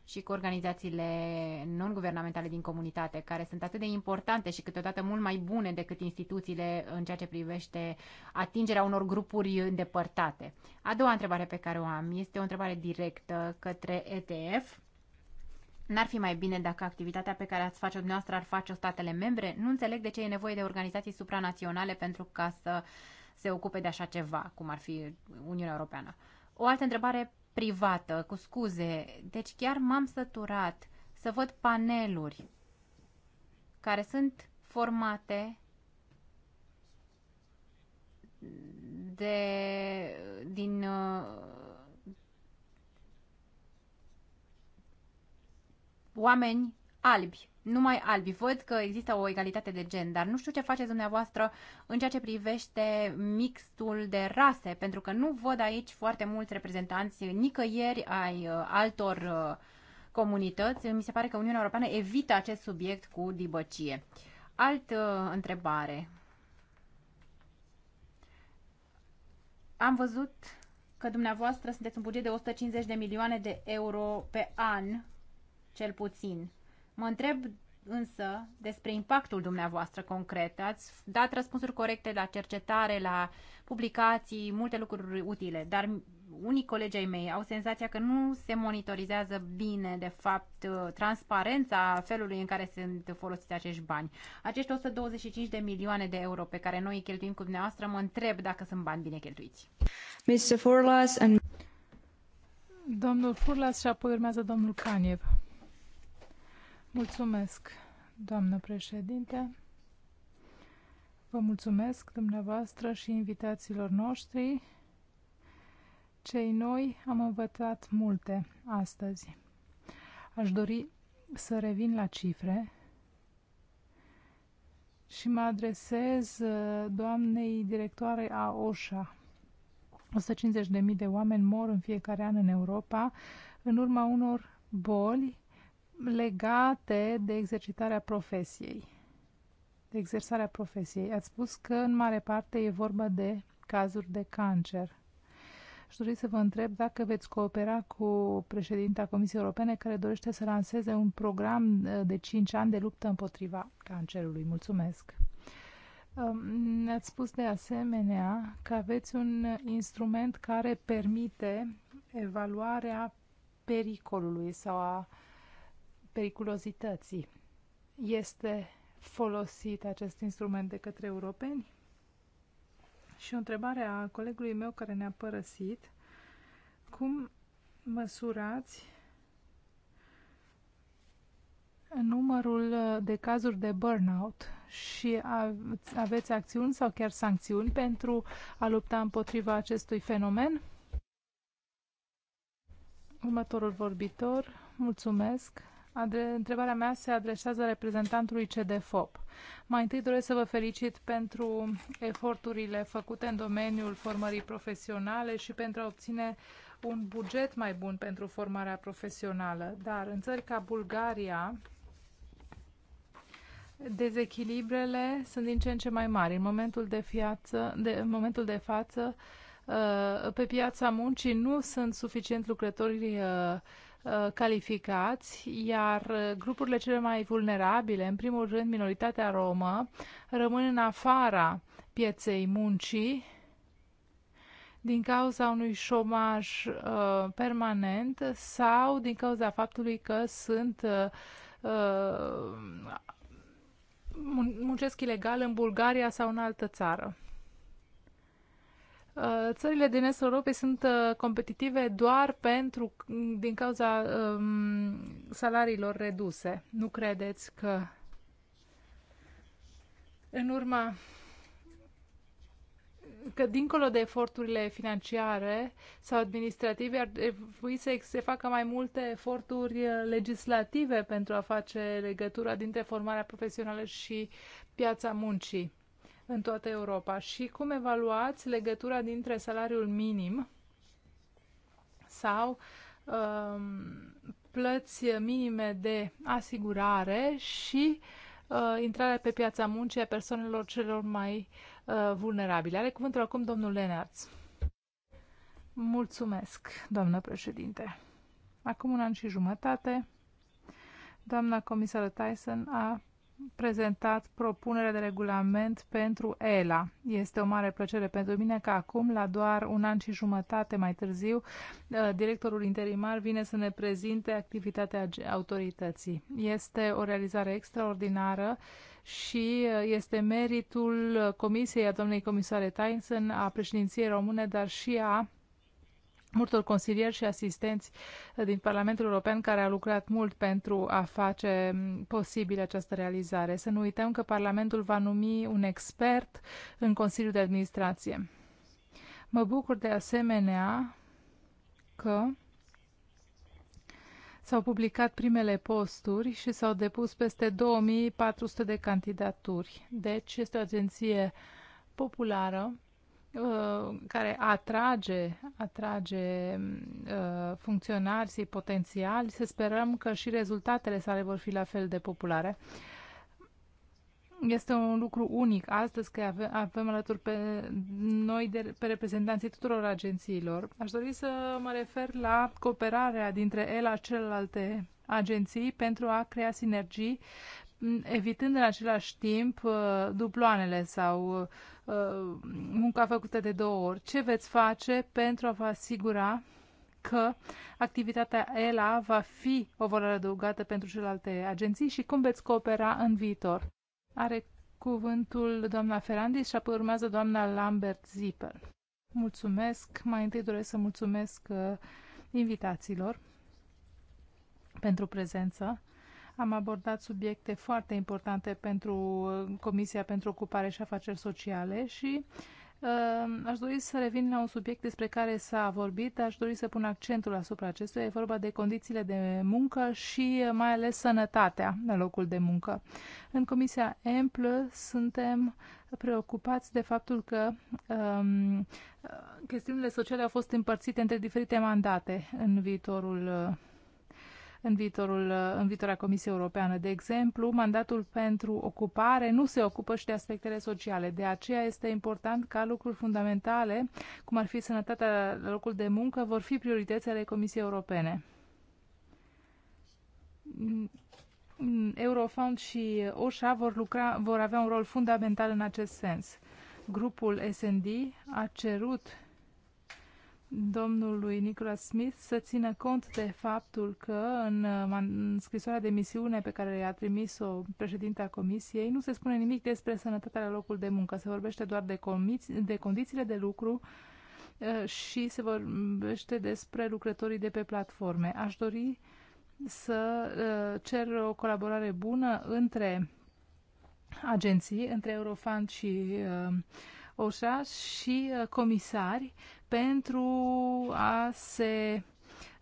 Speaker 3: și cu organizațiile non-guvernamentale din comunitate, care sunt atât de importante și câteodată mult mai bune decât instituțiile în ceea ce privește atingerea unor grupuri îndepărtate. A doua întrebare pe care o am este o întrebare directă către ETF. N-ar fi mai bine dacă activitatea pe care ați face-o dumneavoastră ar face-o statele membre? Nu înțeleg de ce e nevoie de organizații supranaționale pentru ca să se ocupe de așa ceva, cum ar fi Uniunea Europeană. O altă întrebare privată, cu scuze. Deci chiar m-am săturat să văd paneluri care sunt formate de din uh, oameni albi, numai albi. Văd că există o egalitate de gen, dar nu știu ce faceți dumneavoastră în ceea ce privește mixtul de rase, pentru că nu văd aici foarte mulți reprezentanți nicăieri ai uh, altor uh, comunități. Mi se pare că Uniunea Europeană evită acest subiect cu dibăcie. Altă uh, întrebare. Am văzut că dumneavoastră sunteți un buget de 150 de milioane de euro pe an, cel puțin. Mă întreb însă despre impactul dumneavoastră concret. Ați dat răspunsuri corecte la cercetare, la publicații, multe lucruri utile, dar unii colegi ai mei au senzația că nu se monitorizează bine, de fapt, uh, transparența felului în care sunt folosiți acești bani. Acești 125 de milioane de euro pe care noi îi cheltuim cu dumneavoastră, mă întreb dacă sunt bani bine cheltuiți.
Speaker 2: Mr. Furlas and... Domnul Furlas și apoi urmează domnul Caniev. Mulțumesc, doamnă președinte. Vă mulțumesc dumneavoastră și invitațiilor noștri. Cei noi am învățat multe astăzi. Aș dori să revin la cifre și mă adresez uh, doamnei directoare a OSHA. 150.000 de oameni mor în fiecare an în Europa în urma unor boli legate de exercitarea profesiei, de exersarea profesiei. Ați spus că în mare parte e vorba de cazuri de cancer. Și dori să vă întreb dacă veți coopera cu președinta Comisiei Europene care dorește să lanseze un program uh, de 5 ani de luptă împotriva cancerului. Mulțumesc! Um, ne-ați spus de asemenea că aveți un instrument care permite evaluarea pericolului sau a uh, periculozității. Este folosit acest instrument de către europeni? Și o întrebare a colegului meu care ne-a părăsit. Cum măsurați numărul de cazuri de burnout și aveți acțiuni sau chiar sancțiuni pentru a lupta împotriva acestui fenomen? Următorul vorbitor, mulțumesc. Adre- întrebarea mea se adresează reprezentantului CDFOP. Mai întâi doresc să vă felicit pentru eforturile făcute în domeniul formării profesionale și pentru a obține un buget mai bun pentru formarea profesională. Dar în țări ca Bulgaria, dezechilibrele sunt din ce în ce mai mari. În momentul de, fiață, de, în momentul de față, uh, pe piața muncii nu sunt suficient lucrători uh, Uh, calificați, iar uh, grupurile cele mai vulnerabile, în primul rând minoritatea romă, rămân în afara pieței muncii din cauza unui șomaj uh, permanent sau din cauza faptului că sunt uh, uh muncesc ilegal în Bulgaria sau în altă țară. Uh, țările din estul Europei sunt uh, competitive doar pentru, din cauza um, salariilor reduse. Nu credeți că în urma că dincolo de eforturile financiare sau administrative ar trebui să se facă mai multe eforturi uh, legislative pentru a face legătura dintre formarea profesională și piața muncii în toată Europa și cum evaluați legătura dintre salariul minim sau um, plăți minime de asigurare și uh, intrarea pe piața muncii a persoanelor celor mai uh, vulnerabile. Are cuvântul acum domnul Lenarț. Mulțumesc, doamnă președinte. Acum un an și jumătate, doamna comisară Tyson a prezentat propunerea de regulament pentru ELA. Este o mare plăcere pentru mine că acum, la doar un an și jumătate mai târziu, uh, directorul interimar vine să ne prezinte activitatea autorității. Este o realizare extraordinară și uh, este meritul uh, Comisiei a domnului comisoare Tyson, a președinției române, dar și a multor consilieri și asistenți din Parlamentul European care au lucrat mult pentru a face posibil această realizare. Să nu uităm că Parlamentul va numi un expert în Consiliul de Administrație. Mă bucur de asemenea că s-au publicat primele posturi și s-au depus peste 2400 de candidaturi. Deci este o agenție populară Uh, care atrage, atrage uh, funcționari potențiali. Să sperăm că și rezultatele sale vor fi la fel de populare. Este un lucru unic astăzi că avem, avem alături pe noi, de, pe reprezentanții tuturor agențiilor. Aș dori să mă refer la cooperarea dintre ele și celelalte agenții pentru a crea sinergii evitând în același timp uh, duploanele sau uh, munca făcută de două ori. Ce veți face pentru a vă asigura că activitatea ELA va fi o valoare adăugată pentru celelalte agenții și cum veți coopera în viitor? Are cuvântul doamna Ferandis și apoi urmează doamna Lambert Zipper. Mulțumesc. Mai întâi doresc să mulțumesc uh, invitațiilor pentru prezență. Am abordat subiecte foarte importante pentru uh, Comisia pentru Ocupare și Afaceri Sociale și uh, Aș dori să revin la un subiect despre care s-a vorbit, aș dori să pun accentul asupra acestuia. E vorba de condițiile de muncă și uh, mai ales sănătatea la locul de muncă. În Comisia EMPL suntem preocupați de faptul că um, chestiunile sociale au fost împărțite între diferite mandate în viitorul în, viitorul, în viitora Comisie Europeană. De exemplu, mandatul pentru ocupare nu se ocupă și de aspectele sociale. De aceea este important ca lucruri fundamentale, cum ar fi sănătatea la locul de muncă, vor fi prioritățile Comisiei Europene. Eurofound și OSHA vor, lucra, vor avea un rol fundamental în acest sens. Grupul SND a cerut domnului Nicholas Smith să țină cont de faptul că în, uh, în scrisoarea de misiune pe care i-a trimis-o președintea comisiei nu se spune nimic despre sănătatea la locul de muncă, se vorbește doar de, comiți, de condițiile de lucru uh, și se vorbește despre lucrătorii de pe platforme. Aș dori să uh, cer o colaborare bună între agenții, între Eurofund și uh, Oșa și uh, comisari pentru a se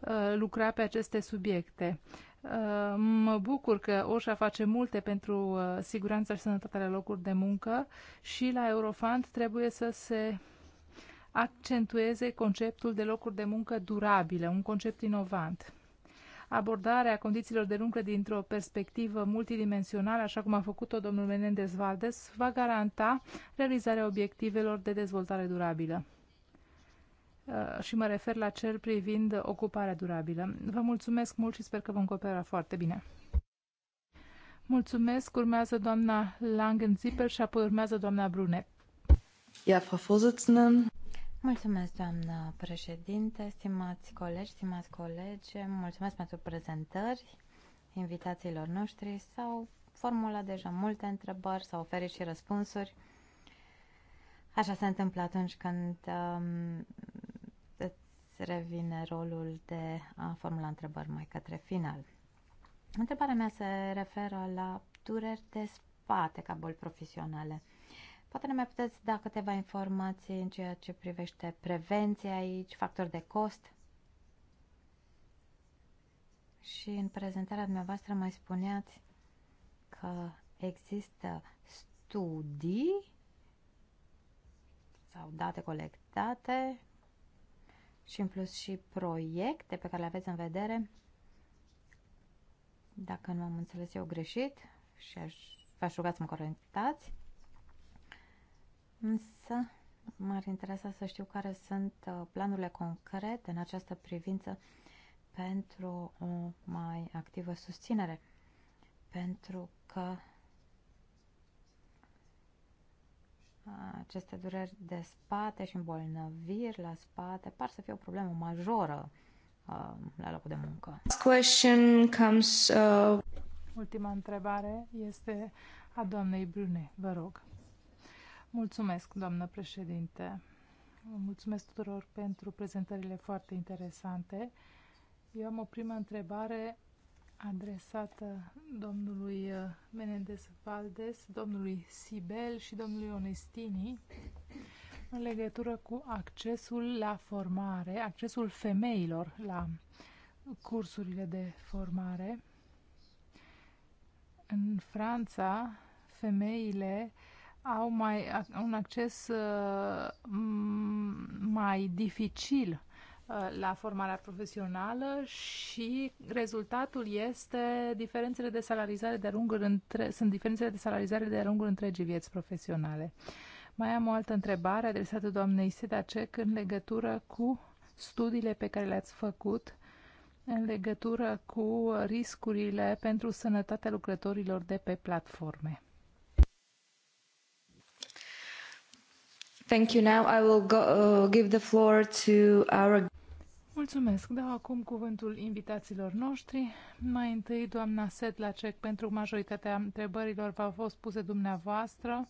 Speaker 2: uh, lucra pe aceste subiecte. Uh, mă bucur că Oșa face multe pentru siguranța și sănătatea la locuri de muncă și la Eurofant trebuie să se accentueze conceptul de locuri de muncă durabile, un concept inovant abordarea condițiilor de lucru dintr-o perspectivă multidimensională, așa cum a făcut-o domnul Menendez Valdes, va garanta realizarea obiectivelor de dezvoltare durabilă. Uh, și mă refer la cel privind ocuparea durabilă. Vă mulțumesc mult și sper că vom coopera foarte bine. Mulțumesc. Urmează doamna Langen-Zipper și apoi urmează doamna Brune. Ja, Frau Vorsitzende. Mulțumesc, doamnă președinte, stimați
Speaker 1: colegi, stimați colegi, mulțumesc pentru prezentări invitațiilor noștri. S-au formulat deja multe întrebări, s-au oferit și răspunsuri. Așa se întâmplă atunci când um, îți revine rolul de a formula întrebări mai către final. Întrebarea mea se referă la dureri de spate ca boli profesionale. Poate ne mai puteți da câteva informații în ceea ce privește prevenția aici, factori de cost. Și în prezentarea dumneavoastră mai spuneați că există studii sau date colectate și în plus și proiecte pe care le aveți în vedere. Dacă nu am înțeles eu greșit și aș, v-aș ruga să mă corectați. Însă m-ar interesa să știu care sunt uh, planurile concrete în această privință pentru o mai activă susținere. Pentru că aceste dureri de spate și îmbolnăviri la spate par să fie o problemă majoră uh, la
Speaker 2: locul de muncă.
Speaker 1: Question comes, uh...
Speaker 2: Ultima întrebare este a doamnei Brune, vă rog. Mulțumesc, doamnă președinte. Mulțumesc tuturor pentru prezentările foarte interesante. Eu am o primă întrebare adresată domnului uh, Menendez Valdes, domnului Sibel și domnului Onestini în legătură cu accesul la formare, accesul femeilor la cursurile de formare. În Franța, femeile uh, au mai, un acces uh, mai dificil uh, la formarea profesională și rezultatul este diferențele de salarizare de lungul între, sunt diferențele de salarizare de lungul întregii vieți profesionale. Mai am o altă întrebare adresată doamnei Cec în legătură cu studiile pe care le-ați făcut în legătură cu riscurile pentru sănătatea lucrătorilor de pe platforme. Thank you. Now I will go, uh, give the floor to our Mulțumesc. Dau acum cuvântul invitaților noștri. Mai întâi, doamna Sedlacek, pentru majoritatea întrebărilor v-au fost puse dumneavoastră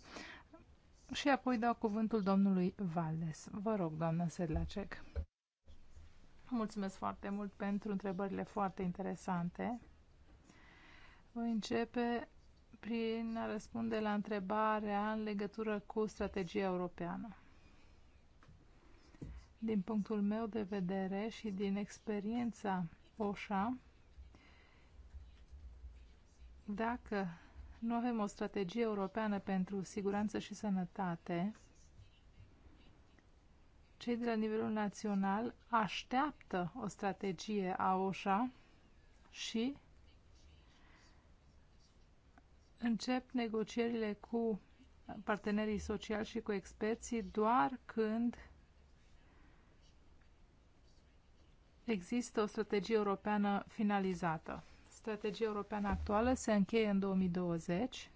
Speaker 2: și apoi dau cuvântul domnului Valdes. Vă rog, doamna Sedlacek. Mulțumesc foarte mult pentru întrebările foarte interesante. Voi începe prin a răspunde la întrebarea în legătură cu strategia europeană. Din punctul meu de vedere și din experiența OSHA, dacă nu avem o strategie europeană pentru siguranță și sănătate, cei de la nivelul național așteaptă o strategie a OSHA și încep negocierile cu partenerii sociali și cu experții doar când există o strategie europeană finalizată. Strategia europeană actuală se încheie în 2020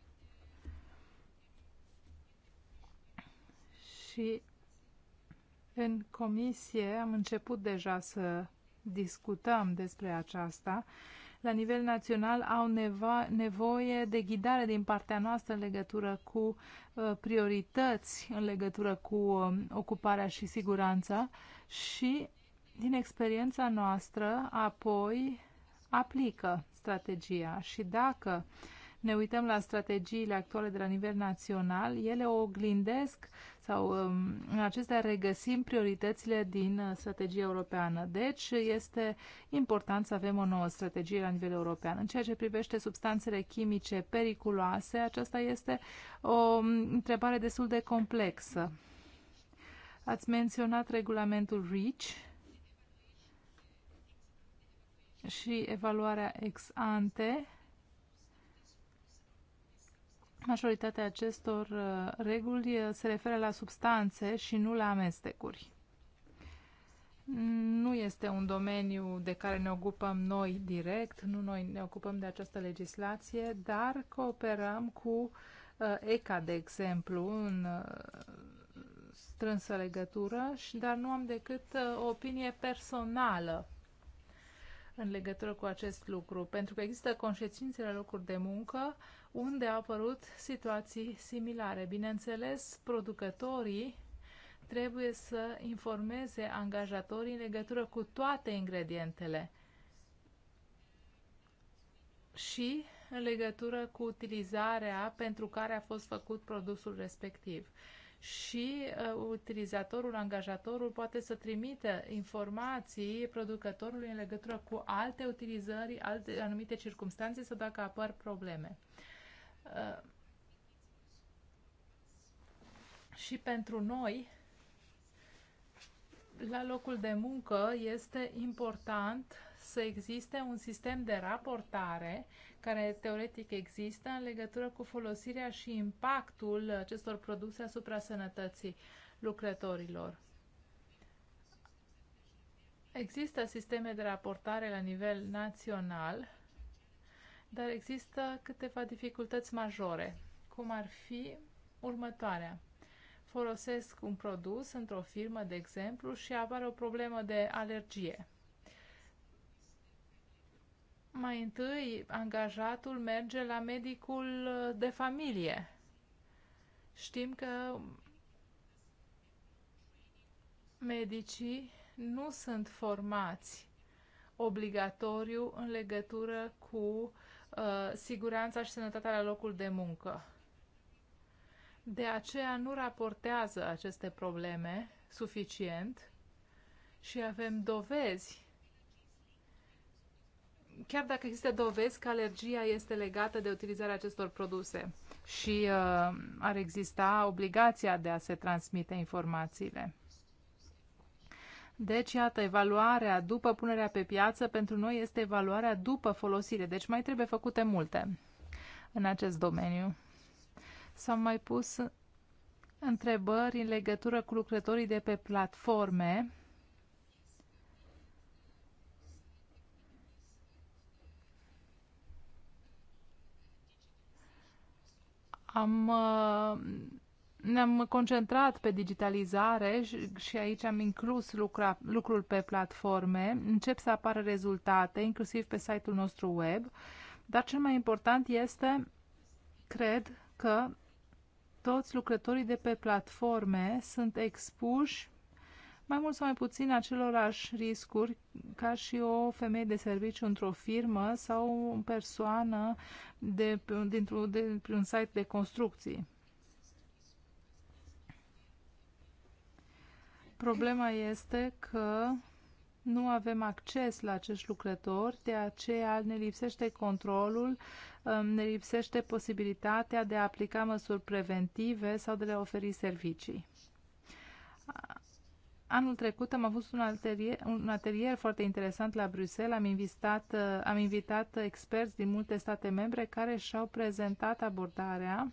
Speaker 2: și în comisie am început deja să discutăm despre aceasta la nivel național au nevo nevoie de ghidare din partea noastră în legătură cu uh, priorități, în legătură cu uh, ocuparea și siguranța și din experiența noastră apoi aplică strategia și dacă ne uităm la strategiile actuale de la nivel național, ele oglindesc sau um, în acestea regăsim prioritățile din uh, strategia europeană. Deci este important să avem o nouă strategie la nivel european. În ceea ce privește substanțele chimice periculoase, aceasta este o um, întrebare destul de complexă. Ați menționat regulamentul REACH și evaluarea ex ante Majoritatea acestor uh, reguli uh, se referă la substanțe și nu la amestecuri. Nu este un domeniu de care ne ocupăm noi direct, nu noi ne ocupăm de această legislație, dar cooperăm cu uh, ECA, de exemplu, în strânsă legătură, și dar nu am decât o opinie personală în legătură cu acest lucru, pentru că există conștiințe la locuri de muncă unde au apărut situații similare. Bineînțeles, producătorii trebuie să informeze angajatorii în legătură cu toate ingredientele și în legătură cu utilizarea pentru care a fost făcut produsul respectiv și uh, utilizatorul, angajatorul poate să trimită informații producătorului în legătură cu alte utilizări, alte, anumite circunstanțe sau dacă apar probleme. Uh, și pentru noi, la locul de muncă este important să existe un sistem de raportare care teoretic există în legătură cu folosirea și impactul acestor produse asupra sănătății lucrătorilor. Există sisteme de raportare la nivel național, dar există câteva dificultăți majore, cum ar fi următoarea. Folosesc un produs într-o firmă, de exemplu, și apare o problemă de alergie mai întâi angajatul merge la medicul uh, de familie. Știm că medicii nu sunt formați obligatoriu în legătură cu uh, siguranța și sănătatea la locul de muncă. De aceea nu raportează aceste probleme suficient și avem dovezi chiar dacă există dovezi că alergia este legată de utilizarea acestor produse și uh, ar exista obligația de a se transmite informațiile. Deci, iată, evaluarea după punerea pe piață pentru noi este evaluarea după folosire. Deci mai trebuie făcute multe în acest domeniu. S-au mai pus întrebări în legătură cu lucrătorii de pe platforme Am, uh, ne-am concentrat pe digitalizare și, și aici am inclus lucra, lucrul pe platforme. Încep să apară rezultate, inclusiv pe site-ul nostru web. Dar cel mai important este, cred că toți lucrătorii de pe platforme sunt expuși mai mult sau mai puțin acelorași riscuri ca și o femeie de serviciu într-o firmă sau o persoană de, dintr-un de, site de construcții. Problema este că nu avem acces la acești lucrători, de aceea ne lipsește controlul, um, ne lipsește posibilitatea de a aplica măsuri preventive sau de a oferi servicii. Anul trecut am avut un atelier, un atelier foarte interesant la Bruxelles. Am invitat, uh, am invitat experți din multe state membre care și-au prezentat abordarea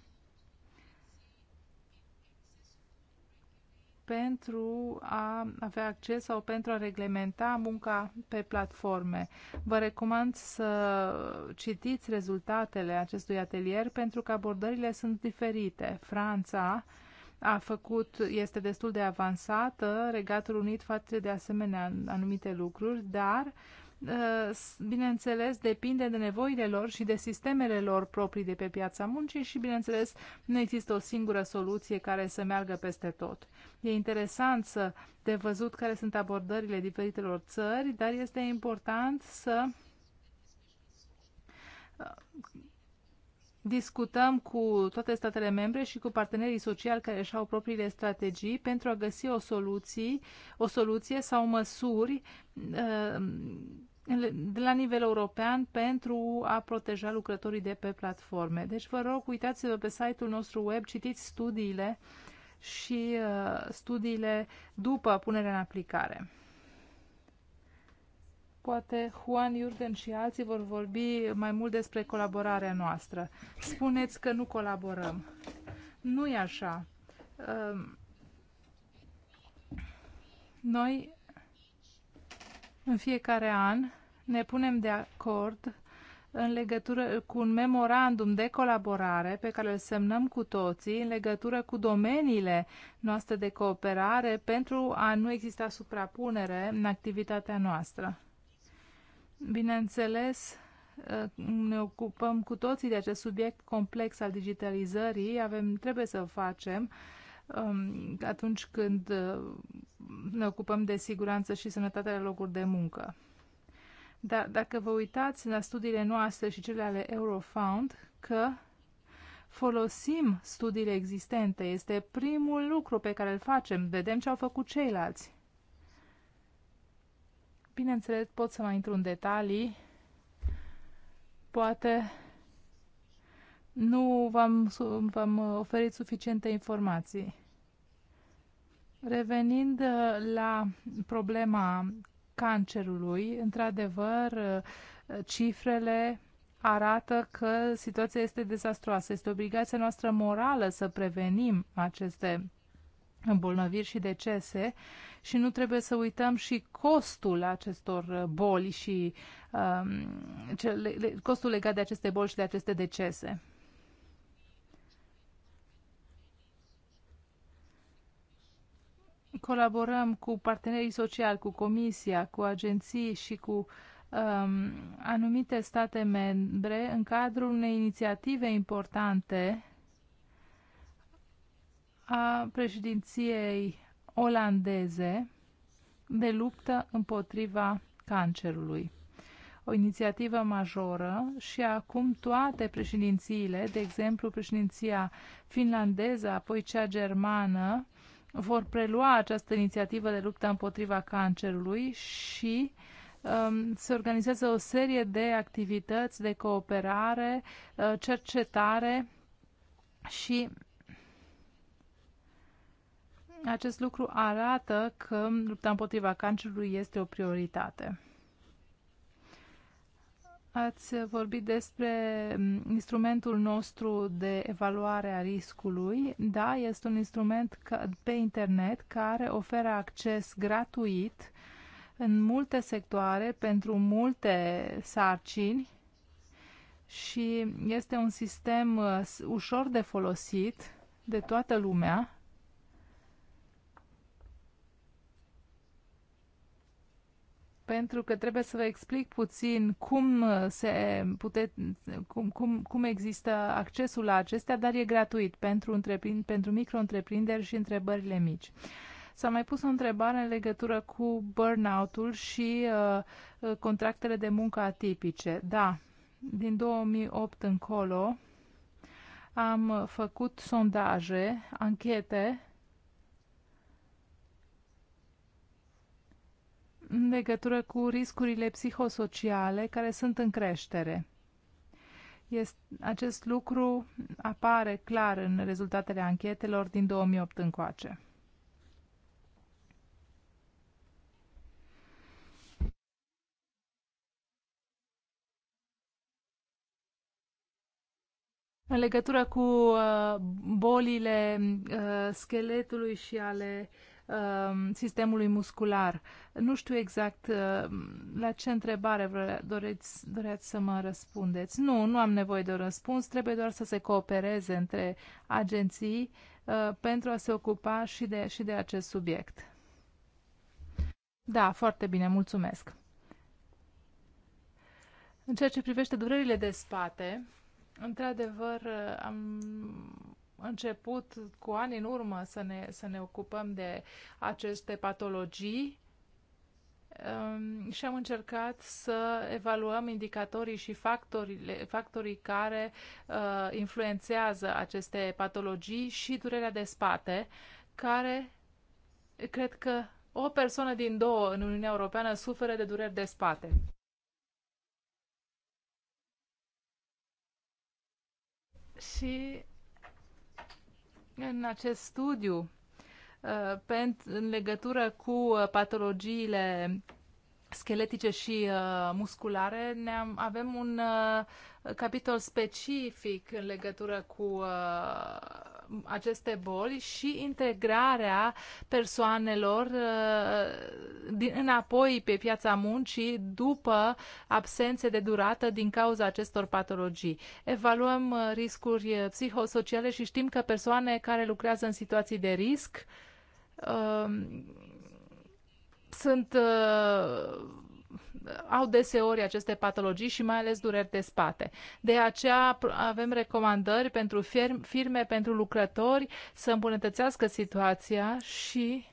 Speaker 2: pentru a avea acces sau pentru a reglementa munca pe platforme. Vă recomand să citiți rezultatele acestui atelier pentru că abordările sunt diferite. Franța, uh, a făcut, este destul de avansată, Regatul Unit face de asemenea anumite lucruri, dar ă, bineînțeles, depinde de nevoile lor și de sistemele lor proprii de pe piața muncii și, bineînțeles, nu există o singură soluție care să meargă peste tot. E interesant să de văzut care sunt abordările diferitelor țări, dar este important să ă, discutăm cu toate statele membre și cu partenerii sociali care își au propriile strategii pentru a găsi o soluție, o soluție sau măsuri uh, de la nivel european pentru a proteja lucrătorii de pe platforme. Deci vă rog, uitați-vă pe site-ul nostru web, citiți studiile și uh, studiile după punerea în aplicare. Poate Juan Iurden și alții vor vorbi mai mult despre colaborarea noastră. Spuneți că nu colaborăm. Nu e așa. Ehm, noi, în fiecare an, ne punem de acord în legătură cu un memorandum de colaborare pe care îl semnăm cu toții în legătură cu domeniile noastre de cooperare pentru a nu exista suprapunere în activitatea noastră. Bineînțeles, ne ocupăm cu toții de acest subiect complex al digitalizării. Avem, trebuie să o facem um, atunci când uh, ne ocupăm de siguranță și sănătatea la locuri de muncă. Dar dacă vă uitați la studiile noastre și cele ale Eurofound, că folosim studiile existente, este primul lucru pe care îl facem, vedem ce au făcut ceilalți. Bineînțeles, pot să mai intru în detalii. Poate nu v-am, v-am uh, oferit suficiente informații. Revenind uh, la problema cancerului, într-adevăr, uh, cifrele arată că situația este dezastroasă. Este obligația noastră morală să prevenim aceste îmbolnăviri și decese și nu trebuie să uităm și costul acestor boli și um, cele, costul legat de aceste boli și de aceste decese. Colaborăm cu partenerii sociali, cu comisia, cu agenții și cu um, anumite state membre în cadrul unei inițiative importante a președinției olandeze de luptă împotriva cancerului. O inițiativă majoră și acum toate președințiile, de exemplu președinția finlandeză, apoi cea germană, vor prelua această inițiativă de luptă împotriva cancerului și um, se organizează o serie de activități de cooperare, uh, cercetare și acest lucru arată că lupta împotriva cancerului este o prioritate. Ați vorbit despre instrumentul nostru de evaluare a riscului. Da, este un instrument pe internet care oferă acces gratuit în multe sectoare pentru multe sarcini și este un sistem uh, ușor de folosit de toată lumea pentru că trebuie să vă explic puțin cum, se pute, cum, cum, cum există accesul la acestea, dar e gratuit pentru, pentru micro-întreprinderi și întrebările mici. S-a mai pus o întrebare în legătură cu burnout-ul și uh, contractele de muncă atipice. Da, din 2008 încolo am făcut sondaje, anchete în legătură cu riscurile psihosociale care sunt în creștere. Este, acest lucru apare clar în rezultatele anchetelor din 2008 încoace. În legătură cu uh, bolile uh, scheletului și ale Um, sistemului muscular. Nu știu exact uh, la ce întrebare doreți, doreți să mă răspundeți. Nu, nu am nevoie de un răspuns, trebuie doar să se coopereze între agenții uh, pentru a se ocupa și de, și de acest subiect. Da, foarte bine, mulțumesc. În ceea ce privește durerile de spate, într-adevăr, uh, am început cu ani în urmă să ne, să ne ocupăm de aceste patologii um, și am încercat să evaluăm indicatorii și factorile, factorii care uh, influențează aceste patologii și durerea de spate, care cred că o persoană din două în Uniunea Europeană suferă de dureri de spate. Și în acest studiu, uh, în legătură cu uh, patologiile scheletice și uh, musculare, ne -am, avem un capitol specific în legătură cu aceste boli și integrarea persoanelor uh, din, înapoi pe piața muncii după absențe de durată din cauza acestor patologii. Evaluăm uh, riscuri uh, psihosociale și știm că persoane care lucrează în situații de risc uh, sunt uh, au deseori aceste patologii și mai ales dureri de spate. De aceea avem recomandări pentru firme, pentru lucrători să îmbunătățească situația și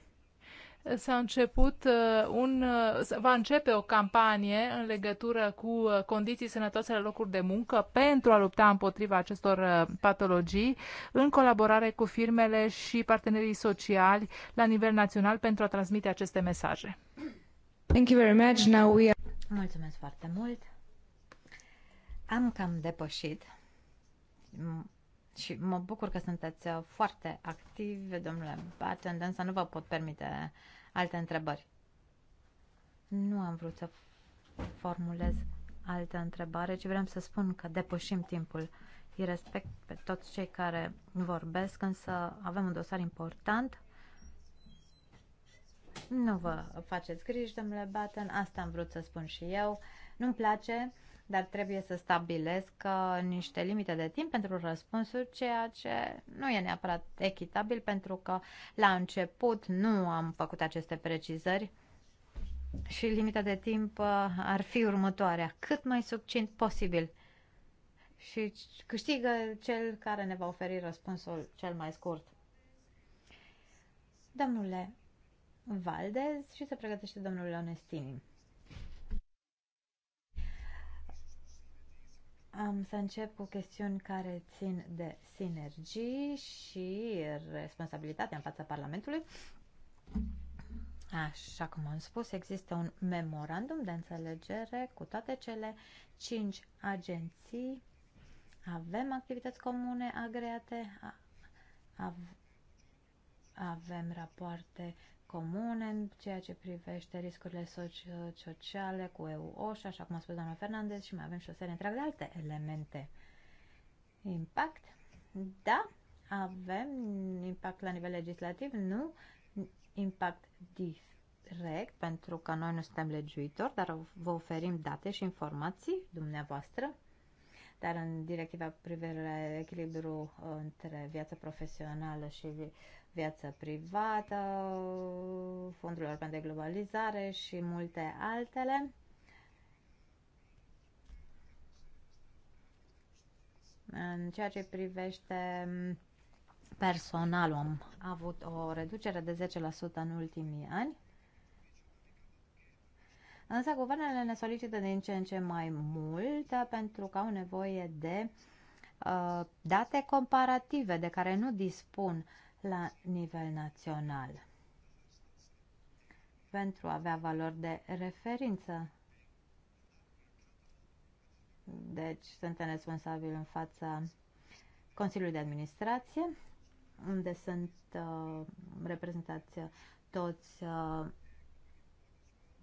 Speaker 2: S-a început uh, un, uh, va începe o campanie în legătură cu uh, condiții sănătoase la locuri de muncă pentru a lupta împotriva acestor patologii în colaborare cu firmele și partenerii sociali la nivel național pentru a transmite aceste mesaje.
Speaker 1: Thank you very much. Now we are... Mulțumesc foarte mult.
Speaker 2: Am cam depășit
Speaker 1: și mă bucur că sunteți uh, foarte activi, domnule Batten, însă nu vă pot permite alte întrebări. Nu am vrut să formulez alte întrebare, ci vreau să spun că depășim timpul. Îi respect pe toți cei care vorbesc, însă avem un dosar important nu vă faceți griji, domnule Batten, asta am vrut să spun și eu. Nu-mi place, dar trebuie să stabilesc uh, niște limite de timp pentru răspunsuri, ceea ce nu e neapărat echitabil, pentru că la început nu am făcut aceste precizări și limita de timp uh, ar fi următoarea, cât mai succint posibil. Și câștigă cel care ne va oferi răspunsul cel mai scurt. Domnule Valdez și se pregătește domnul Onestini. Am să încep cu chestiuni care țin de sinergii și responsabilitatea în fața Parlamentului. Așa cum am spus, există un memorandum de înțelegere cu toate cele cinci agenții. Avem activități comune agreate, avem rapoarte comune în ceea ce privește riscurile sociale cu EU și așa cum a spus doamna Fernandez, și mai avem și o serie întreagă de alte elemente. Impact? Da, avem impact la nivel legislativ, nu impact direct, pentru că noi nu suntem legiuitori, dar vă oferim date și informații dumneavoastră dar în directiva privire la echilibru uh, între viața profesională și uh, viață privată, Fondul European de Globalizare și multe altele. În ceea ce privește personalul, am avut o reducere de 10% în ultimii ani. Însă guvernele ne solicită din ce în ce mai mult uh, pentru că au nevoie de uh, date comparative de care nu dispun uh, la nivel național pentru a avea valori de referință. Deci suntem responsabili în fața Consiliului de Administrație, unde sunt uh, reprezentați uh, toți, uh,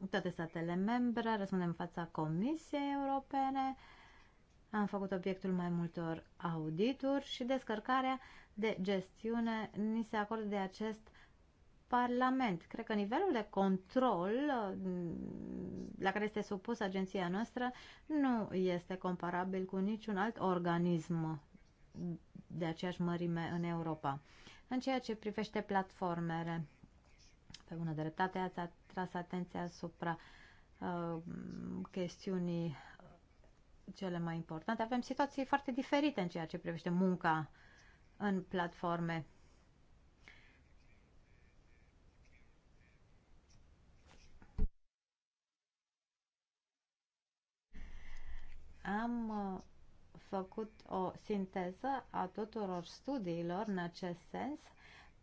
Speaker 1: toate statele membre, răspundem în fața Comisiei Europene, am făcut obiectul mai multor audituri și descărcarea uh, de gestiune ni se acordă de acest Parlament. Cred că nivelul de control uh, la care este supus agenția noastră nu este comparabil cu niciun alt organism de aceeași mărime în Europa. În ceea ce privește platformele, pe bună dreptate ați atras atenția asupra uh, chestiunii cele mai importante. Avem situații foarte diferite în ceea ce privește munca uh, în platforme. Am uh, făcut o sinteză a tuturor studiilor în acest sens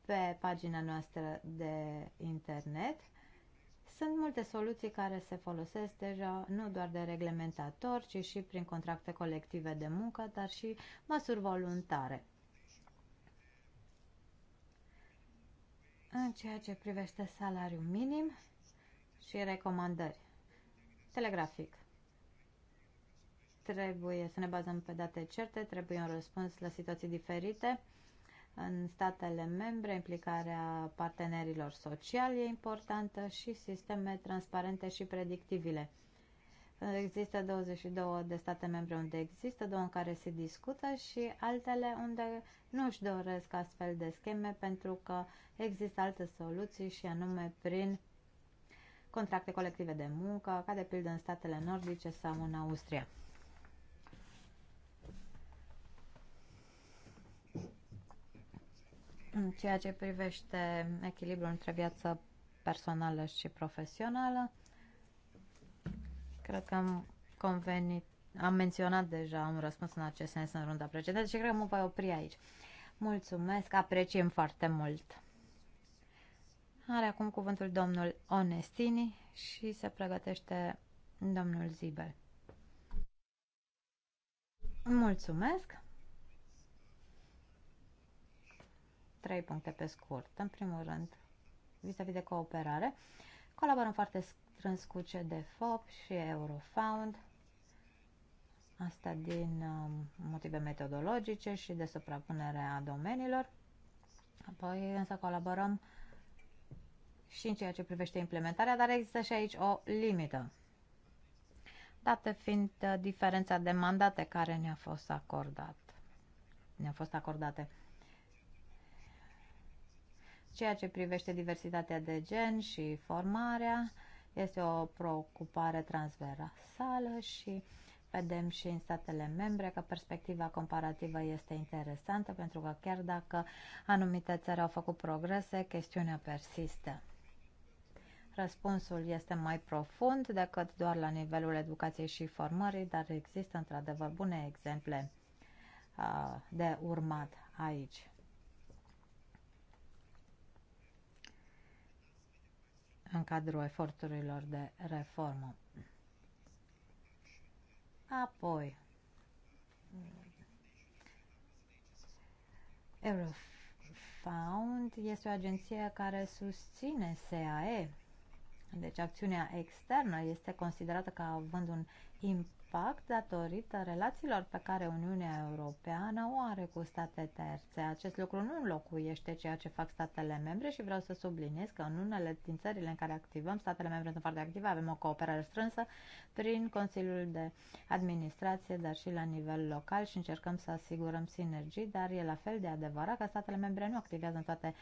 Speaker 1: pe pagina noastră de internet. Sunt multe soluții care se folosesc deja nu doar de reglementator, ci și prin contracte colective de muncă, dar și măsuri voluntare. în ceea ce privește salariul minim și recomandări. Telegrafic. Trebuie să ne bazăm pe date certe, trebuie un răspuns la situații diferite. În statele membre, implicarea partenerilor sociali e importantă și sisteme transparente și predictibile. Există 22 de state membre unde există, două în care se discută și altele unde nu își doresc astfel de scheme pentru că există alte soluții și anume prin contracte colective de muncă, ca de pildă în statele nordice sau în Austria. În ceea ce privește echilibrul între viața personală și profesională, Cred că am convenit, am menționat deja am răspuns în acest sens în runda precedentă și cred că mă voi opri aici. Mulțumesc, apreciem foarte mult. Are acum cuvântul domnul Onestini și se pregătește domnul Zibel. Mulțumesc! Trei puncte pe scurt. În primul rând, vis-a-vis -vis de cooperare, colaborăm foarte transcuce de FOP și Eurofound, asta din um, motive metodologice și de suprapunere a domeniilor. Apoi însă colaborăm și în ceea ce privește implementarea, dar există și aici o limită. Dată fiind uh, diferența de mandate care ne-a fost acordat. Ne-a fost acordate. Ceea ce privește diversitatea de gen și formarea, este o preocupare transversală și vedem și în statele membre că perspectiva comparativă este interesantă pentru că chiar dacă anumite țări au făcut progrese, chestiunea persistă. Răspunsul este mai profund decât doar la nivelul educației și formării, dar există într-adevăr bune exemple uh, de urmat aici. în cadrul eforturilor de reformă. Apoi, Eurofound este o agenție care susține SAE. Deci acțiunea externă este considerată ca având un impact fapt datorită relațiilor pe care Uniunea Europeană o are cu state terțe. Acest lucru nu înlocuiește ceea ce fac statele membre și vreau să subliniez că în unele din țările în care activăm, statele membre sunt foarte active, avem o cooperare strânsă prin Consiliul de Administrație, dar și la nivel local și încercăm să asigurăm sinergii, dar e la fel de adevărat că statele membre nu activează în toate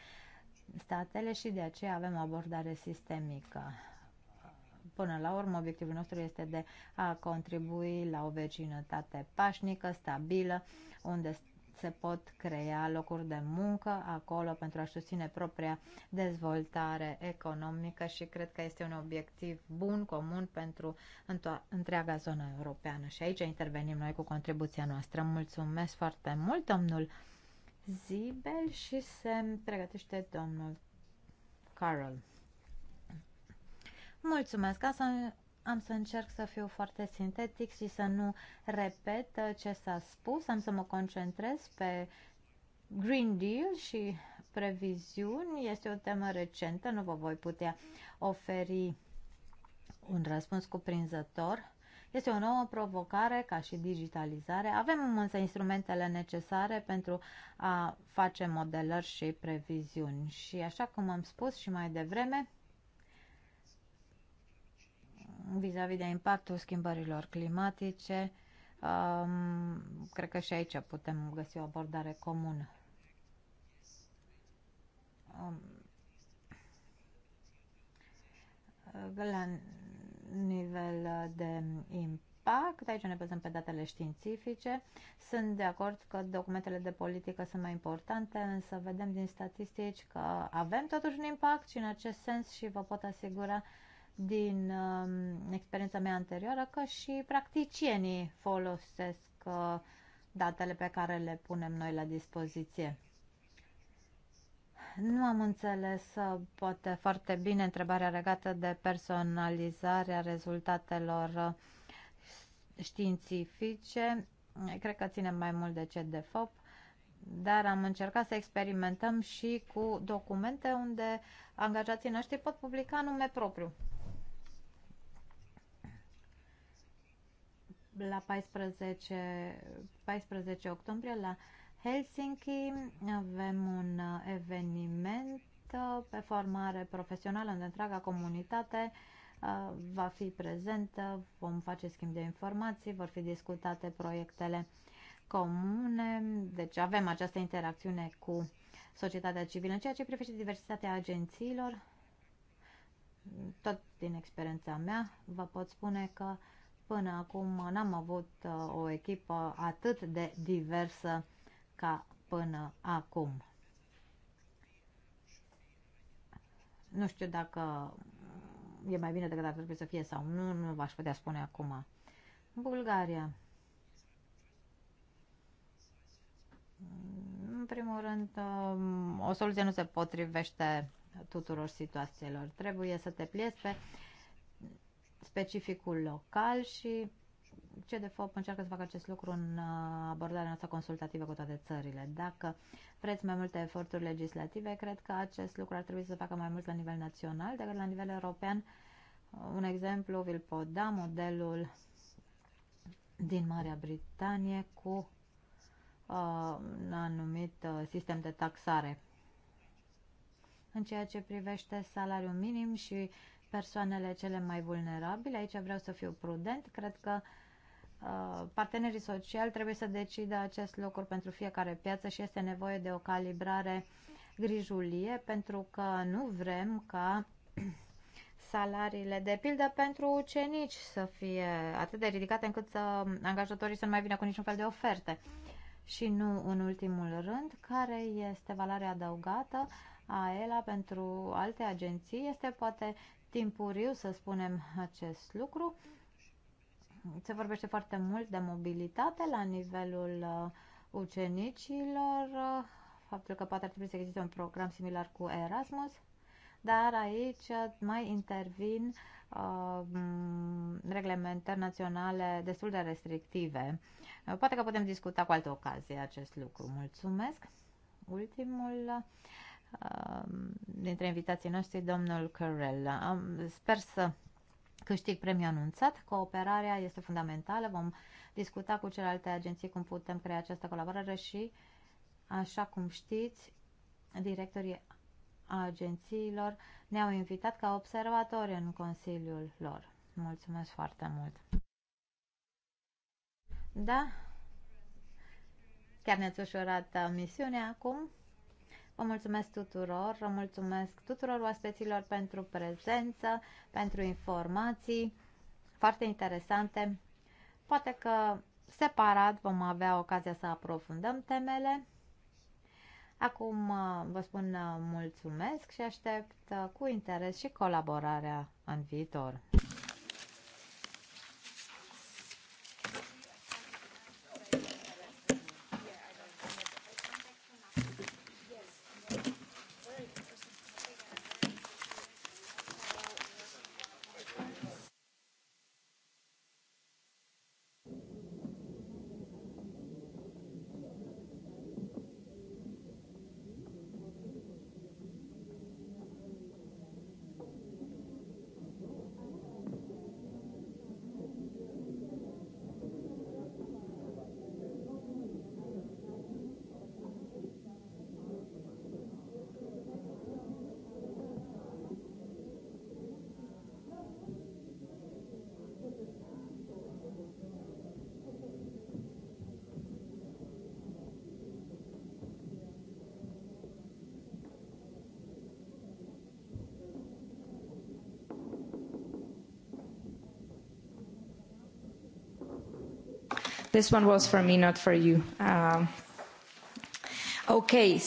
Speaker 1: statele și de aceea avem o abordare sistemică. Până la urmă, obiectivul nostru este de a contribui la o vecinătate pașnică, stabilă, unde se pot crea locuri de muncă acolo pentru a susține propria dezvoltare economică și cred că este un obiectiv bun, comun pentru întreaga zonă europeană. Și aici intervenim noi cu contribuția noastră. Mulțumesc foarte mult, domnul Zibel, și se pregătește domnul Carol. Mulțumesc! Asta am să încerc să fiu foarte sintetic și să nu repet uh, ce s-a spus. Am să mă concentrez pe Green Deal și previziuni. Este o temă recentă, nu vă voi putea oferi un răspuns cuprinzător. Este o nouă provocare, ca și digitalizare. Avem însă instrumentele necesare pentru a face modelări și previziuni. Și așa cum am spus și mai devreme, vis-a-vis -vis de impactul schimbărilor climatice, um, cred că și aici putem găsi o abordare comună. Um, la nivel de impact, aici ne bazăm pe datele științifice. Sunt de acord că documentele de politică sunt mai importante, însă vedem din statistici că avem totuși un impact și în acest sens și vă pot asigura uh, din uh, experiența mea anterioară că și practicienii folosesc uh, datele pe care le punem noi la dispoziție. Nu am înțeles uh, poate foarte bine întrebarea legată de personalizarea rezultatelor uh, științifice. Cred că ținem mai mult de FOP dar am încercat să experimentăm și cu documente unde angajații noștri pot publica nume propriu. la 14, 14 octombrie la Helsinki. Avem un uh, eveniment uh, pe formare profesională în întreaga comunitate. Uh, va fi prezentă, vom face schimb de informații, vor fi discutate proiectele comune, deci avem această interacțiune cu societatea civilă. În ceea ce privește diversitatea agențiilor, tot din experiența mea, vă pot spune că uh, Până acum n-am avut uh, o echipă atât de diversă ca până acum. Nu știu dacă e mai bine decât ar trebui să fie sau nu, nu v-aș putea spune acum. Bulgaria. În primul rând, um, o soluție nu se potrivește tuturor situațiilor. Trebuie să te pliezi pe specificul local și ce de fapt încearcă să facă acest lucru în uh, abordarea noastră consultativă cu toate țările. Dacă vreți mai multe eforturi legislative, cred că acest lucru ar trebui să se facă mai mult la nivel național decât la nivel european. Uh, un exemplu vi-l pot da, modelul din Marea Britanie cu uh, anumit uh, sistem de taxare. În ceea ce privește salariul minim și persoanele cele mai vulnerabile. Aici vreau să fiu prudent. Cred că uh, partenerii sociali trebuie să decidă acest lucru pentru fiecare piață și este nevoie de o calibrare grijulie pentru că nu vrem ca *clears throat* salariile, de pildă pentru ucenici, să fie atât de ridicate încât să angajatorii să nu mai vină cu niciun fel de oferte. Și nu în ultimul rând, care este valoarea adăugată a ELA pentru alte agenții, este poate timpuriu să spunem acest lucru. Se vorbește foarte mult de mobilitate la nivelul uh, ucenicilor, uh, faptul că poate ar trebui să existe un program similar cu Erasmus, dar aici mai intervin uh, reglementări naționale destul de restrictive. Uh, poate că putem discuta cu altă ocazie acest lucru. Mulțumesc! Ultimul Um, dintre invitații noștri, domnul Carell. Sper să câștig premiul anunțat. Cooperarea este fundamentală. Vom discuta cu celelalte agenții cum putem crea această colaborare și, așa cum știți, directorii agențiilor ne-au invitat ca observatori în Consiliul lor. Mulțumesc foarte mult! Da? Chiar ne-ați ușurat uh, misiunea acum? Vă mulțumesc tuturor, vă mulțumesc tuturor oaspeților pentru prezență, pentru informații foarte interesante. Poate că separat vom avea ocazia să aprofundăm temele. Acum uh, vă spun uh, mulțumesc și aștept uh, cu interes și colaborarea în viitor.
Speaker 2: This one was for me, not for you. Um,
Speaker 1: okay.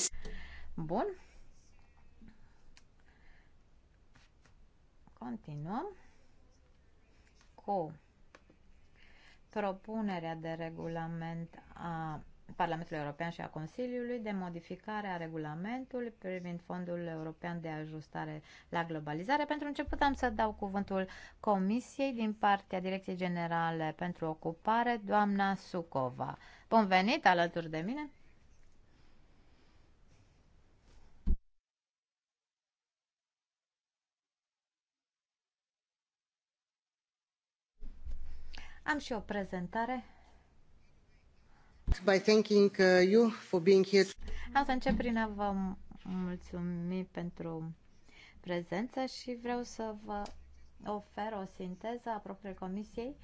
Speaker 1: Parlamentului European și a Consiliului de modificare a regulamentului privind Fondul European de Ajustare la Globalizare. Pentru început am să dau cuvântul Comisiei din partea Direcției Generale pentru Ocupare, doamna Sucova. Bun venit alături de mine! Am și o prezentare By uh, să încep prin a vă mulțumi pentru prezență și vreau să vă ofer o sinteză a propriei comisiei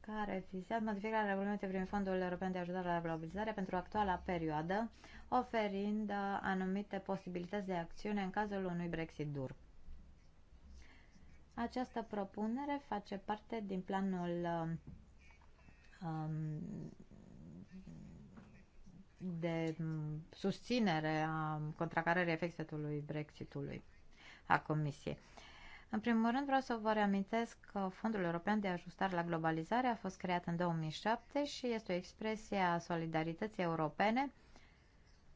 Speaker 1: care vizează modificarea regulamentului privind Fondul European de Ajutare la Globalizare pentru actuala perioadă, oferind uh, anumite posibilități de acțiune în cazul unui Brexit dur. Această propunere face parte din planul uh, um, de susținere a contracarării efectului Brexitului a Comisiei. În primul rând vreau să vă reamintesc că Fondul European de Ajustare la Globalizare a fost creat în 2007 și este o expresie a solidarității europene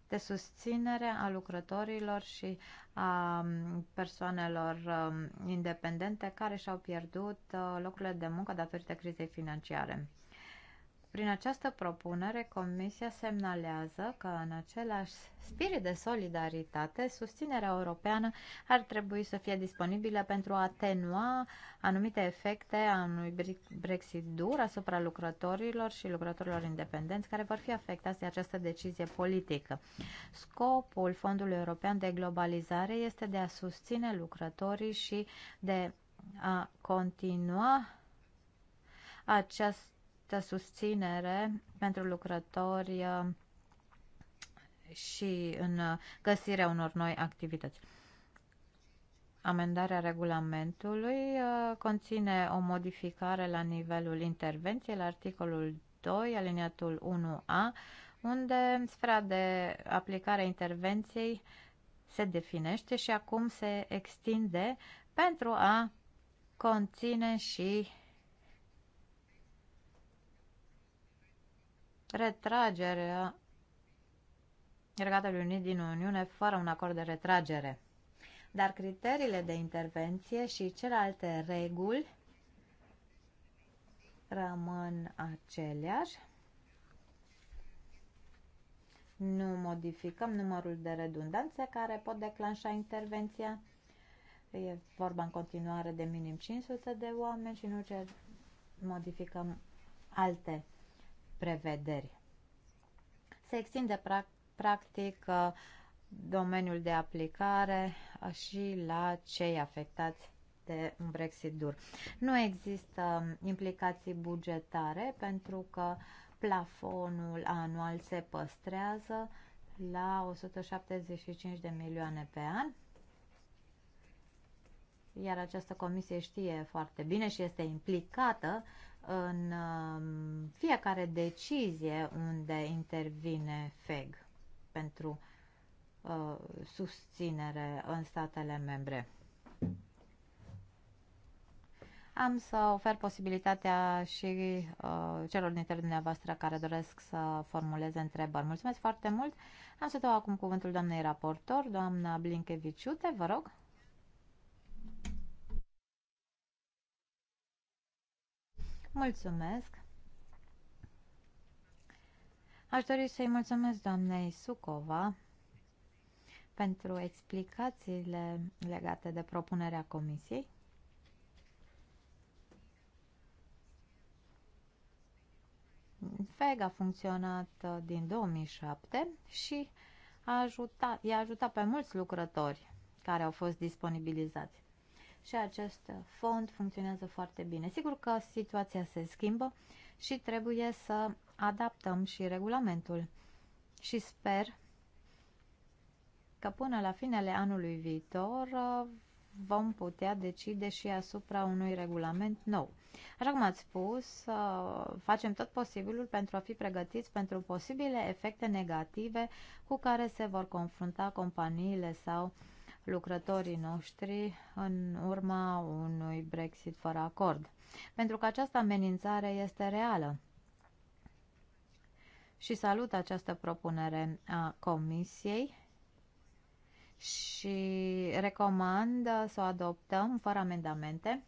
Speaker 1: de susținere a lucrătorilor și a persoanelor um, independente care și-au pierdut uh, locurile de muncă datorită crizei financiare. Prin această propunere, Comisia semnalează că, în același spirit de solidaritate, susținerea europeană ar trebui să fie disponibilă pentru a atenua anumite efecte a unui Brexit dur asupra lucrătorilor și lucrătorilor independenți care vor fi afectați de această decizie politică. Scopul Fondului European de Globalizare este de a susține lucrătorii și de a continua acest susținere pentru lucrători uh, și în uh, găsirea unor noi activități. Amendarea regulamentului uh, conține o modificare la nivelul intervenției la articolul 2, aliniatul 1A, unde sfera de aplicare a intervenției se definește și acum se extinde pentru a conține și retragerea Regatului Unit din Uniune fără un acord de retragere. Dar criteriile de intervenție și celelalte reguli rămân aceleași. Nu modificăm numărul de redundanțe care pot declanșa intervenția. E vorba în continuare de minim 500 de oameni și nu modificăm alte prevederi. Se extinde practic uh, domeniul de aplicare uh, și la cei afectați de un Brexit dur. Nu există um, implicații bugetare pentru că plafonul anual se păstrează la 175 de milioane pe an. Iar această comisie știe foarte bine și este implicată în um, fiecare decizie unde intervine FEG pentru uh, susținere în statele membre. Am să ofer posibilitatea și uh, celor dintre dumneavoastră care doresc să formuleze întrebări. Mulțumesc foarte mult! Am să dau acum cuvântul doamnei raportor, doamna Blinkeviciute, vă rog. Mulțumesc! Aș dori să-i mulțumesc doamnei Sucova pentru explicațiile legate de propunerea comisiei. FEG a funcționat uh, din 2007 și a ajutat, i-a ajutat pe mulți lucrători care au fost disponibilizați și acest fond funcționează foarte bine. Sigur că situația se schimbă și trebuie să adaptăm și regulamentul. Și sper că până la finele anului viitor uh, vom putea decide și asupra unui regulament nou. Așa cum ați spus, uh, facem tot posibilul pentru a fi pregătiți pentru posibile efecte negative cu care se vor confrunta companiile sau uh, lucrătorii noștri în urma unui Brexit fără acord. Pentru că această amenințare este reală. Și salut această propunere a Comisiei și recomand să o adoptăm fără amendamente.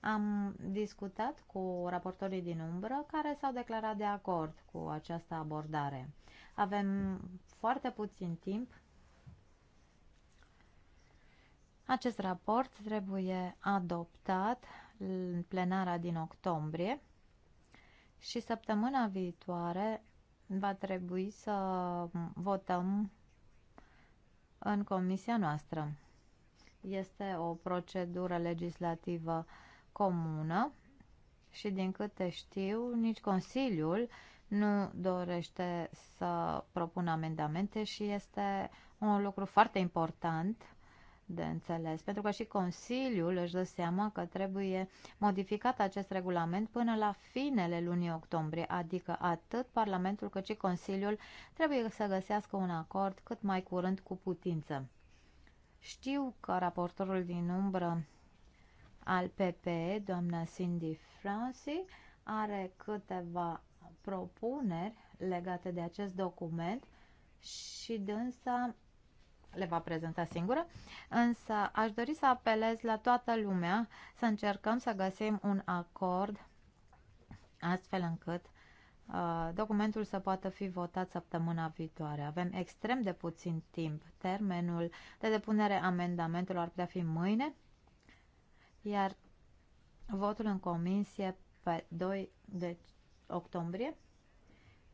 Speaker 1: Am discutat cu raportorii din umbră care s-au declarat de acord cu această abordare. Avem foarte puțin timp acest raport trebuie adoptat în plenara din octombrie și săptămâna viitoare va trebui să votăm în comisia noastră. Este o procedură legislativă comună și din câte știu, nici Consiliul nu dorește să propună amendamente și este un lucru foarte important de înțeles, pentru că și Consiliul își dă seama că trebuie modificat acest regulament până la finele lunii octombrie, adică atât Parlamentul cât și Consiliul trebuie să găsească un acord cât mai curând cu putință. Știu că raportorul din umbră al PPE, doamna Cindy Francis, are câteva propuneri legate de acest document și dânsa le va prezenta singură, însă aș dori să apelez la toată lumea să încercăm să găsim un acord astfel încât uh, documentul să poată fi votat săptămâna viitoare. Avem extrem de puțin timp. Termenul de depunere amendamentelor ar putea fi mâine, iar votul în comisie pe 2 de octombrie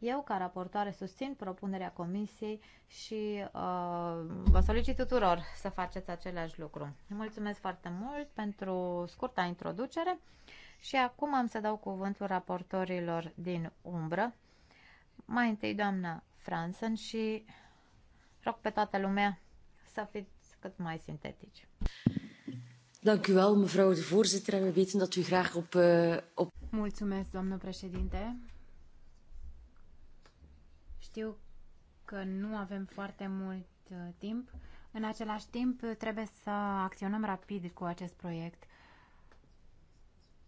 Speaker 1: eu, ca raportoare, susțin propunerea comisiei și uh, vă solicit tuturor să faceți același lucru. Mulțumesc foarte mult pentru scurta introducere și acum am să dau cuvântul raportorilor din umbră. Mai întâi doamna Fransen și rog pe toată lumea să fiți cât mai sintetici. Dank u wel, mevrouw de voorzitter. En we weten dat u graag op... Eh, op... Mulțumesc,
Speaker 3: doamnă președinte. Știu că nu avem foarte mult uh, timp. În același timp, trebuie să acționăm rapid cu acest proiect.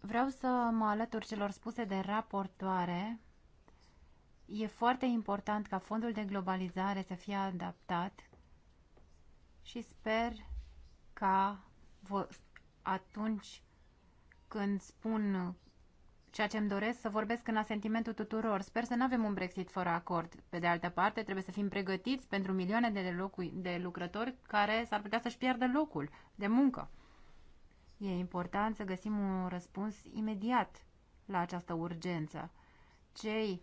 Speaker 3: Vreau să mă alătur celor spuse de raportoare. E foarte important ca fondul de globalizare să fie adaptat și sper ca atunci când spun ceea ce îmi doresc să vorbesc în asentimentul tuturor. Sper să nu avem un Brexit fără acord. Pe de altă parte, trebuie să fim pregătiți pentru milioane de, locui, de lucrători care s-ar putea să-și piardă locul de muncă. E important să găsim un răspuns imediat la această urgență. Cei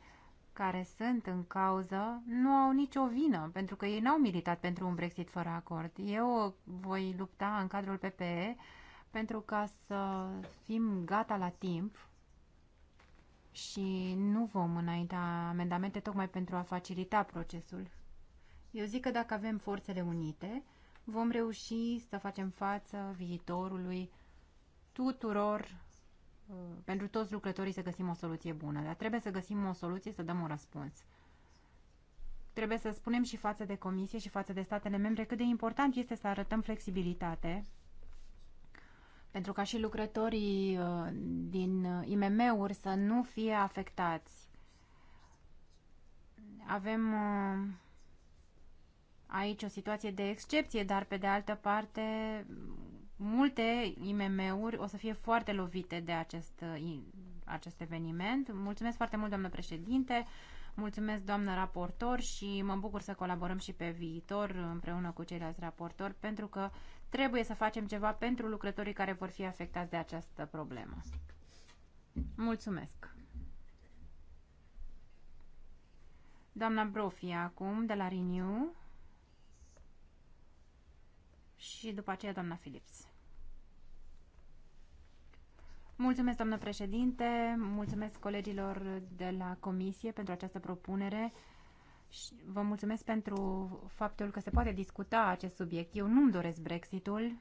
Speaker 3: care sunt în cauză nu au nicio vină, pentru că ei n-au militat pentru un Brexit fără acord. Eu voi lupta în cadrul PPE pentru ca să fim gata la timp și nu vom înainta amendamente tocmai pentru a facilita procesul. Eu zic că dacă avem forțele unite, vom reuși să facem față viitorului tuturor, uh, pentru toți lucrătorii să găsim o soluție bună, dar trebuie să găsim o soluție, să dăm un răspuns. Trebuie să spunem și față de comisie și față de statele membre cât de important este să arătăm flexibilitate pentru ca și lucrătorii uh, din uh, IMM-uri să nu fie afectați. Avem uh, aici o situație de excepție, dar pe de altă parte multe IMM-uri o să fie foarte lovite de acest, acest eveniment. Mulțumesc foarte mult, doamnă președinte, mulțumesc, doamnă raportor și mă bucur să colaborăm și pe viitor împreună cu ceilalți raportori pentru că Trebuie să facem ceva pentru lucrătorii care vor fi afectați de această problemă. Mulțumesc! Doamna Brofi acum, de la Renew și după aceea doamna Philips. Mulțumesc, doamnă președinte, mulțumesc colegilor de la comisie pentru această propunere. Vă mulțumesc pentru faptul că se poate discuta acest subiect. Eu nu-mi doresc Brexitul.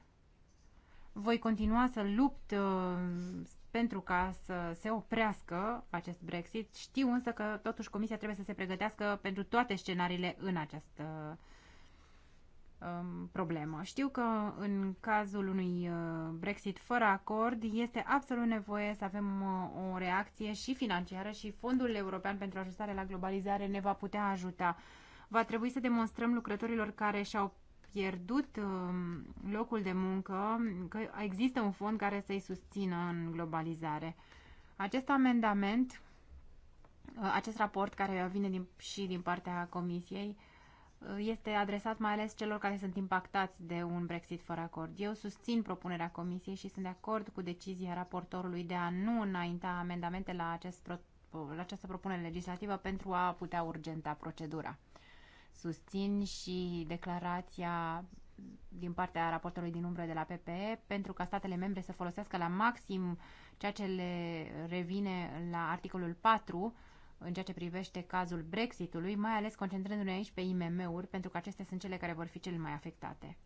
Speaker 3: Voi continua să lupt uh, pentru ca să se oprească acest Brexit. Știu însă că totuși Comisia trebuie să se pregătească pentru toate scenariile în această um, problemă. Știu că în cazul unui uh, Brexit fără acord este absolut nevoie să avem uh, o reacție și financiară și Fondul European pentru Ajustare la Globalizare ne va putea ajuta. Va trebui să demonstrăm lucrătorilor care și-au pierdut um, locul de muncă că există un fond care să-i susțină în globalizare. Acest amendament, uh, acest raport care vine din, și din partea Comisiei, este adresat mai ales celor care sunt impactați de un Brexit fără acord. Eu susțin propunerea Comisiei și sunt de acord cu decizia raportorului de a nu înainta amendamente la, acest pro, la această propunere legislativă pentru a putea urgenta procedura. Susțin și declarația din partea raportorului din umbră de la PPE pentru ca statele membre să folosească la maxim ceea ce le revine la articolul 4 în ceea ce privește cazul Brexitului, mai ales concentrându-ne aici pe IMM-uri, pentru că acestea sunt cele care vor fi cele mai afectate.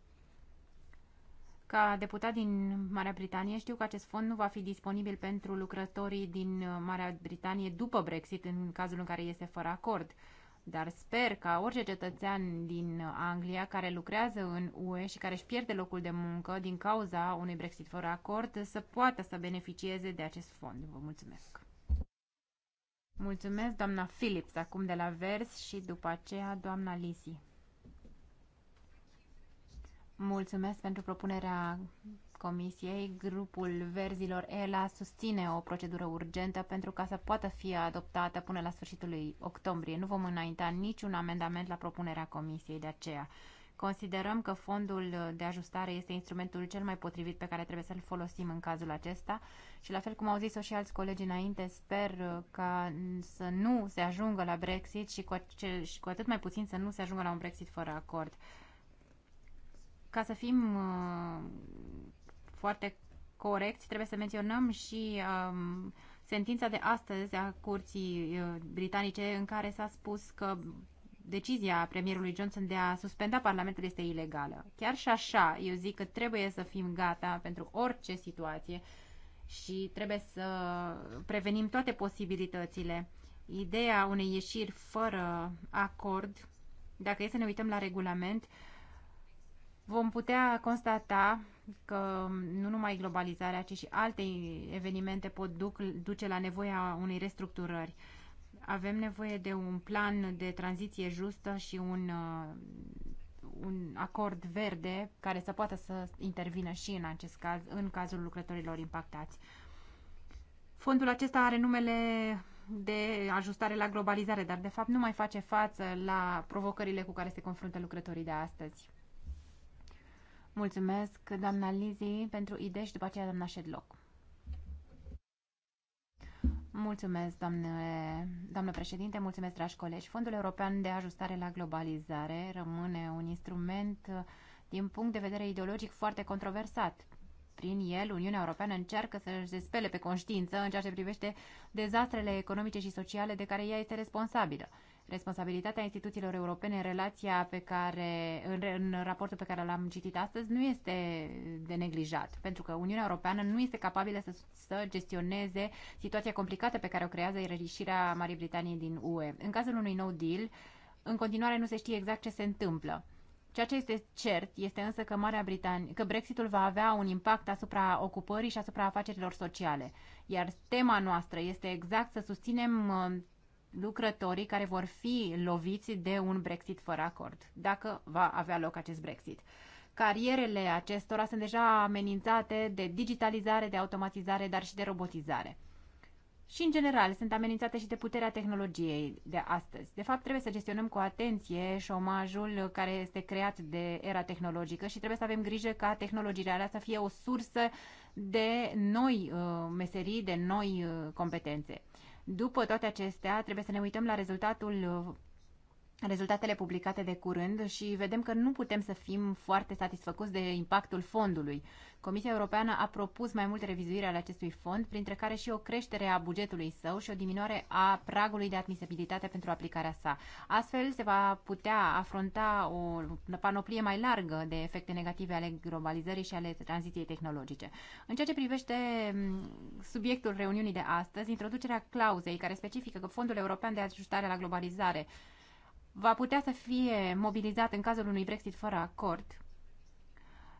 Speaker 3: Ca deputat din Marea Britanie știu că acest fond nu va fi disponibil pentru lucrătorii din Marea Britanie după Brexit în cazul în care este fără acord. Dar sper ca orice cetățean din Anglia care lucrează în UE și care își pierde locul de muncă din cauza unui Brexit fără acord să poată să beneficieze de acest fond. Vă mulțumesc! Mulțumesc, doamna Philips, acum de la Vers și după aceea doamna Lisi. Mulțumesc pentru propunerea Comisiei. Grupul Verzilor ELA susține o procedură urgentă pentru ca să poată fi adoptată până la sfârșitul lui octombrie. Nu vom înainta niciun amendament la propunerea Comisiei de aceea. Considerăm că fondul de ajustare este instrumentul cel mai potrivit pe care trebuie să-l folosim în cazul acesta și la fel cum au zis-o și alți colegi înainte, sper ca să nu se ajungă la Brexit și cu, acel, și cu atât mai puțin să nu se ajungă la un Brexit fără acord. Ca să fim uh, foarte corecți, trebuie să menționăm și um, sentința de astăzi a Curții uh, Britanice în care s-a spus că decizia premierului Johnson de a suspenda Parlamentul este ilegală. Chiar și așa, eu zic că trebuie să fim gata pentru orice situație și trebuie să prevenim toate posibilitățile. Ideea unei ieșiri fără acord, dacă e să ne uităm la regulament, vom putea constata că nu numai globalizarea, ci și alte evenimente pot duc, duce la nevoia unei restructurări. Avem nevoie de un plan de tranziție justă și un, uh, un acord verde care să poată să intervină și în acest caz, în cazul lucrătorilor impactați. Fondul acesta are numele de ajustare la globalizare, dar de fapt nu mai face față la provocările cu care se confruntă lucrătorii de astăzi. Mulțumesc, doamna Lizi, pentru idei și după aceea doamna Shedlock. Mulțumesc, doamne, doamnă președinte, mulțumesc, dragi colegi. Fondul European de Ajustare la Globalizare rămâne un instrument uh, din punct de vedere ideologic foarte controversat. Prin el, Uniunea Europeană încearcă să se despele pe conștiință în ceea ce privește dezastrele economice și sociale de care ea este responsabilă responsabilitatea instituțiilor europene în relația pe care, în, în raportul pe care l-am citit astăzi, nu este de neglijat, pentru că Uniunea Europeană nu este capabilă să, să gestioneze situația complicată pe care o creează ieșirea Marii Britanii din UE. În cazul unui nou deal, în continuare nu se știe exact ce se întâmplă. Ceea ce este cert este însă că Marea Britanie, că Brexitul va avea un impact asupra ocupării și asupra afacerilor sociale. Iar tema noastră este exact să susținem uh, lucrătorii care vor fi loviți de un Brexit fără acord, dacă va avea loc acest Brexit. Carierele acestora sunt deja amenințate de digitalizare, de automatizare, dar și de robotizare. Și, în general, sunt amenințate și de puterea tehnologiei de astăzi. De fapt, trebuie să gestionăm cu atenție șomajul care este creat de era tehnologică și trebuie să avem grijă ca tehnologiile alea să fie o sursă de noi uh, meserii, de noi uh, competențe. După toate acestea, trebuie să ne uităm la rezultatul uh, rezultatele publicate de curând și vedem că nu putem să fim foarte satisfăcuți de impactul fondului. Comisia Europeană a propus mai multe revizuiri ale acestui fond, printre care și o creștere a bugetului său și o diminuare a pragului de admisibilitate pentru aplicarea sa. Astfel se va putea afronta o panoplie mai largă de efecte negative ale globalizării și ale tranziției tehnologice. În ceea ce privește mm, subiectul reuniunii de astăzi, introducerea clauzei care specifică că Fondul European de Ajustare la Globalizare va putea să fie mobilizat în cazul unui Brexit fără acord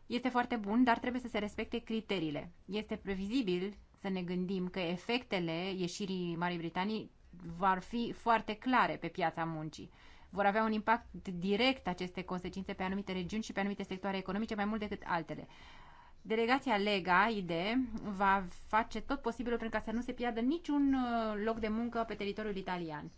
Speaker 3: este foarte bun, dar trebuie să se respecte criteriile. Este previzibil să ne gândim că efectele ieșirii Marii Britanii vor fi foarte clare pe piața muncii. Vor avea un impact direct aceste consecințe pe anumite regiuni și pe anumite sectoare economice mai mult decât altele. Delegația Lega, ID, va face tot posibilul pentru ca să nu se piardă niciun uh, loc de muncă pe teritoriul italian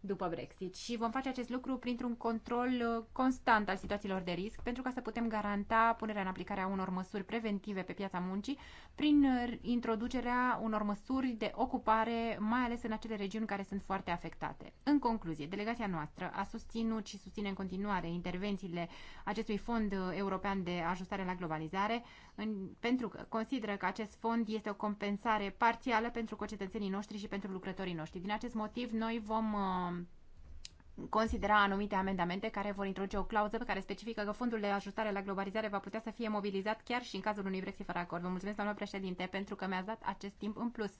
Speaker 3: după Brexit și vom face acest lucru printr-un control uh, constant al situațiilor de risc pentru ca să putem garanta punerea în aplicare a unor măsuri preventive pe piața muncii prin uh, introducerea unor măsuri de ocupare, mai ales în acele regiuni care sunt foarte afectate. În concluzie, delegația noastră a susținut și susține în continuare intervențiile acestui Fond uh, European de Ajustare la Globalizare, în, pentru că consideră că acest fond este o compensare parțială pentru cetățenii noștri și pentru lucrătorii noștri. Din acest motiv, noi vom uh, considera anumite amendamente care vor introduce o clauză pe care specifică că fondul de ajustare la globalizare va putea să fie mobilizat chiar și în cazul unui Brexit fără acord. Vă mulțumesc, doamnă președinte, pentru că mi-ați dat acest timp în plus.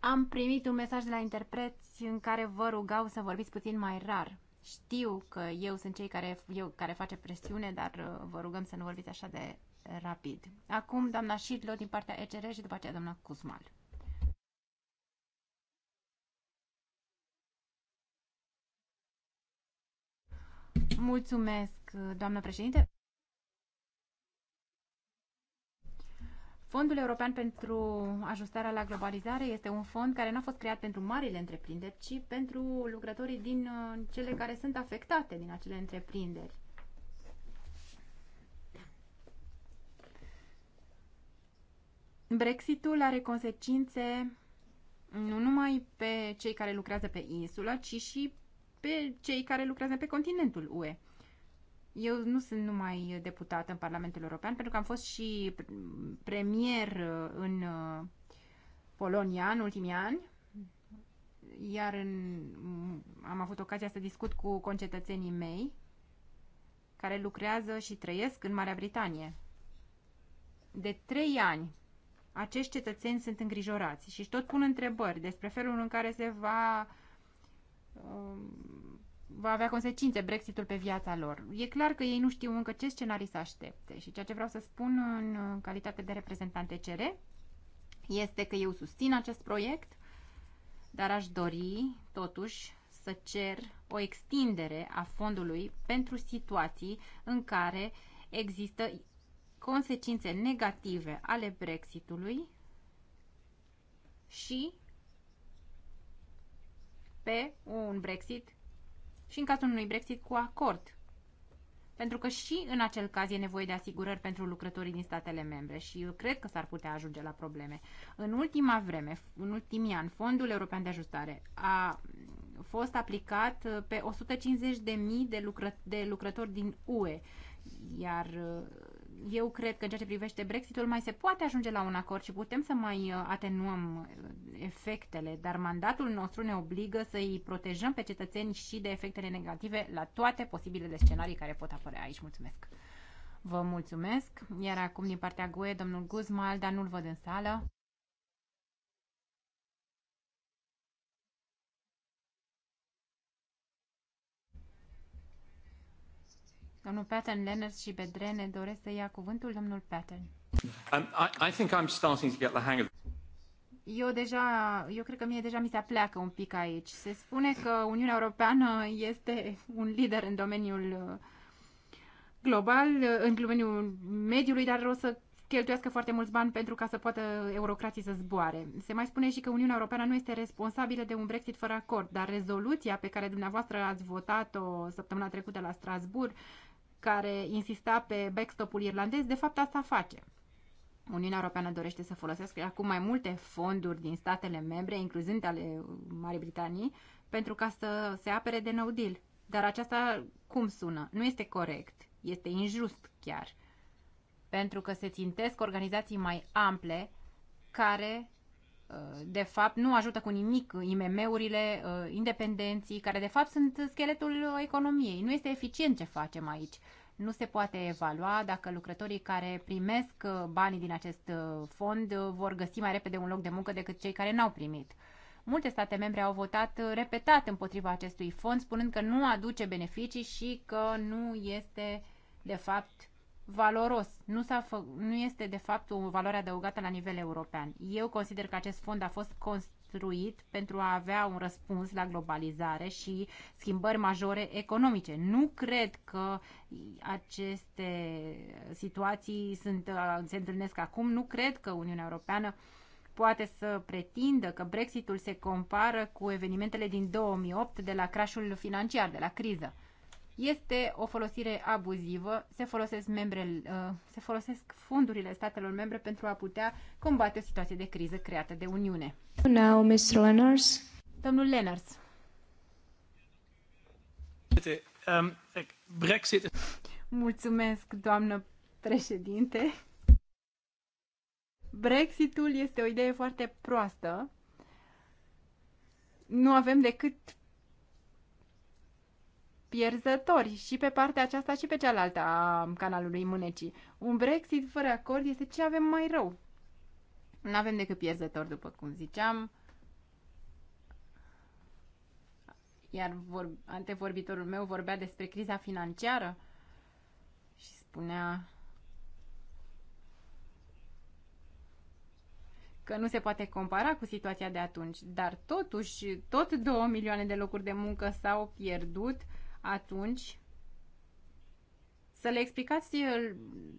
Speaker 3: Am primit un mesaj de la interpreți în care vă rugau să vorbiți puțin mai rar. Știu că eu sunt cei care, eu, care face presiune, dar uh, vă rugăm să nu vorbiți așa de rapid. Acum, doamna Șidlo din partea ECR și după aceea doamna Cusmal. Mulțumesc, doamnă președinte. Fondul European pentru Ajustarea la Globalizare este un fond care nu a fost creat pentru marile întreprinderi, ci pentru lucrătorii din uh, cele care sunt afectate din acele întreprinderi. Brexitul are consecințe nu numai pe cei care lucrează pe insulă, ci și pe cei care lucrează pe continentul UE. Eu nu sunt numai deputată în Parlamentul European, pentru că am fost și premier uh, în uh, Polonia în ultimii ani, iar în, mm, am avut ocazia să discut cu concetățenii mei care lucrează și trăiesc în Marea Britanie. De trei ani, acești cetățeni sunt îngrijorați și tot pun întrebări despre felul în care se va um, va avea consecințe Brexitul pe viața lor. E clar că ei nu știu încă ce scenarii să aștepte și ceea ce vreau să spun în calitate de reprezentante CR este că eu susțin acest proiect, dar aș dori totuși să cer o extindere a fondului pentru situații în care există consecințe negative ale Brexitului și pe un Brexit și în cazul unui Brexit cu acord. Pentru că și în acel caz e nevoie de asigurări pentru lucrătorii din statele membre și eu cred că s-ar putea ajunge la probleme. În ultima vreme, în ultimii ani, Fondul European de Ajustare a fost aplicat uh, pe 150.000 de, lucră, de lucrători din UE, iar uh, eu cred că în ceea ce privește Brexitul mai se poate ajunge la un acord și putem să mai uh, atenuăm uh, efectele, dar mandatul nostru ne obligă să îi protejăm pe cetățeni și de efectele negative la toate posibilele scenarii care pot apărea aici. Mulțumesc! Vă mulțumesc! Iar acum din partea GUE, domnul Guzmal, dar nu-l văd în sală. Domnul Patton, Leonard și Bedrene doresc să ia cuvântul. Domnul Patton.
Speaker 1: Um, I, I think I'm starting to get the hang of
Speaker 3: eu deja, eu cred că mie deja mi se apleacă un pic aici. Se spune că Uniunea Europeană este un lider în domeniul uh, global, uh, în domeniul mediului, dar o să cheltuiască foarte mulți bani pentru ca să poată eurocrații să zboare. Se mai spune și că Uniunea Europeană nu este responsabilă de un Brexit fără acord, dar rezoluția pe care dumneavoastră ați votat-o săptămâna trecută la Strasburg care insista pe backstop-ul irlandez, de fapt asta face. Uniunea Europeană dorește să folosească acum mai multe fonduri din statele membre, incluzând ale Marii Britanii, pentru ca să se apere de nou deal. Dar aceasta cum sună? Nu este corect, este injust chiar. Pentru că se țintesc organizații mai ample care Uh, de fapt nu ajută cu nimic IMM-urile, uh, independenții, care de fapt sunt scheletul economiei. Nu este eficient ce facem aici. Nu se poate evalua dacă lucrătorii care primesc uh, banii din acest fond vor găsi mai repede un loc de muncă decât cei care n-au primit. Multe state membre au votat repetat împotriva acestui fond, spunând că nu aduce beneficii și că nu este, de fapt, valoros, nu, s-a fă, nu este de fapt o valoare adăugată la nivel european. Eu consider că acest fond a fost construit pentru a avea un răspuns la globalizare și schimbări majore economice. Nu cred că aceste situații sunt, uh, se întâlnesc acum, nu cred că Uniunea Europeană poate să pretindă că Brexitul se compară cu evenimentele din 2008 de la crashul financiar, de la criză. Este o folosire abuzivă, se folosesc, membre, uh, se folosesc fondurile statelor membre pentru a putea combate o situație de criză creată de Uniune. Now, Mr. Lenners. Domnul Lenners.
Speaker 1: Um, Brexit.
Speaker 3: Mulțumesc, doamnă președinte. Brexitul este o idee foarte proastă. Nu avem decât pierzători și pe partea aceasta și pe cealaltă a canalului mânecii. Un Brexit fără acord este ce avem mai rău. Nu avem decât pierzători, după cum ziceam. Iar vor, antevorbitorul meu vorbea despre criza financiară și spunea că nu se poate compara cu situația de atunci, dar totuși tot 2 milioane de locuri de muncă s-au pierdut uh, atunci să le explicați uh,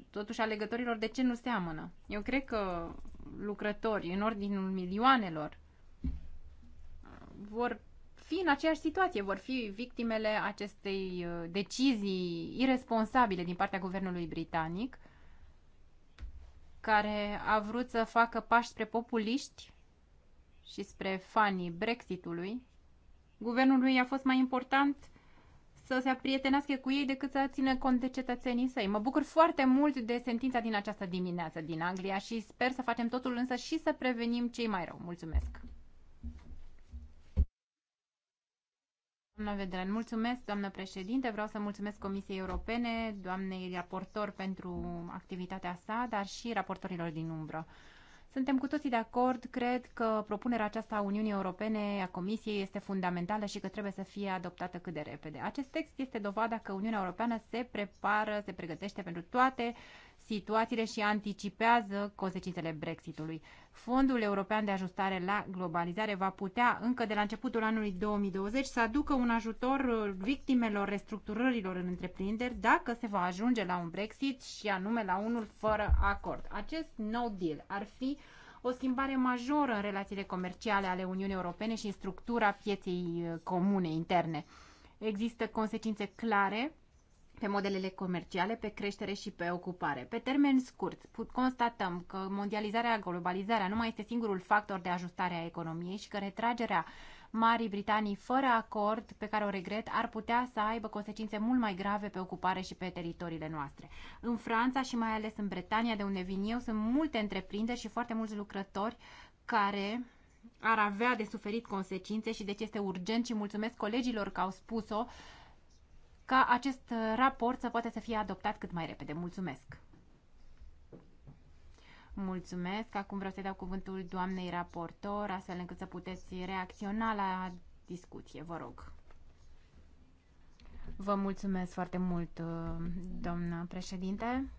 Speaker 3: totuși alegătorilor de ce nu seamănă. Eu cred că lucrători în ordinul milioanelor vor fi în aceeași situație, vor fi victimele acestei uh, decizii irresponsabile din partea guvernului britanic care a vrut să facă pași spre populiști și spre fanii Brexitului. Guvernul lui a fost mai important să se aprietenească cu ei decât să țină cont de cetățenii săi. Mă bucur foarte mult de sentința din această dimineață din Anglia și sper să facem totul însă și să prevenim cei mai rău. Mulțumesc! Doamna Vedran, mulțumesc, doamnă președinte. Vreau să mulțumesc Comisiei Europene, doamnei raportor pentru activitatea sa, dar și raportorilor din umbră. Suntem cu toții de acord, cred că propunerea aceasta a Uniunii Europene, a Comisiei, este fundamentală și că trebuie să fie adoptată cât de repede. Acest text este dovada că Uniunea Europeană se prepară, se pregătește pentru toate situațiile și anticipează consecințele Brexitului. Fondul European de Ajustare la Globalizare va putea, încă de la începutul anului 2020, să aducă un ajutor uh, victimelor restructurărilor în întreprinderi dacă se va ajunge la un Brexit și anume la unul fără acord. Acest no deal ar fi o schimbare majoră în relațiile comerciale ale Uniunii Europene și în structura pieței uh, comune interne. Există consecințe clare pe modelele comerciale, pe creștere și pe ocupare. Pe termen scurt, constatăm că mondializarea, globalizarea nu mai este singurul factor de ajustare a economiei și că retragerea Marii Britanii fără acord, pe care o regret, ar putea să aibă consecințe mult mai grave pe ocupare și pe teritoriile noastre. În Franța și mai ales în Bretania, de unde vin eu, sunt multe întreprinderi și foarte mulți lucrători care ar avea de suferit consecințe și deci este urgent și mulțumesc colegilor că au spus-o ca acest uh, raport să poate să fie adoptat cât mai repede. Mulțumesc! Mulțumesc! Acum vreau să dau cuvântul doamnei raportor, astfel încât să puteți reacționa la discuție. Vă rog! Vă mulțumesc foarte mult, uh, domnă președinte!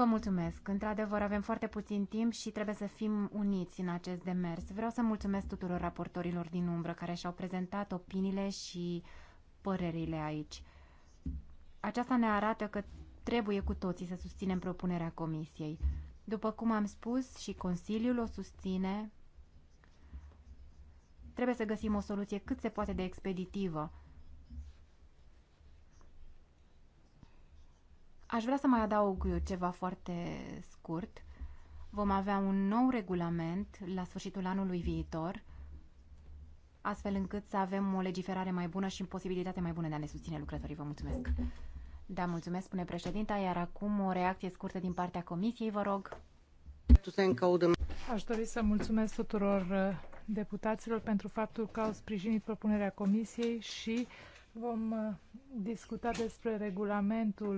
Speaker 3: Vă mulțumesc. Într-adevăr, avem foarte puțin timp și trebuie să fim uniți în acest demers. Vreau să mulțumesc tuturor raportorilor din umbră care și-au prezentat opiniile și părerile aici. Aceasta ne arată că trebuie cu toții să susținem propunerea Comisiei. După cum am spus, și Consiliul o susține. Trebuie să găsim o soluție cât se poate de expeditivă Aș vrea să mai adaug ceva foarte scurt. Vom avea un nou regulament la sfârșitul anului viitor, astfel încât să avem o legiferare mai bună și posibilitate mai bună de a ne susține lucrătorii. Vă mulțumesc! Da, mulțumesc, spune președinta,
Speaker 2: iar acum o reacție scurtă din partea comisiei, vă rog. Aș dori să mulțumesc tuturor uh, deputaților pentru faptul că au sprijinit propunerea comisiei și vom uh, discuta despre regulamentul